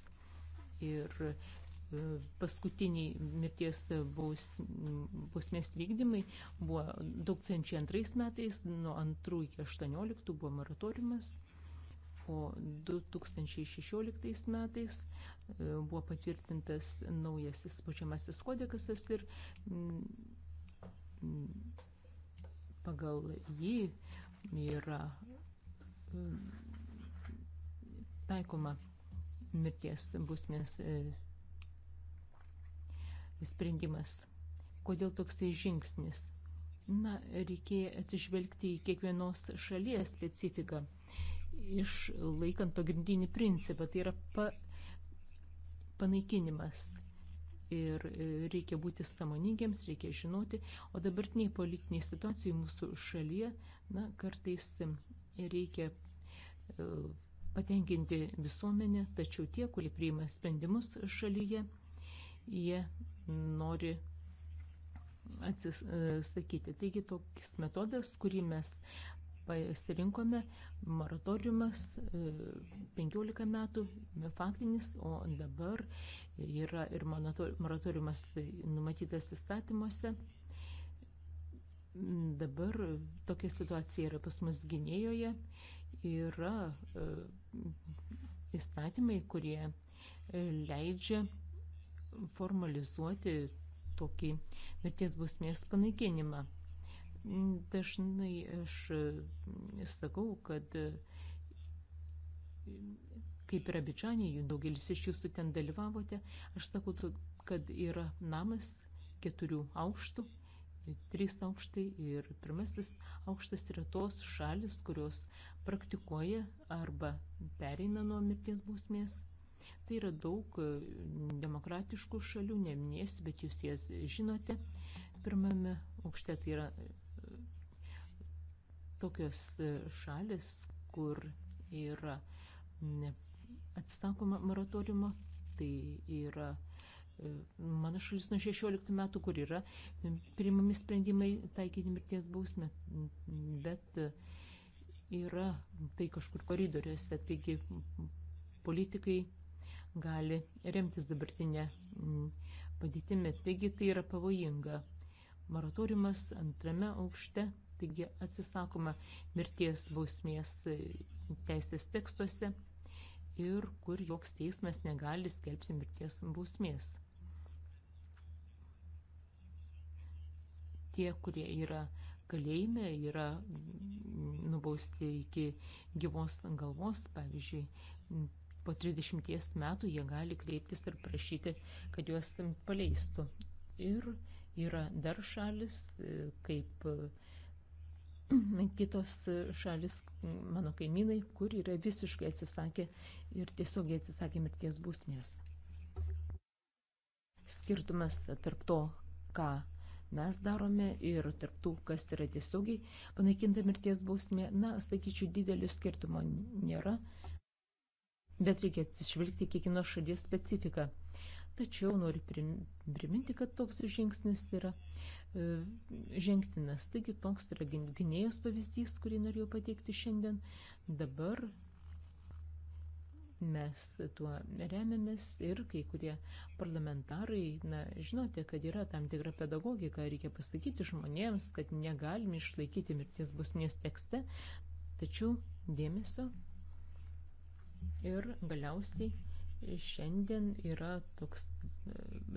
ir e, paskutiniai mirties baus, bausmės vykdymai buvo 2002 metais, nuo 2 iki 18 buvo moratoriumas. O 2016 metais e, buvo patvirtintas naujasis pučiamasis kodeksas ir mm, mm, pagal jį yra e, taikoma mirties busmės e, sprendimas. Kodėl toksai žingsnis? Na, reikėjo atsižvelgti į kiekvienos šalies specifiką išlaikant pagrindinį principą, tai yra pa, panaikinimas. Ir e, reikia būti samoningiams, reikia žinoti, o dabartiniai politiniai situacijai mūsų šalyje, na, kartais reikia e, patenkinti visuomenę, tačiau tie, kurie priima sprendimus šalyje, jie nori atsisakyti. E, Taigi toks metodas, kurį mes pasirinkome moratoriumas 15 e, metų, faktinis, o dabar yra ir moratoriumas numatytas įstatymuose. Dabar tokia situacija yra pas mus gynėjoje, yra e, įstatymai, kurie e, leidžia formalizuoti tokį mirties bausmės panaikinimą. Dažnai aš e, sakau, kad e, kaip ir Abidžanė, daugelis iš jūsų ten dalyvavote, aš sakau, kad yra namas keturių aukštų, trys aukštai ir pirmasis aukštas yra tos šalis, kurios praktikuoja arba pereina nuo mirties bausmės. Tai yra daug e, demokratiškų šalių, neminėsiu, bet jūs jas žinote. Pirmame aukšte tai yra tokios e, šalis, kur yra atsisakoma moratoriumo, tai yra e, mano šalis nuo 16 metų, kur yra e, priimami sprendimai taikyti mirties bausmę, bet yra tai kažkur koridoriuose, taigi politikai gali remtis dabartinę padėtimi, taigi tai yra pavojinga. Moratoriumas antrame aukšte Taigi atsisakoma mirties bausmės teisės tekstuose ir kur joks teismas negali skelbti mirties bausmės. Tie, kurie yra kalėjime, yra nubausti iki gyvos galvos, pavyzdžiui, po 30 metų jie gali kreiptis ir prašyti, kad juos paleistų. Ir yra dar šalis, kaip kitos šalis, mano kaimynai, kur yra visiškai atsisakę ir tiesiogiai atsisakė mirties būsmės. Skirtumas tarp to, ką mes darome ir tarptų, kas yra tiesiogiai panaikinta mirties bausmė, na, sakyčiau, didelio skirtumo nėra, bet reikia atsižvelgti kiekvieno šalies specifiką. Tačiau noriu priminti, kad toks žingsnis yra žengtinas. Taigi toks yra gynėjos pavyzdys, kurį norėjau pateikti šiandien. Dabar mes tuo remiamės ir kai kurie parlamentarai, na, žinote, kad yra tam tikra pedagogika, reikia pasakyti žmonėms, kad negalime išlaikyti mirties busnės tekste, tačiau dėmesio ir galiausiai šiandien yra toks e,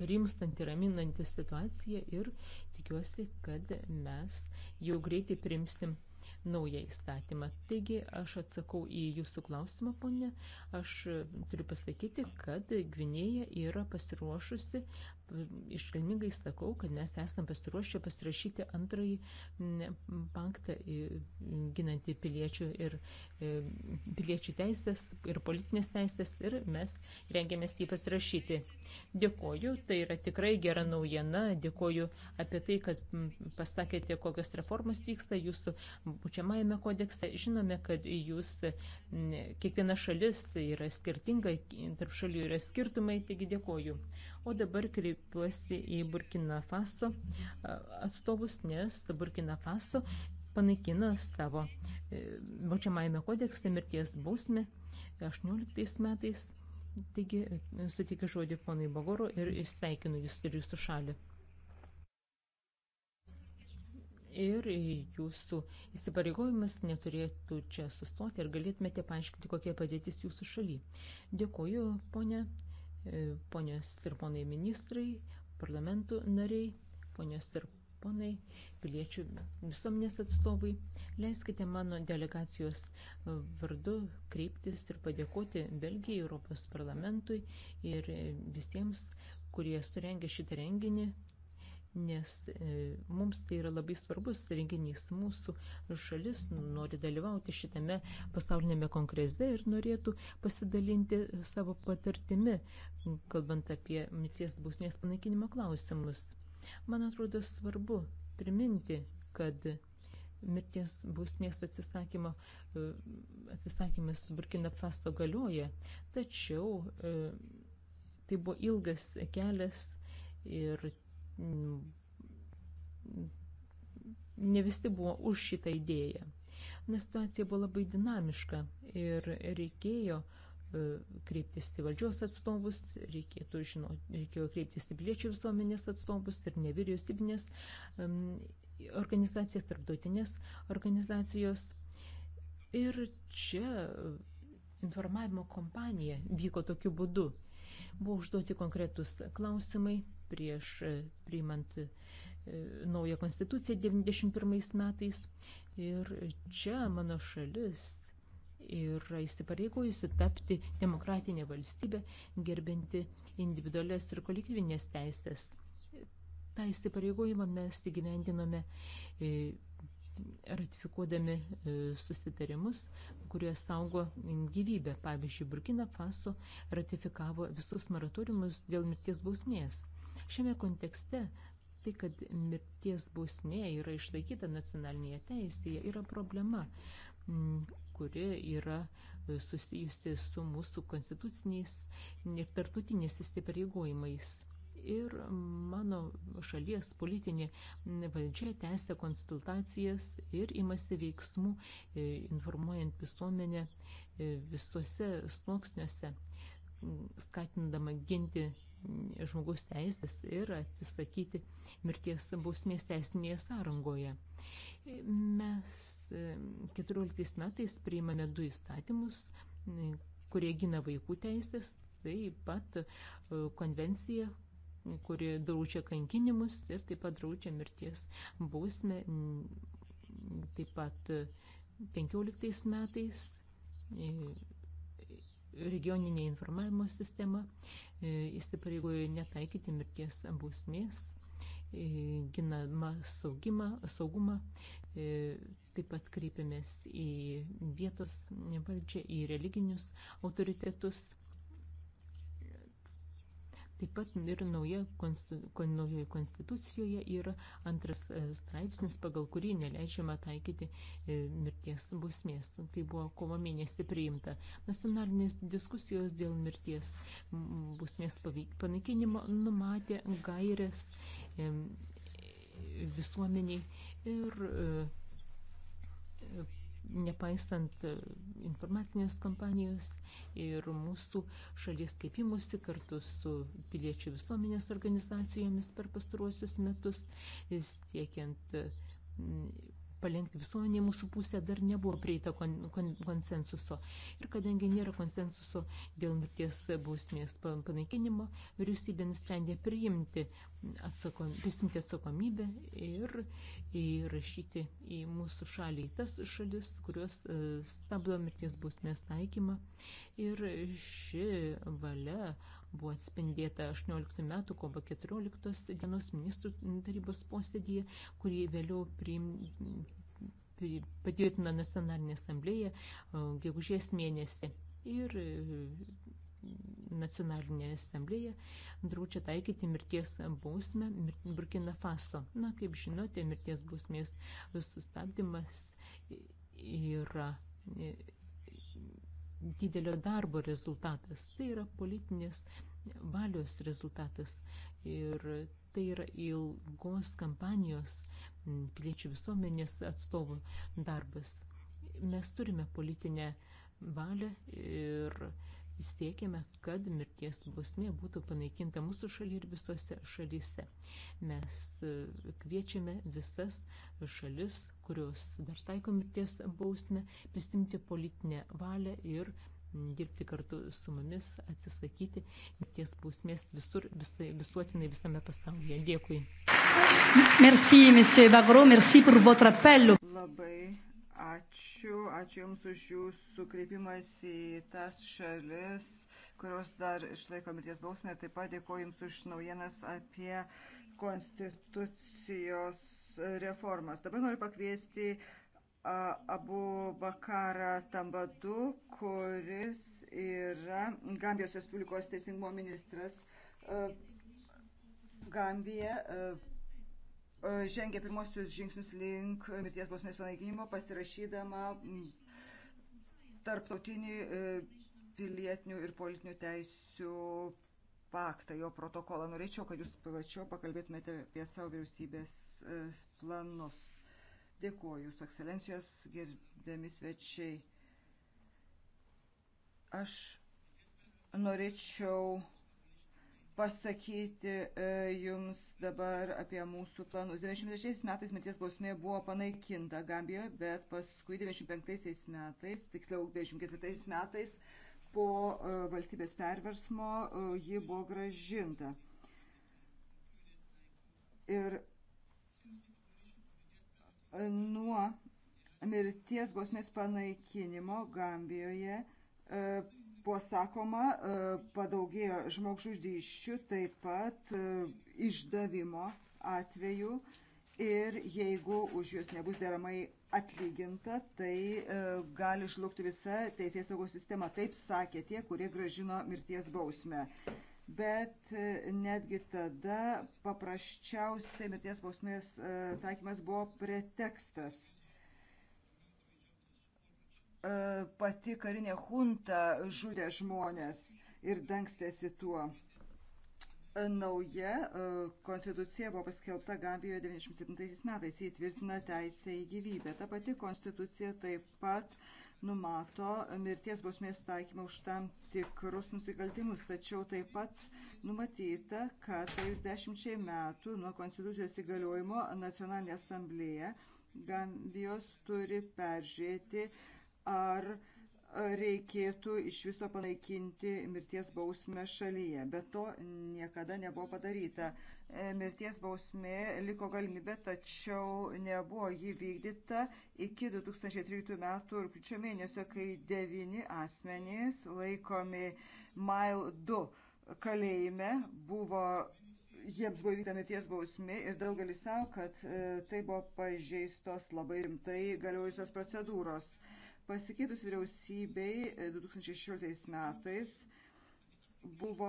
rimstanti, raminanti situacija ir tikiuosi, kad mes jau greitai primsim naują įstatymą. Taigi aš atsakau į jūsų klausimą, ponė. Aš e, turiu pasakyti, kad Gvinėja yra pasiruošusi iškalmingai sakau, kad mes esam pasiruošę pasirašyti antrąjį panktą ginantį piliečių ir e, piliečių teisės ir politinės teisės ir mes rengiamės jį pasirašyti. Dėkoju, tai yra tikrai gera naujiena, dėkoju apie tai, kad pasakėte, kokios reformos vyksta jūsų bučiamajame kodekse. Žinome, kad jūs Kiekviena šalis yra skirtinga, tarp šalių yra skirtumai, taigi dėkoju. O dabar kreipiuosi į Burkina Faso atstovus, nes Burkina Faso panaikino savo e, bačiamajame kodekse mirties bausmę 18 metais. Taigi sutikiu žodį ponui Bagoro ir sveikinu jūs ir jūsų šalį ir jūsų įsipareigojimas neturėtų čia sustoti ir galėtumėte paaiškinti, kokia padėtis jūsų šaly. Dėkuoju, ponė, e, ponios ir ponai ministrai, parlamentų nariai, ponios ir ponai, piliečių visuomenės atstovai. Leiskite mano delegacijos vardu kreiptis ir padėkoti Belgijai, Europos parlamentui ir visiems, kurie surengė šitą renginį nes e, mums tai yra labai svarbus renginys. Mūsų šalis nu, nori dalyvauti šitame pasaulinėme kongrese ir norėtų pasidalinti savo patirtimi, kalbant apie mirties bausmės panaikinimo klausimus. Man atrodo svarbu priminti, kad mirties bausmės atsisakymo, e, atsisakymas Burkina Faso galioja, tačiau e, tai buvo ilgas kelias ir Mm. ne visi buvo už šitą idėją. Na, situacija buvo labai dinamiška ir reikėjo e, kreiptis į valdžios atstovus, reikėtų žinoti, reikėjo kreiptis į piliečių visuomenės atstovus ir nevyriausybinės organizacijas, tarptautinės organizacijos. Ir čia informavimo kompanija vyko tokiu būdu. Buvo užduoti konkretus klausimai prieš e, priimant e, naują konstituciją 91 metais. Ir čia mano šalis yra įsipareigojusi tapti demokratinė valstybė, gerbinti individualias ir kolektyvinės teisės. Ta įsipareigojimą mes įgyvendinome e, ratifikuodami susitarimus, kurie saugo gyvybę. Pavyzdžiui, Burkina Faso ratifikavo visus moratoriumus dėl mirties bausmės. Šiame kontekste tai, kad mirties bausmė yra išlaikyta nacionalinėje teisėje, yra problema, kuri yra susijusi su mūsų konstituciniais ir tartutiniais įsipareigojimais. Ir mano šalies politinė valdžia tęsia konsultacijas ir imasi veiksmų, e, informuojant visuomenę e, visuose sluoksniuose, skatindama ginti žmogaus teisės ir atsisakyti mirties bausmės teisinėje sąrangoje. Mes 14 e, metais priimame du įstatymus, e, kurie gina vaikų teisės, taip pat e, konvencija, kuri draudžia kankinimus ir taip pat draudžia mirties bausmę. Taip pat 15 metais regioninė informavimo sistema e, įsipareigojo netaikyti mirties bausmės, e, ginama saugimą, saugumą, e, taip pat kreipiamės į vietos valdžią, į religinius autoritetus Taip pat ir nauja, naujoje konstitucijoje yra antras e, straipsnis, pagal kurį neleidžiama taikyti e, mirties bausmės. Tai buvo kovo mėnesį priimta. Nacionalinės diskusijos dėl mirties bausmės panaikinimo numatė gairės e, visuomeniai ir nepaisant e, informacinės kampanijos ir mūsų šalies kaipimusi kartu su piliečių visuomenės organizacijomis per pastaruosius metus, siekiant e, palenkti visuomenė mūsų pusė, dar nebuvo prieita kon, kon, konsensuso. Ir kadangi nėra konsensuso dėl mirties bausmės panaikinimo, vyriausybė nusprendė priimti atsakom, prisimti atsakomybę ir įrašyti į mūsų šalį tas šalis, kurios e, stabdo mirties bausmės taikymą. Ir ši valia buvo atspindėta 18 metų kovo 14 dienos ministrų tarybos posėdėje, kurį vėliau priim, pri, patvirtino nacionalinė asamblėja gegužės mėnesį. Ir e, nacionalinė asamblėja draučia taikyti mirties bausmę Burkina Faso. Na, kaip žinote, mirties bausmės sustabdymas yra e, didelio darbo rezultatas, tai yra politinės valios rezultatas. Ir tai yra ilgos kampanijos piliečių visuomenės atstovų darbas. Mes turime politinę valią ir siekime, kad mirties bausmė būtų panaikinta mūsų šalyje ir visose šalyse. Mes e, kviečiame visas šalis, kurios dar taiko mirties bausmę, prisimti politinę valią ir dirbti kartu su mumis, atsisakyti mirties bausmės visur, visai, visuotinai visame pasaulyje. Dėkui. Merci, monsieur Bagro, merci pour votre appel. Labai Ačiū, ačiū Jums už Jūsų kreipimas į tas šalis, kurios dar išlaiko mirties bausmę ir taip pat dėkoju Jums už naujienas apie konstitucijos reformas. Dabar noriu pakviesti Abu Bakarą Tambadu, kuris yra Gambijos Respublikos teisingumo ministras. Gambija žengė pirmosius žingsnius link mirties bausmės panaikinimo, pasirašydama tarptautinį e, pilietinių ir politinių teisių paktą, jo protokolą. Norėčiau, kad jūs plačiau pakalbėtumėte apie savo vyriausybės e, planus. Dėkuoju, Jūsų ekscelencijos, gerbiami svečiai. Aš norėčiau pasakyti e, jums dabar apie mūsų planus. 96 metais mirties bausmė buvo panaikinta Gambijoje, bet paskui 95 metais, tiksliau 94 metais po e, valstybės perversmo e, ji buvo gražinta. Ir nuo mirties bausmės panaikinimo Gambijoje buvo sakoma, e, padaugėjo žmogžudyščių, taip pat e, išdavimo atveju ir jeigu už juos nebus deramai atlyginta, tai e, gali žlugti visa teisės saugos sistema. Taip sakė tie, kurie gražino mirties bausmę. Bet netgi tada paprasčiausiai mirties bausmės taikymas buvo pretekstas E, pati karinė junta žudė žmonės ir dangstėsi tuo. E, nauja e, konstitucija buvo paskelbta Gambijoje 97 metais, jį tvirtina teisę į gyvybę. Ta pati konstitucija taip pat numato mirties bausmės taikymą už tam tikrus nusikaltimus, tačiau taip pat numatyta, kad praėjus dešimčiai metų nuo konstitucijos įgaliojimo Nacionalinė asamblėja Gambijos turi peržiūrėti uh, ar reikėtų iš viso panaikinti mirties bausmę šalyje. Bet to niekada nebuvo padaryta. E, mirties bausmė liko galimybė, tačiau nebuvo jį vykdyta iki 2013 metų rūpiučio mėnesio, kai devyni asmenys laikomi Mile 2 kalėjime buvo. Jiems buvo įvykdyta mirties bausmė ir daugelis savo, kad e, tai buvo pažeistos labai rimtai galiojusios procedūros. E, Pasikeitus vyriausybei 2016 e, metais buvo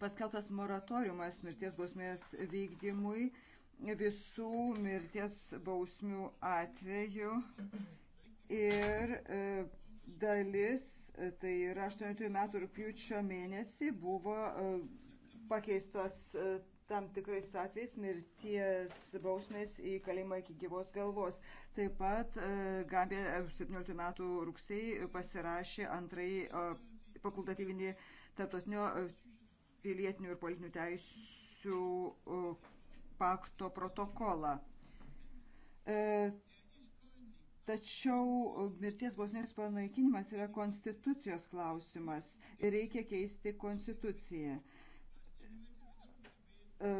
paskelbtas moratoriumas mirties bausmės vykdymui visų mirties bausmių atveju ir e, dalis, e, tai yra 18 metų rūpiučio mėnesį, buvo pakeistos tam tikrais atvejais mirties bausmės į kalimą iki gyvos galvos. Taip pat e, Gambija 17 e, metų rugsėjai pasirašė antrąjį e, fakultatyvinį tarptautinio pilietinių ir politinių teisių pakto protokolą. Tačiau mirties bausmės panaikinimas yra konstitucijos klausimas ir reikia keisti konstituciją. E,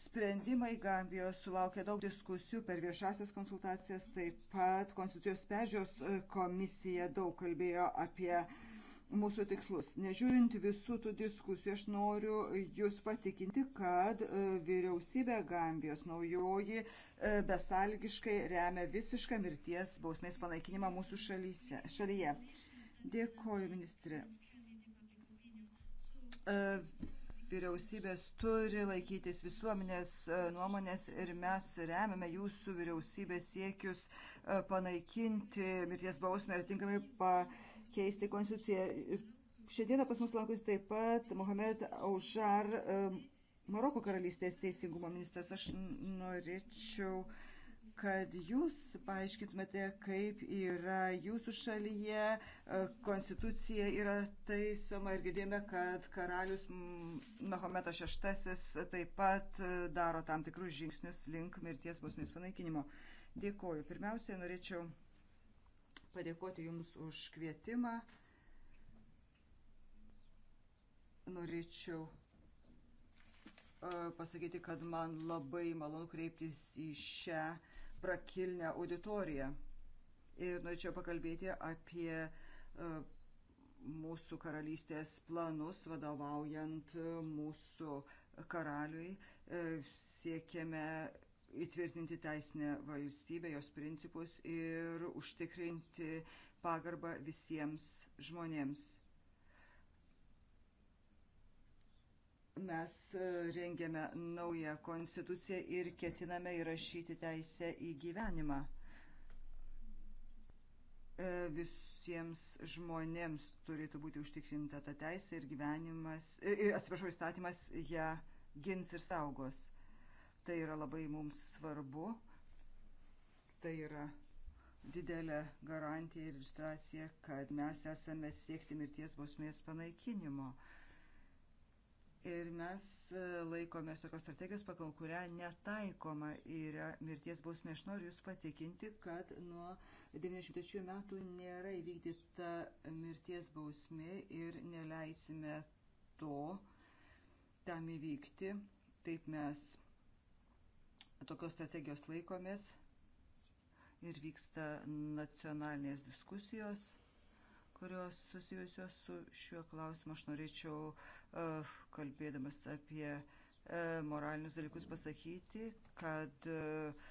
sprendimai Gambijos sulaukė daug diskusijų per viešasias konsultacijas, taip pat Konstitucijos pežios e, komisija daug kalbėjo apie mūsų tikslus. Nežiūrint visų tų diskusijų, aš noriu Jūs patikinti, kad e, vyriausybė Gambijos naujoji besalgiškai remia visišką mirties bausmės panaikinimą mūsų šalyse, šalyje. Dėkoju, ministrė vyriausybės turi laikytis visuomenės e, nuomonės ir mes remiame jūsų vyriausybės siekius e, panaikinti mirties bausmę ir tinkamai pakeisti konstituciją. Šiandieną pas mus lankosi taip pat Mohamed Aužar, e, Maroko karalystės teisingumo ministras. Aš norėčiau uh, kad jūs paaiškintumėte, kaip yra jūsų šalyje, e, konstitucija yra taisoma ir girdėjome, kad karalius Mahometas VI taip pat e, daro tam tikrus žingsnius link mirties bausmės panaikinimo. Dėkoju. Pirmiausia, norėčiau padėkoti Jums už kvietimą. Norėčiau e, pasakyti, kad man labai malonu kreiptis į šią prakilnę auditoriją. Ir norėčiau pakalbėti apie e, mūsų karalystės planus, vadovaujant e, mūsų karaliui. E, siekiame įtvirtinti teisinę valstybę, jos principus ir užtikrinti pagarbą visiems žmonėms. Mes e, rengiame naują konstituciją ir ketiname įrašyti teisę į gyvenimą e, visiems žmonėms turėtų būti užtikrinta ta teisė ir gyvenimas, e, atsiprašau, įstatymas ją gins ir saugos. Tai yra labai mums svarbu, tai yra didelė garantija ir iliustracija, kad mes esame siekti mirties bausmės panaikinimo. Ir mes e, laikomės tokios strategijos, pagal kurią netaikoma yra mirties bausmė. Aš noriu Jūs patikinti, kad nuo 93 metų nėra įvykdyta mirties bausmė ir neleisime to tam įvykti. Taip mes tokios strategijos laikomės ir vyksta nacionalinės diskusijos, kurios susijusios su šiuo klausimu. Aš norėčiau uh, Eh, kalbėdamas apie eh, moralinius dalykus pasakyti, kad eh,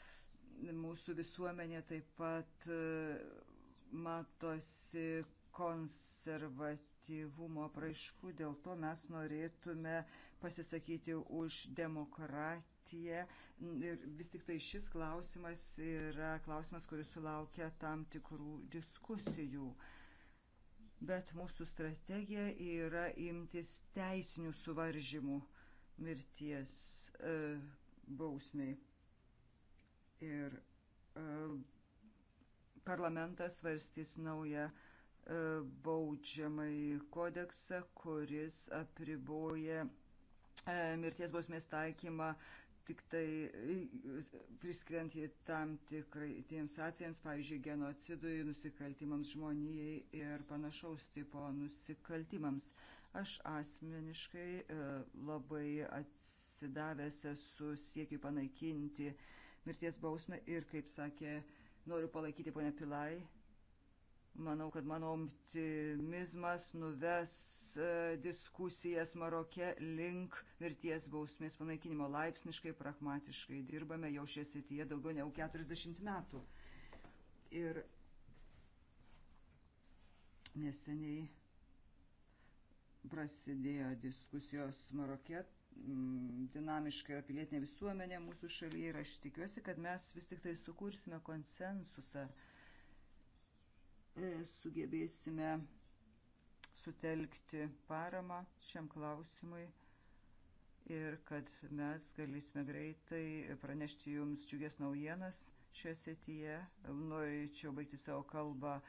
mūsų visuomenė taip pat matosi konservatyvumo praaiškų, dėl to mes norėtume pasisakyti už demokratiją. Ir vis tik tai šis klausimas yra klausimas, kuris sulaukia tam tikrų diskusijų. Uh, bet mūsų strategija yra imtis teisinių suvaržymų mirties e, bausmiai. Ir e, parlamentas svarstys naują e, baudžiamąjį kodeksą, kuris apriboja e, mirties bausmės taikymą tik tai e, priskiriant jį tam tikrai tiems atvejams, pavyzdžiui, genocidui, nusikaltimams žmonijai ir panašaus tipo nusikaltimams. Aš asmeniškai e, labai atsidavęs esu siekiu panaikinti mirties bausmę ir, kaip sakė, noriu palaikyti ponę Pilai, Manau, kad mano optimizmas nuves e, diskusijas Maroke link mirties bausmės panaikinimo laipsniškai, pragmatiškai. Dirbame jau šią srityje daugiau negu 40 metų. Ir neseniai prasidėjo diskusijos Maroke dinamiška yra pilietinė visuomenė mūsų šalyje ir aš tikiuosi, kad mes vis tik tai sukursime konsensusą uh, E, sugebėsime sutelkti paramą šiam klausimui ir kad mes galėsime greitai pranešti jums džiugės naujienas šioje srityje. Norėčiau baigti savo kalbą e,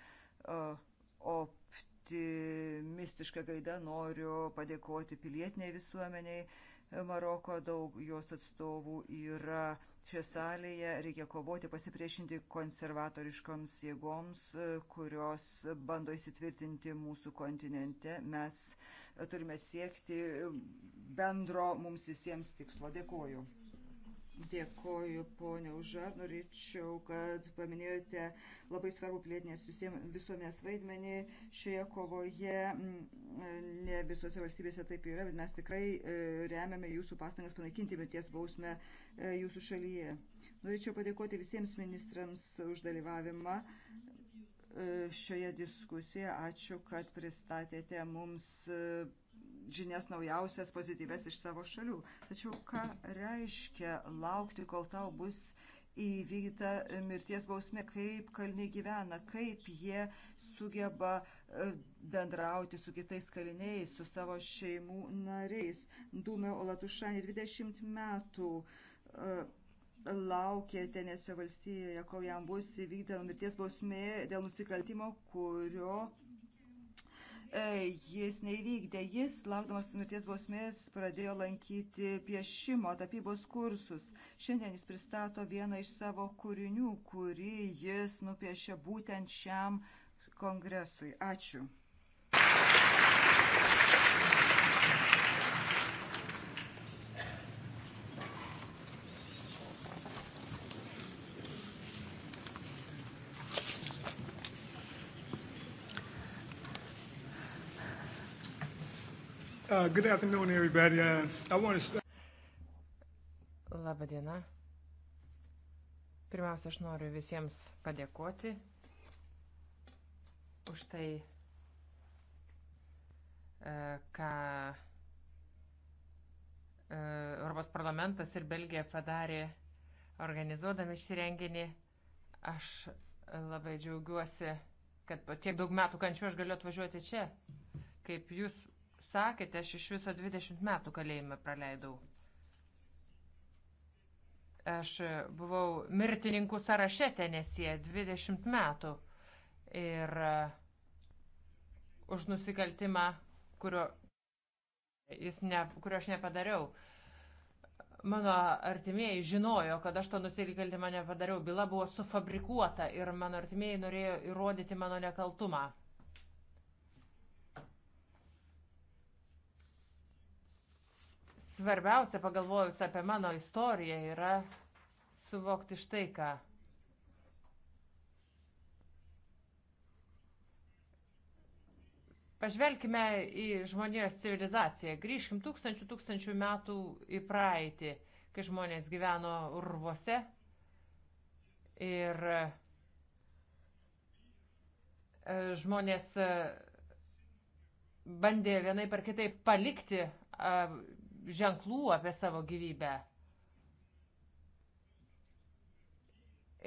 optimistišką gaidą, noriu padėkoti pilietiniai visuomeniai. Maroko daug jos atstovų yra šioje salėje reikia kovoti, pasipriešinti konservatoriškoms jėgoms, e, kurios bando įsitvirtinti mūsų kontinente. Mes e, turime siekti bendro mums visiems tikslo. Dėkuoju. Dėkoju, ponia Užar, norėčiau, kad paminėjote labai svarbu plėtinės visuomenės vaidmenį šioje kovoje. Mm, ne visose valstybėse taip yra, bet mes tikrai e, remiame jūsų pastangas panaikinti mirties bausmę e, jūsų šalyje. Norėčiau padėkoti visiems ministrams už dalyvavimą e, šioje diskusijoje. Ačiū, kad pristatėte mums žinias naujausias pozityves iš savo šalių. Tačiau ką reiškia laukti, kol tau bus įvykdyta mirties bausmė, kaip kaliniai gyvena, kaip jie sugeba e, bendrauti su kitais kaliniais, su savo šeimų nariais. Dūmė Olatušanė 20 metų e, laukė Tenesio valstijoje, kol jam bus įvykdyta mirties bausmė dėl nusikaltimo, kurio E, jis neįvykdė. Jis, laukdamas mirties bausmės, pradėjo lankyti piešimo, tapybos kursus. Šiandien jis pristato vieną iš savo kūrinių, kurį jis nupiešė būtent šiam kongresui. Ačiū. Uh, good afternoon, everybody. Uh, I want to start. Labą dieną. Pirmiausia, aš noriu visiems padėkoti už tai, e, ką e, Europos parlamentas ir Belgija padarė organizuodami šį renginį. Aš labai džiaugiuosi, kad po tiek daug metų kančių aš galiu atvažiuoti čia, kaip jūs sakėte, aš iš viso 20 metų kalėjime praleidau. Aš buvau mirtininkų sąraše tenesie 20 metų ir už nusikaltimą, kurio, jis ne, kurio aš nepadariau. Mano artimieji žinojo, kad aš to nusikaltimą nepadariau. Byla buvo sufabrikuota ir mano artimieji norėjo įrodyti mano nekaltumą. Svarbiausia, pagalvojus apie mano istoriją, yra suvokti štai ką. Pažvelkime į žmonijos civilizaciją. Grįžkim tūkstančių tūkstančių metų į praeitį, kai žmonės gyveno urvuose ir e, žmonės e, bandė vienai par kitaip palikti e, ženklų apie savo gyvybę.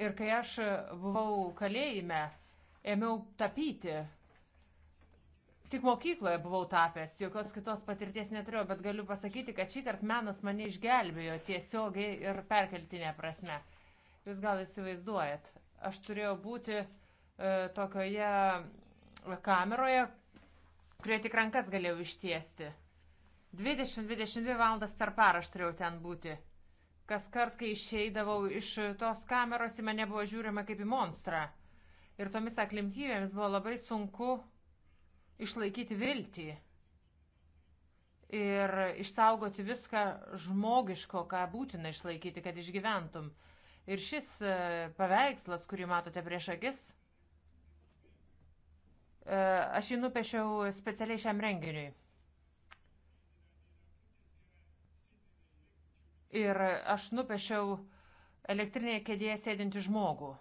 Ir kai aš buvau kalėjime, ėmiau tapyti. Tik mokykloje buvau tapęs, jokios kitos patirties neturėjau, bet galiu pasakyti, kad šį kartą menas mane išgelbėjo tiesiogiai ir perkeltinė prasme. Jūs gal įsivaizduojat, aš turėjau būti e, tokioje kameroje, kurioje tik rankas galėjau ištiesti. 20-22 valandas per parą aš turėjau ten būti. Kas kart, kai išeidavau iš tos kameros, į mane buvo žiūrima kaip į monstrą. Ir tomis aklimtybėmis buvo labai sunku išlaikyti viltį ir išsaugoti viską žmogiško, ką būtina išlaikyti, kad išgyventum. Ir šis e, paveikslas, kurį matote prieš akis, e, aš jį nupešiau specialiai šiam renginiui. ir aš nupešiau elektrinėje kėdėje sėdinti žmogų.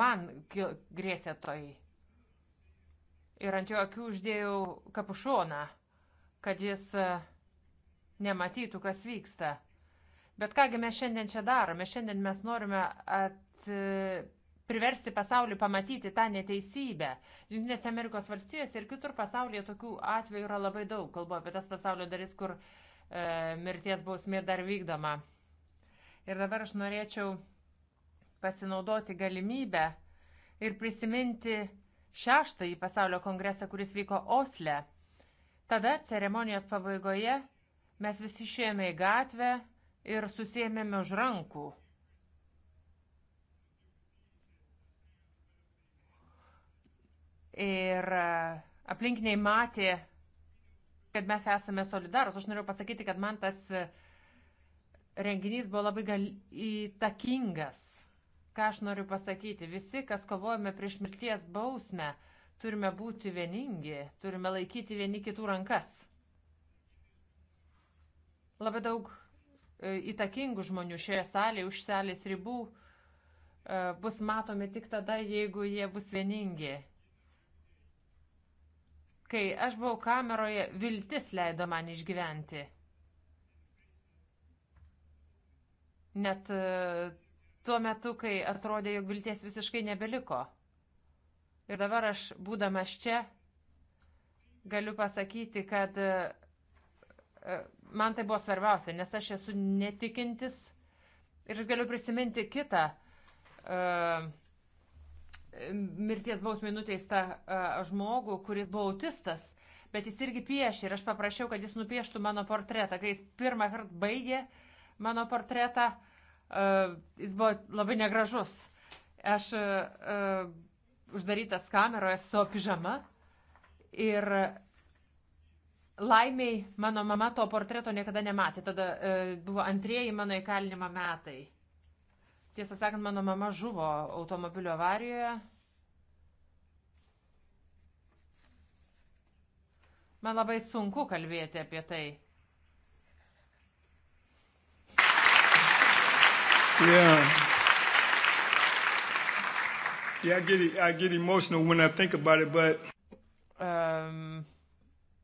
Man grėsė toj. Tai. Ir ant jo akių uždėjau kapušoną, kad jis e, nematytų, kas vyksta. Bet kągi mes šiandien čia darome? Šiandien mes norime at, priversti pasaulį pamatyti tą neteisybę. Junktinėse Amerikos valstijose ir kitur pasaulyje tokių atvejų yra labai daug. Kalbu apie tas pasaulio dalis, kur e, mirties bausmė dar vykdoma. Ir dabar aš norėčiau pasinaudoti galimybę ir prisiminti šeštąjį pasaulio kongresą, kuris vyko Osle. Tada ceremonijos pabaigoje mes visi išėjome į gatvę ir susėmėme už rankų. Ir e, aplinkiniai matė, kad mes esame solidarus. Aš noriu pasakyti, kad man tas uh, renginys buvo labai gal įtakingas. Ką aš noriu pasakyti, visi, kas kovojame prieš mirties bausmę, turime būti vieningi, turime laikyti vieni kitų rankas. Labai daug e, įtakingų žmonių šioje salėje, už salės ribų e, bus matomi tik tada, jeigu jie bus vieningi. Kai aš buvau kameroje, viltis leido man išgyventi. Net e, tuo metu, kai atrodė, jog vilties visiškai nebeliko. Ir dabar aš, būdamas čia, galiu pasakyti, kad e, e, man tai buvo svarbiausia, nes aš esu netikintis ir galiu prisiminti kitą uh, mirties bausmį nuteistą uh, žmogų, kuris buvo autistas, bet jis irgi piešė ir aš paprašiau, kad jis nupieštų mano portretą. Kai jis pirmą kartą baigė uh, mano portretą. E, jis buvo labai negražus. Aš e, e, uždarytas kameroje su savo pižama ir laimiai mano mama to portreto niekada nematė. Tada buvo antrieji mano įkalinimo metai. Tiesą sakant, mano mama žuvo automobilio avarijoje. Man labai sunku kalbėti apie tai. Yeah. Yeah, I get I get emotional when I think about it, but um,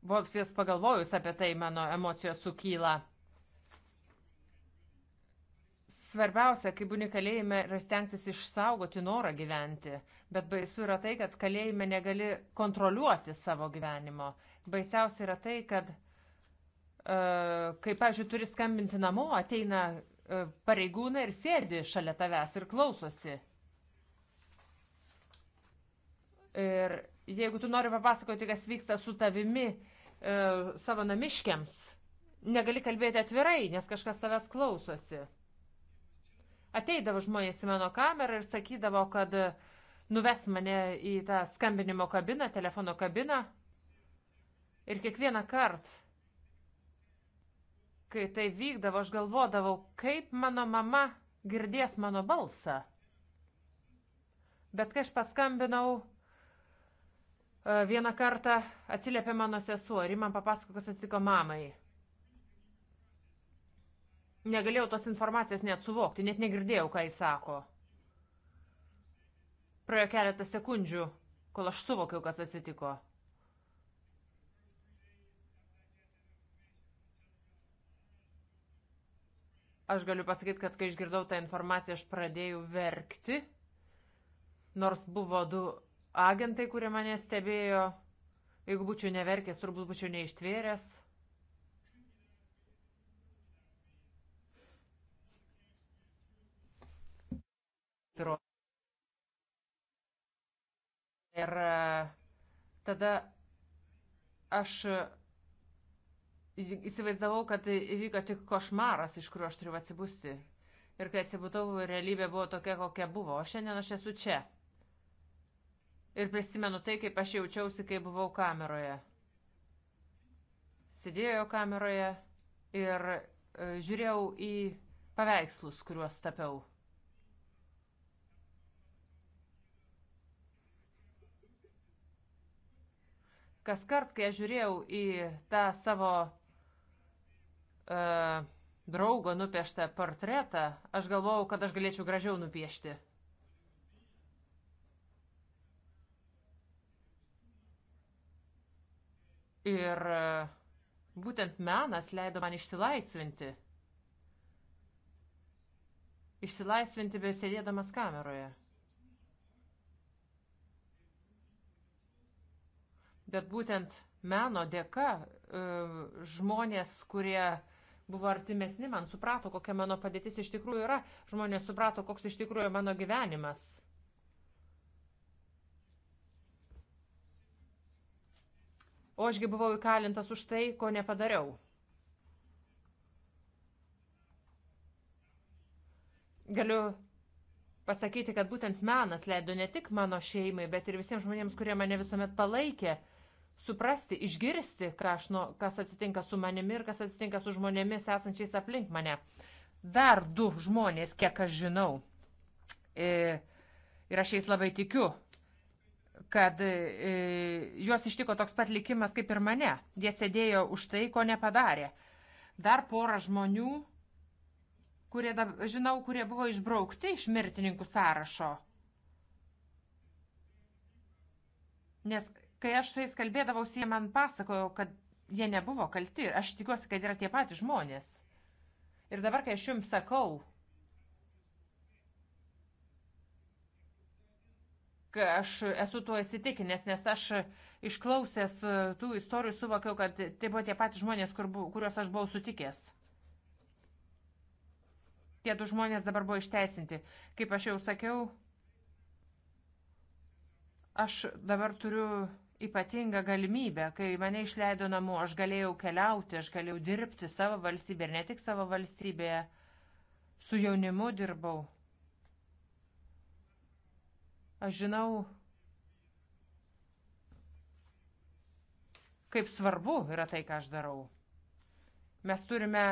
vos vis pagalvojus apie tai mano emocijos sukyla. Svarbiausia, kaip būni kalėjime, yra stengtis išsaugoti norą gyventi, bet baisu yra tai, kad kalėjime negali kontroliuoti savo gyvenimo. Baisiausia yra tai, kad, e, uh, kaip, pažiūrėjau, turi skambinti namo, ateina E, pareigūnai ir sėdi šalia tavęs ir klausosi. Ir jeigu tu nori papasakoti, kas vyksta su tavimi e, savo namiškiams, negali kalbėti atvirai, nes kažkas tavęs klausosi. Ateidavo žmonės į mano kamerą ir sakydavo, kad e, nuves mane į tą skambinimo kabiną, telefono kabiną. Ir kiekvieną kartą kai tai vykdavo, aš galvodavau, kaip mano mama girdės mano balsą. Bet kai aš paskambinau e, vieną kartą, atsiliepė mano sesuo ir man papasako, kas atsitiko mamai. Negalėjau tos informacijos net suvokti, net negirdėjau, ką jis sako. Praėjo keletą sekundžių, kol aš suvokiau, kas atsitiko. Aš galiu pasakyti, kad kai išgirdau tą informaciją, aš pradėjau verkti, nors buvo du agentai, kurie mane stebėjo. Jeigu būčiau neverkęs, turbūt būčiau neištvėręs. Ir e, tada aš įsivaizdavau, kad tai įvyko tik košmaras, iš kurio aš turiu atsibusti. Ir kai atsibūtau, realybė buvo tokia, kokia buvo. O šiandien aš esu čia. Ir prisimenu tai, kaip aš jaučiausi, kai buvau kameroje. Sėdėjau kameroje ir e, žiūrėjau į paveikslus, kuriuos tapiau. Kas kart, kai aš žiūrėjau į tą savo uh, e, draugo nupieštą portretą, aš galvojau, kad aš galėčiau gražiau nupiešti. Ir e, būtent menas leido man išsilaisvinti. Išsilaisvinti besėdėdamas kameroje. Bet būtent meno dėka e, žmonės, kurie buvo artimesni, man suprato, kokia mano padėtis iš tikrųjų yra, žmonės suprato, koks iš tikrųjų mano gyvenimas. O ašgi buvau įkalintas už tai, ko nepadariau. Galiu pasakyti, kad būtent menas leido ne tik mano šeimai, bet ir visiems žmonėms, kurie mane visuomet palaikė, suprasti, išgirsti, aš, nu, kas atsitinka su manimi ir kas atsitinka su žmonėmis esančiais aplink mane. Dar du žmonės, kiek aš žinau, e, ir aš jais labai tikiu, kad e, juos ištiko toks pat likimas kaip ir mane. Jie sėdėjo už tai, ko nepadarė. Dar pora žmonių, kurie, žinau, kurie buvo išbraukti iš mirtininkų sąrašo. Nes Kai aš su jais kalbėdavausi, jie man pasakojo, kad jie nebuvo kalti. Aš tikiuosi, kad yra tie patys žmonės. Ir dabar, kai aš jums sakau, aš esu tuo įsitikinęs, nes aš išklausęs e, tų istorijų suvokiau, kad tai buvo tie patys žmonės, kur, kuriuos aš buvau sutikęs. Tie du žmonės dabar buvo išteisinti. Kaip aš jau sakiau, aš dabar turiu ypatingą galimybę. Kai mane išleido namo, aš galėjau keliauti, aš galėjau dirbti savo valstybėje ir ne tik savo valstybėje. Su jaunimu dirbau. Aš žinau, kaip svarbu yra tai, ką aš darau. Mes turime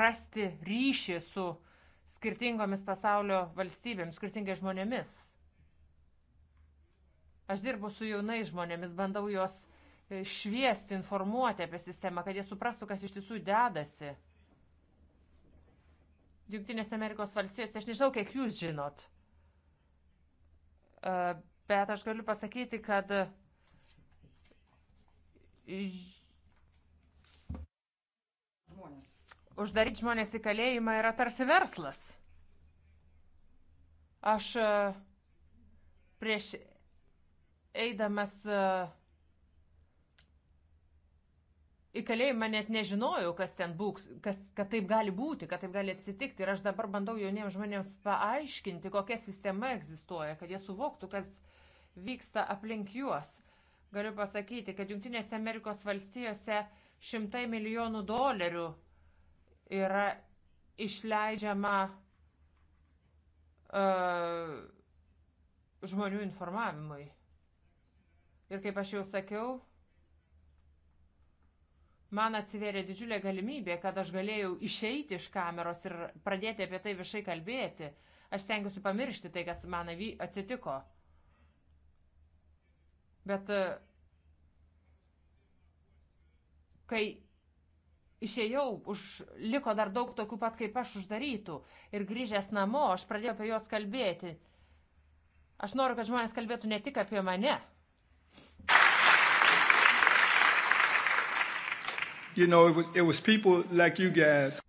rasti ryšį su skirtingomis pasaulio valstybėmis, skirtingai žmonėmis. Aš dirbu su jaunai žmonėmis, bandau juos e, šviesti, informuoti apie sistemą, kad jie suprastų, kas iš tiesų dedasi. Junktinės Amerikos valstijose, aš nežinau, kiek jūs žinot, e, bet aš galiu pasakyti, kad žmonės. uždaryti žmonės į kalėjimą yra tarsi verslas. Aš e, prieš eidamas e, į kalėjimą net nežinojau, kas ten būks, kas, kad taip gali būti, kad taip gali atsitikti. Ir aš dabar bandau jauniems žmonėms paaiškinti, kokia sistema egzistuoja, kad jie suvoktų, kas vyksta aplink juos. Galiu pasakyti, kad Junktinėse Amerikos valstijose šimtai milijonų dolerių yra išleidžiama uh, žmonių informavimui. Ir kaip aš jau sakiau, man atsiverė didžiulė galimybė, kad aš galėjau išeiti iš kameros ir pradėti apie tai viešai kalbėti. Aš stengiuosi pamiršti tai, kas man atsitiko. Bet e, kai išėjau, už, liko dar daug tokių pat kaip aš uždarytų. Ir grįžęs namo, aš pradėjau apie juos kalbėti. Aš noriu, kad žmonės kalbėtų ne tik apie mane, you know, it was, it was people like you guys.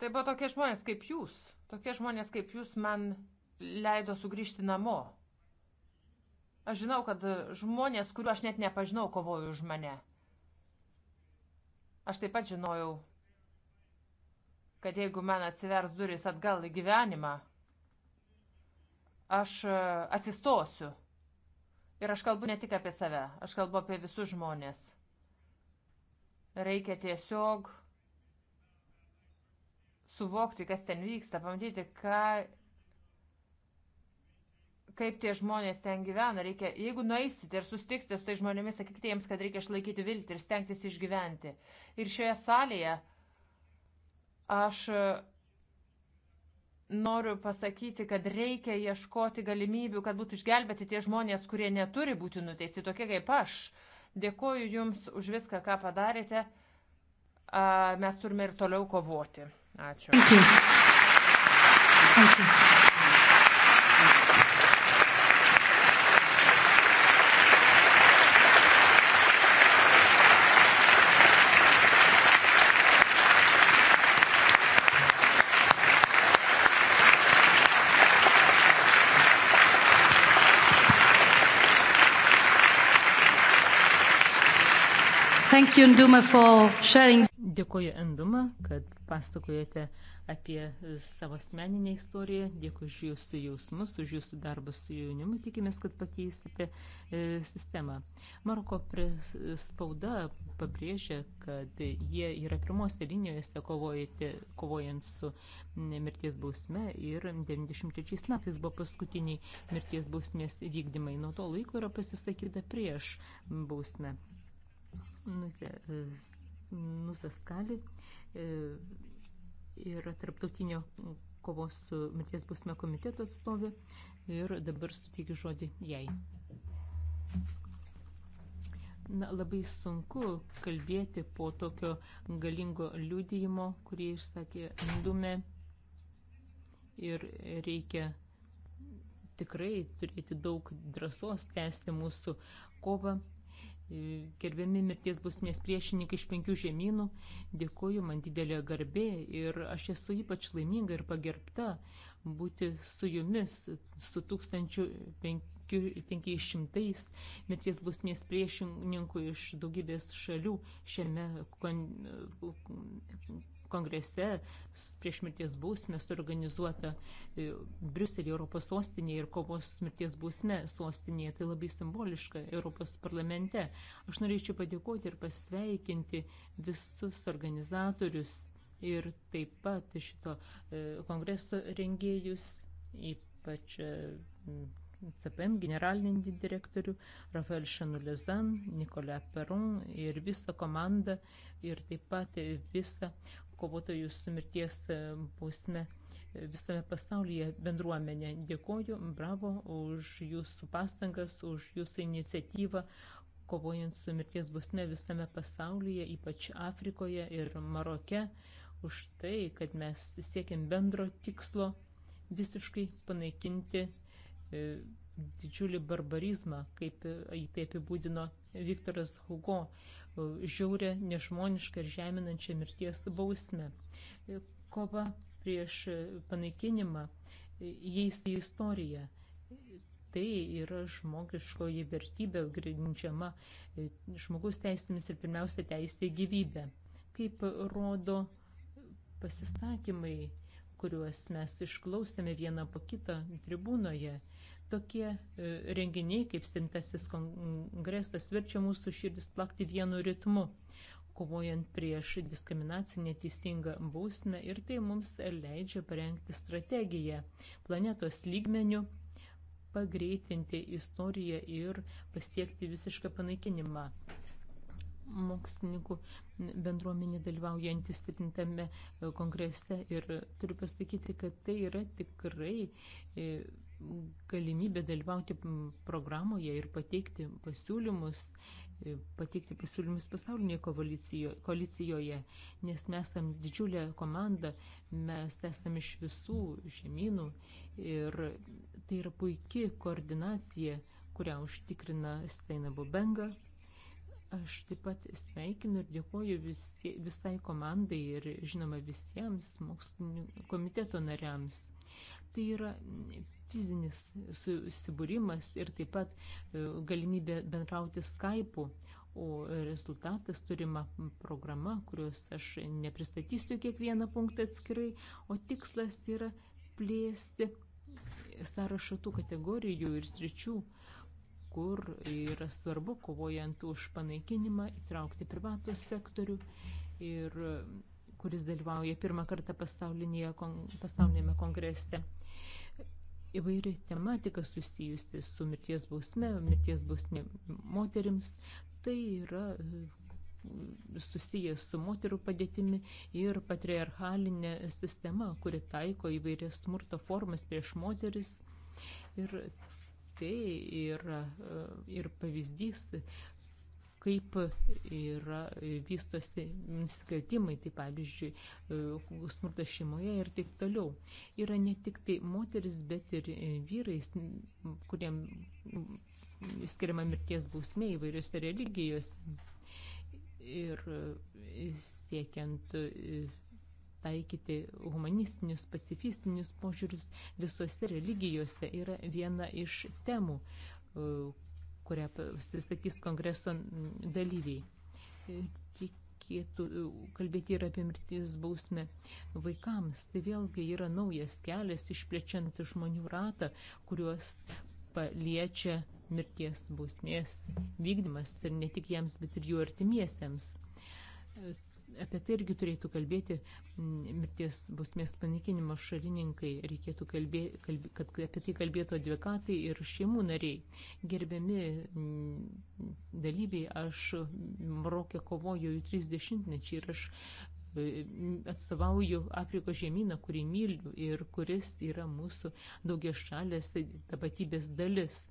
Tai buvo tokie žmonės kaip jūs. Tokie žmonės kaip jūs man leido sugrįžti namo. Aš žinau, kad žmonės, kuriuo aš net nepažinau, kovojo už mane. Aš taip pat žinojau, kad jeigu man atsivers duris atgal į gyvenimą, aš e, atsistosiu. Ir aš kalbu ne tik apie save, aš kalbu apie visus žmonės. Reikia tiesiog suvokti, kas ten vyksta, pamatyti, ką, kaip tie žmonės ten gyvena. Reikia, jeigu nueisite ir sustiksite su tai žmonėmis, sakykite jiems, kad reikia išlaikyti viltį ir stengtis išgyventi. Ir šioje salėje aš e, noriu pasakyti, kad reikia ieškoti galimybių, kad būtų išgelbėti tie žmonės, kurie neturi būti nuteisti, tokie kaip aš. Uh, Dėkoju Jums už viską, ką padarėte. Mes turime ir toliau kovoti. Ačiū. Thank you. Thank you. you, Nduma, for sharing. Dėkuoju, Enduma, kad pasakojate apie savo asmeninę istoriją. Dėkui už jūsų jausmus, už jūsų darbus su jaunimu. Tikimės, kad pakeisite e, sistemą. Maroko spauda pabrėžia, kad jie yra pirmose linijose kovojant su mirties bausme ir 93 metais buvo paskutiniai mirties bausmės vykdymai. Nuo to laiko yra pasisakyta prieš bausmę nusaskali e, yra tarptautinio kovos su mirties bausme komiteto atstovė ir dabar suteikiu žodį jai. Na, labai sunku kalbėti po tokio galingo liūdėjimo, kurį išsakė Ndume. Ir reikia tikrai turėti daug drąsos tęsti mūsų kovą E, gerbiami mirties bausmės priešininkai iš penkių žemynų, dėkoju man didelė garbė ir aš esu ypač laiminga ir pagerbta būti su jumis, su 1500 mirties bausmės priešininkų iš daugybės šalių šiame kon, kongrese prieš mirties bausmę suorganizuota e, Briuselį Europos sostinėje ir kovos mirties bausmę sostinėje. Tai labai simboliška Europos parlamente. Aš norėčiau padėkoti ir pasveikinti visus organizatorius ir taip pat šito e, kongreso rengėjus, ypač e, CPM generalinį direktorių, Rafael Šanulizan, Nikolę Peron ir visą komandą ir taip pat visą kovotojus mirties e, bausme e, visame pasaulyje bendruomenė. Dėkoju, bravo už jūsų pastangas, už jūsų iniciatyvą, kovojant su mirties bausme visame pasaulyje, ypač Afrikoje ir Maroke, už tai, kad mes siekiam bendro tikslo visiškai panaikinti e, didžiulį barbarizmą, kaip jį tai apibūdino Viktoras Hugo, žiaurę, nežmonišką ir žeminančią mirties bausmę. Kova prieš panaikinimą įeis į istoriją. Tai yra žmogiškoji vertybė grindžiama žmogaus teisėmis ir pirmiausia teisė gyvybė. Kaip rodo pasisakymai, kuriuos mes išklausėme vieną po kitą tribūnoje, Tokie e, renginiai kaip Sintasis kongresas verčia mūsų širdis plakti vienu ritmu, kovojant prieš diskriminaciją neteisingą bausmę ir tai mums leidžia parengti strategiją planetos lygmenių, pagreitinti istoriją ir pasiekti visišką panaikinimą mokslininkų bendruomenė dalyvaujanti 7 kongrese ir turiu pasakyti, kad tai yra tikrai e, galimybę dalyvauti programoje ir pateikti pasiūlymus, e, pateikti pasiūlymus pasaulinėje koalicijoje, nes mes esam didžiulė komanda, mes esam iš visų žemynų ir tai yra puikia koordinacija, kurią užtikrina Steina Bubenga. Aš taip pat sveikinu ir dėkoju visie, visai komandai ir žinoma visiems mokslinio komiteto nariams. Tai yra fizinis susibūrimas ir taip pat e, galimybė bendrauti Skype'u. O rezultatas turima programa, kurios aš nepristatysiu kiekvieną punktą atskirai, o tikslas yra plėsti sąrašą tų kategorijų ir sričių, kur yra svarbu kovojant už panaikinimą įtraukti privatų sektorių ir kuris dalyvauja pirmą kartą pasaulinėme kongrese įvairi tematika susijusi su mirties bausme, mirties bausme moterims. Tai yra e, susijęs su moterų padėtimi ir patriarchalinė sistema, kuri taiko įvairias smurto formas prieš moteris. Ir tai yra e, ir pavyzdys kaip yra e, vystosi nusikaltimai, tai pavyzdžiui, e, smurtas šeimoje ir taip toliau. Yra ne tik tai moteris, bet ir e, vyrai, kuriem skiriama mirties bausmė įvairiose religijose. Ir siekiant taikyti humanistinius, pacifistinius požiūrius visose religijose yra viena iš temų, kurią pasisakys kongreso dalyviai. Reikėtų e, kalbėti ir apie mirties bausmę vaikams. Tai vėlgi yra naujas kelias išplečiant žmonių ratą, kuriuos paliečia mirties bausmės vykdymas ir ne tik jiems, bet ir jų artimiesiems apie tai irgi turėtų kalbėti mm, mirties bausmės panaikinimo šalininkai, reikėtų kalbė, kalbė, kad apie tai kalbėtų advokatai ir šeimų nariai. Gerbiami mm, dalyviai, aš Marokė kovoju jau 30 mečiai ir aš e, atstovauju Afrikos žemyną, kurį myliu ir kuris yra mūsų daugia šalės tapatybės dalis.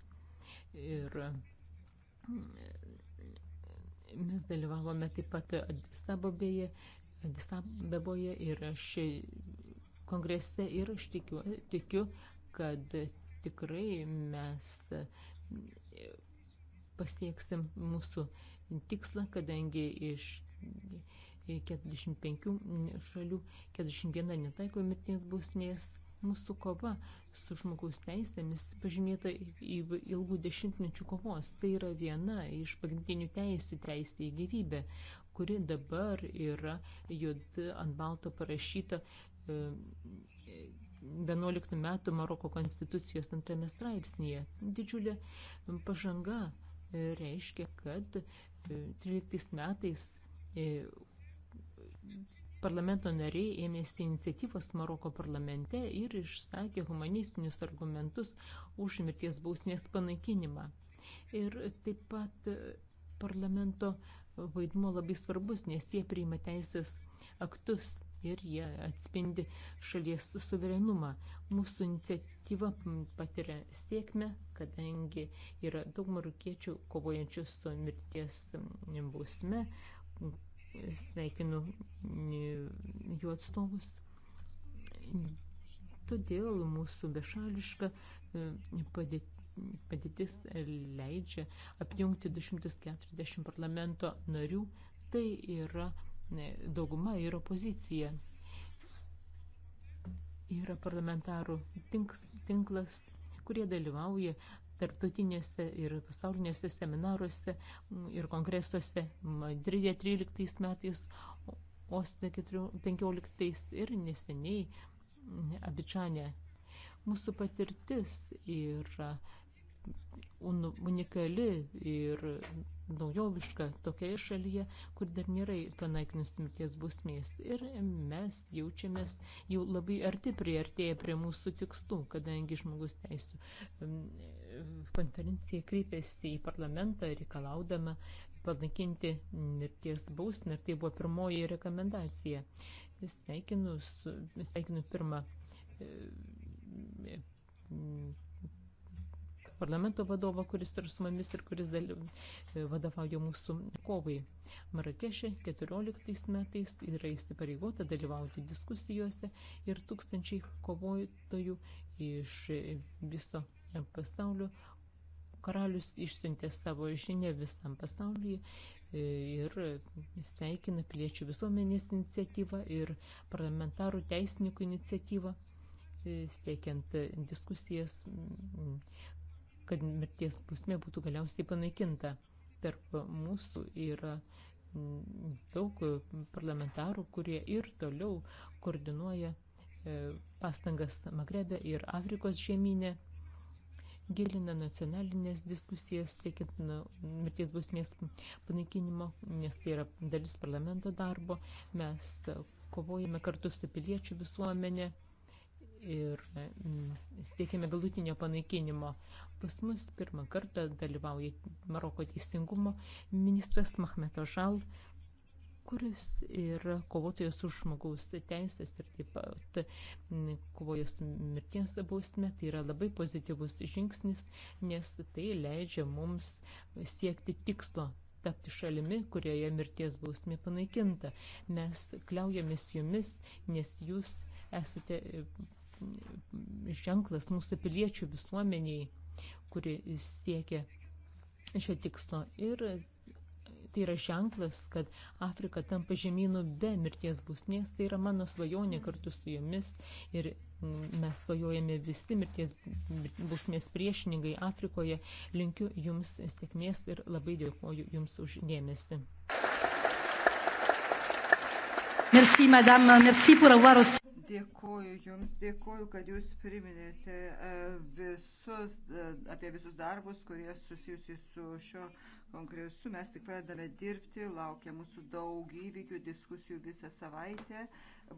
Ir mm, Mes dalyvavome taip pat Adisabobėje, Adisabeboje ir aš kongrese ir aš tikiu, tikiu kad tikrai mes pasieksim mūsų tikslą, kadangi iš 45 šalių 41 netaiko mirtinės bausmės. Mūsų kova su žmogaus teisėmis pažymėta ilgų dešimtmečių kovos. Tai yra viena iš pagrindinių teisų teisė į gyvybę, kuri dabar yra juoda ant balto parašyta 11 e, metų Maroko konstitucijos antrame straipsnėje. Didžiulė pažanga e, reiškia, kad 13 e, metais parlamento nariai ėmėsi iniciatyvos Maroko parlamente ir išsakė humanistinius argumentus už mirties bausmės panaikinimą. Ir taip pat e, parlamento vaidmo labai svarbus, nes jie priima teisės aktus ir jie atspindi šalies suverenumą. Mūsų iniciatyva patiria sėkmę, kadangi yra daug marukiečių kovojančių su mirties bausme, sveikinu jų atstovus. Todėl mūsų bešališka e, padėtis leidžia apjungti 240 parlamento narių, tai yra e, dauguma ir opozicija. Yra parlamentarų tinklas, kurie dalyvauja tarptautinėse ir pasaulinėse seminaruose ir kongresuose Madridė 13 metais, Oste 15 ir neseniai Abidžane. Mūsų patirtis yra unikali ir naujoviška tokioje šalyje, kur dar nėra panaikinus mirties bausmės. Ir mes jaučiamės jau labai arti priartėję prie mūsų tikslų, kadangi žmogus teisų konferencija kreipėsi į parlamentą reikalaudama panaikinti mirties bausmę ir tai buvo pirmoji rekomendacija. Sveikinu, su, sveikinu pirmą e, parlamento vadovą, kuris yra su mumis ir kuris daly... E, vadovauja mūsų kovai. Marakešė 14 metais yra įsipareigota dalyvauti diskusijose ir tūkstančiai kovotojų iš viso pasauliu. Karalius išsiuntė savo žinę visam pasaulyje ir sveikina piliečių visuomenės iniciatyvą ir parlamentarų teisininkų iniciatyvą, e, siekiant diskusijas, kad mirties pusmė būtų galiausiai panaikinta. Tarp mūsų yra daug parlamentarų, kurie ir toliau koordinuoja e, pastangas Magrebė ir Afrikos žemynė gilina nacionalinės diskusijas, siekiant mirties bausmės panaikinimo, nes tai yra dalis parlamento darbo. Mes kovojame kartu su piliečių visuomenė ir siekime galutinio panaikinimo. Pas mus pirmą kartą dalyvauja Maroko teisingumo ministras Mahmeto Žal, kuris yra kovotojas už žmogaus teisės ir taip pat kovoja su mirties bausme, tai yra labai pozityvus žingsnis, nes tai leidžia mums siekti tikslo tapti šalimi, kurioje mirties bausmė panaikinta. Mes kliaujamės jumis, nes jūs esate e, ženklas mūsų piliečių visuomeniai, kuri siekia šio tikslo. Ir tai yra ženklas, kad Afrika tampa žemynų be mirties bausmės, tai yra mano svajonė kartu su jumis ir mm, mes svajojame visi mirties bausmės priešininkai Afrikoje. Linkiu jums sėkmės ir labai dėkoju jums už dėmesį. Merci, madame, merci pour avoir aussi. Dėkoju Jums, dėkoju, kad Jūs priminėte e, visus, e, apie visus darbus, kurie susijusi su šio kongresu. Mes tik pradedame dirbti, laukia mūsų daug įvykių, diskusijų visą savaitę.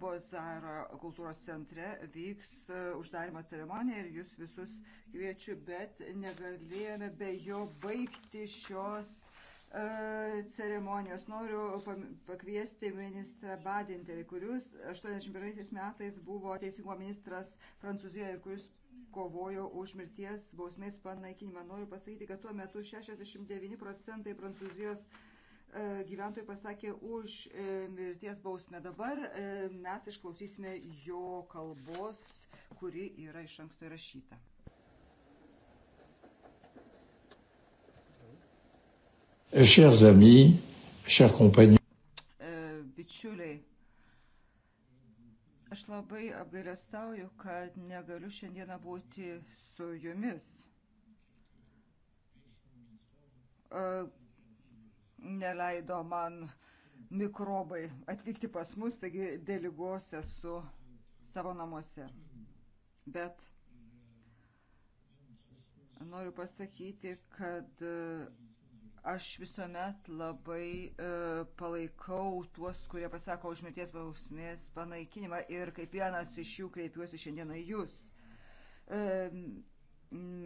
Bozaro kultūros centre vyks e, uždarimo ceremonija ir Jūs visus kviečiu, bet negalėjome be jo baigti šios ceremonijos. Noriu pakviesti ministrą Badinterį, kuris 81 metais buvo teisingumo ministras Prancūzijoje ir kuris kovojo už mirties bausmės panaikinimą. Noriu pasakyti, kad tuo metu 69 procentai Prancūzijos e, gyventojų pasakė už e, mirties bausmę. Dabar e, mes išklausysime jo kalbos, kuri yra iš anksto įrašyta. Chers amis, chers compagnons, e, bičiuliai, aš labai apgailestauju, kad negaliu šiandieną būti su jumis. E, neleido man mikrobai atvykti pas mus, taigi dėl lygos esu savo namuose. Bet noriu pasakyti, kad Aš visuomet labai e, palaikau tuos, kurie pasako už mirties bausmės panaikinimą ir kaip vienas iš jų kreipiuosi šiandieną jūs. E,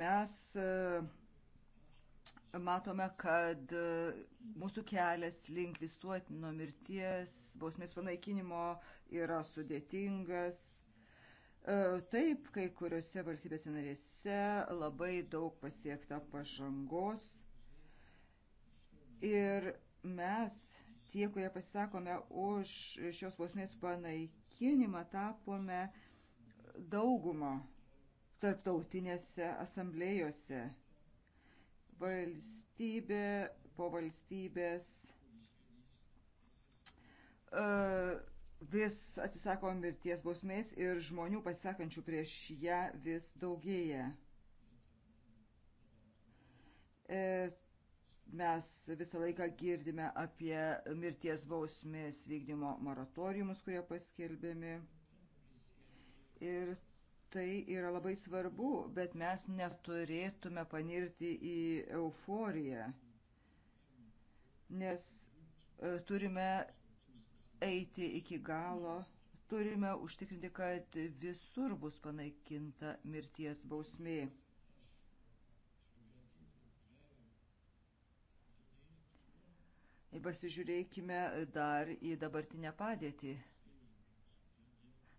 mes e, matome, kad e, mūsų kelias link visuotino mirties bausmės panaikinimo yra sudėtingas. E, taip, kai kuriuose valstybėse narėse labai daug pasiekta pažangos Ir mes, tie, kurie pasisakome už šios bausmės panaikinimą, tapome daugumo tarptautinėse asamblėjose. Valstybė po valstybės e, vis atsisako mirties bausmės ir žmonių pasisakančių prieš ją vis daugėja. Ir e, Mes visą laiką girdime apie mirties bausmės vykdymo moratoriumus, kurie paskelbiami. Ir tai yra labai svarbu, bet mes neturėtume panirti į euforiją, nes e, turime eiti iki galo turime užtikrinti, kad visur bus panaikinta mirties bausmė. Pasižiūrėkime dar į dabartinę padėtį.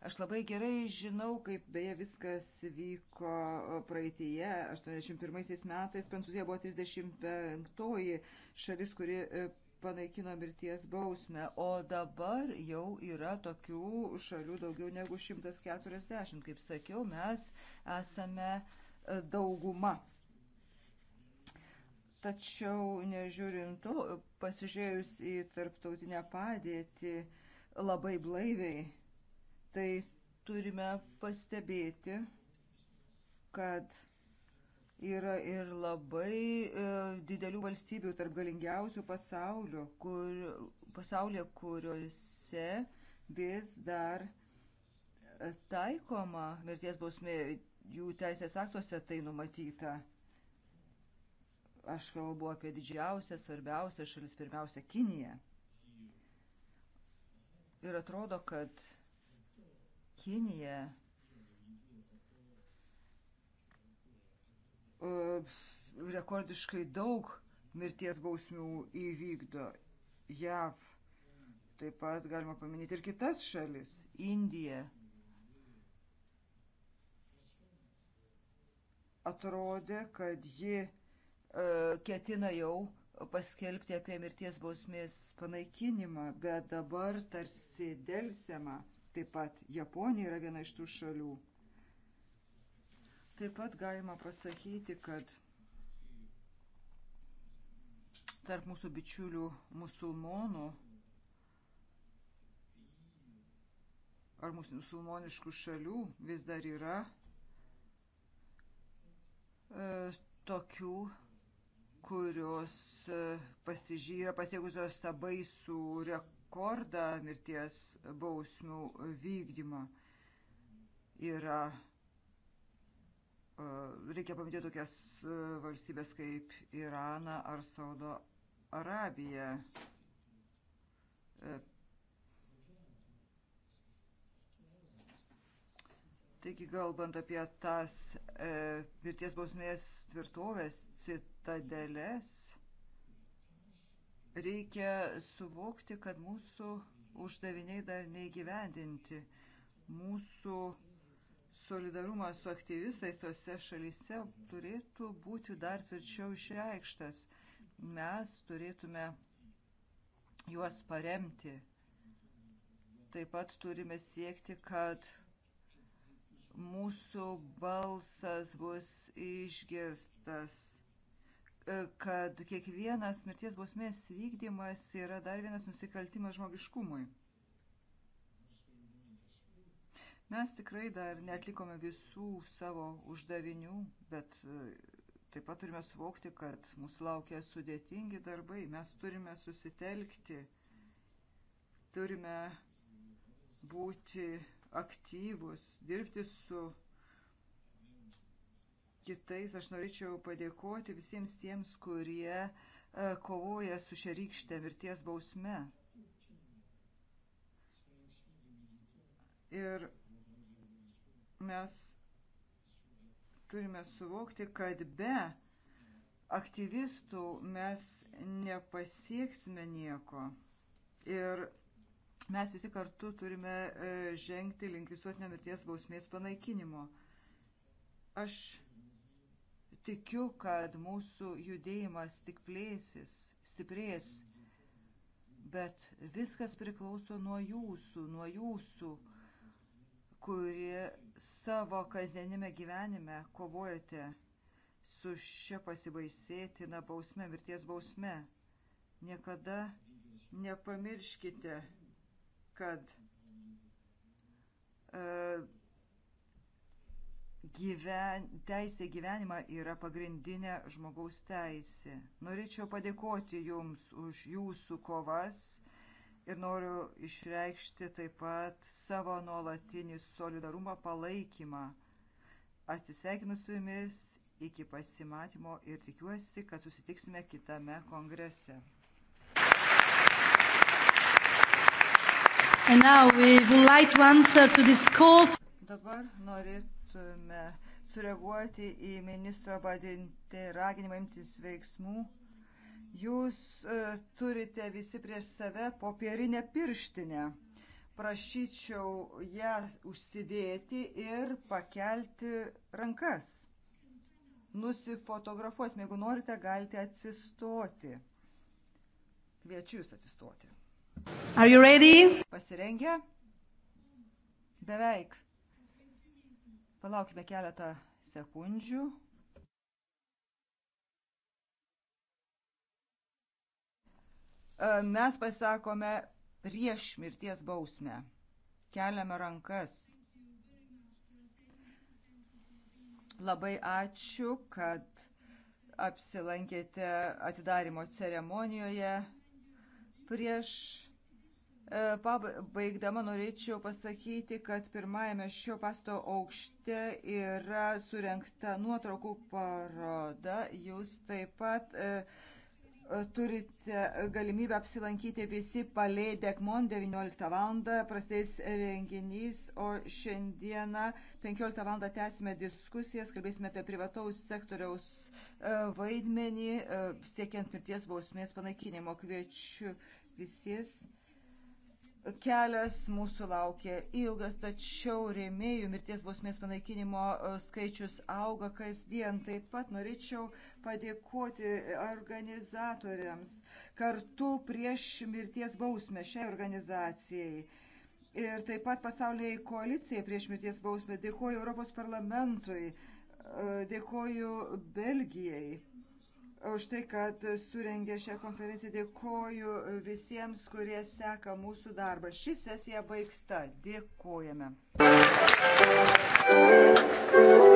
Aš labai gerai žinau, kaip beje viskas vyko praeitėje. 81 metais Prancūzija buvo 35 šalis, kuri e, panaikino mirties bausmę, o dabar jau yra tokių šalių daugiau negu 140. Kaip sakiau, mes esame e, dauguma Tačiau, nežiūrint to, pasižiūrėjus į tarptautinę padėtį labai blaiviai, tai turime pastebėti, kad yra ir labai e, didelių valstybių tarp galingiausių pasaulio, kur, pasaulyje, kuriuose vis dar taikoma mirties bausmė, jų teisės aktuose tai numatyta. Aš kalbu apie didžiausią, svarbiausią šalis, pirmiausia, Kiniją. Ir atrodo, kad Kinija e, rekordiškai daug mirties bausmių įvykdo JAV. Taip pat galima paminėti ir kitas šalis - Indija. Atrodė, kad ji E, ketina jau paskelbti apie mirties bausmės panaikinimą, bet dabar tarsi dėlsiama. Taip pat Japonija yra viena iš tų šalių. Taip pat galima pasakyti, kad tarp mūsų bičiulių musulmonų ar mūsų musulmoniškų šalių vis dar yra e, tokių kurios e, pasižyra pasiekusios sabaisų rekordą mirties bausmių vykdymo. Yra, e, reikia paminėti tokias e, valstybės kaip Iraną ar Saudo Arabiją Taigi, galbant apie tas e, mirties bausmės tvirtovės citadelės, reikia suvokti, kad mūsų uždaviniai dar neįgyvendinti. Mūsų solidarumas su aktyvistais tose šalyse turėtų būti dar tvirčiau išreikštas. Mes turėtume juos paremti. Taip pat turime siekti, kad mūsų balsas bus išgirstas, e, kad kiekvienas mirties bausmės vykdymas yra dar vienas nusikaltimas žmogiškumui. Mes tikrai dar netlikome visų savo uždavinių, bet e, taip pat turime suvokti, kad mūsų laukia sudėtingi darbai. Mes turime susitelkti, turime būti aktyvus, dirbti su kitais. Aš norėčiau padėkoti visiems tiems, kurie e, kovoja su šerykšte mirties bausme. Ir mes turime suvokti, kad be aktyvistų mes nepasieksime nieko. Ir Mes visi kartu turime e, žengti link visuotinio mirties bausmės panaikinimo. Aš tikiu, kad mūsų judėjimas tik plėsis, stiprės, bet viskas priklauso nuo jūsų, nuo jūsų, kurie savo kasdienime gyvenime kovojate su šia pasibaisėtina bausme, mirties bausme. Niekada nepamirškite kad e, gyven, teisė gyvenimą yra pagrindinė žmogaus teisė. Norėčiau padėkoti Jums už Jūsų kovas ir noriu išreikšti taip pat savo nuolatinį solidarumą palaikymą. Atsisveikinu su Jumis iki pasimatymo ir tikiuosi, kad susitiksime kitame kongrese. Dabar norėtume sureaguoti į ministro padinti raginimą imtis veiksmų. Jūs uh, turite visi prieš save popierinę pirštinę. Prašyčiau ją užsidėti ir pakelti rankas. Nusifotografuosime, jeigu norite, galite atsistoti. Kviečiu jūs atsistoti. Are you ready? Pasirengę? Beveik. Palaukime keletą sekundžių. E, mes pasakome prieš mirties bausmę. Keliame rankas. Labai ačiū, kad apsilankėte atidarimo ceremonijoje prieš Pabaigdama norėčiau pasakyti, kad pirmajame šio pasto aukšte yra surenkta nuotraukų paroda. Jūs taip pat e, e turite galimybę apsilankyti visi palei Dekmon 19 val. prasidės renginys, o šiandieną 15 val. tęsime diskusijas, kalbėsime apie privataus sektoriaus e, vaidmenį e, siekiant mirties bausmės panaikinimo. Kviečiu visies. Kelias mūsų laukia ilgas, tačiau rėmėjų mirties bausmės panaikinimo e, skaičius auga kasdien. Taip pat norėčiau padėkoti organizatoriams kartu prieš mirties bausmę šiai organizacijai. Ir taip pat pasauliai koalicijai prieš mirties bausmę. Dėkoju Europos parlamentui, e, dėkoju Belgijai už tai, kad surengė šią konferenciją. Dėkoju visiems, kurie seka mūsų darbą. Ši sesija baigta. Dėkojame. Thank you.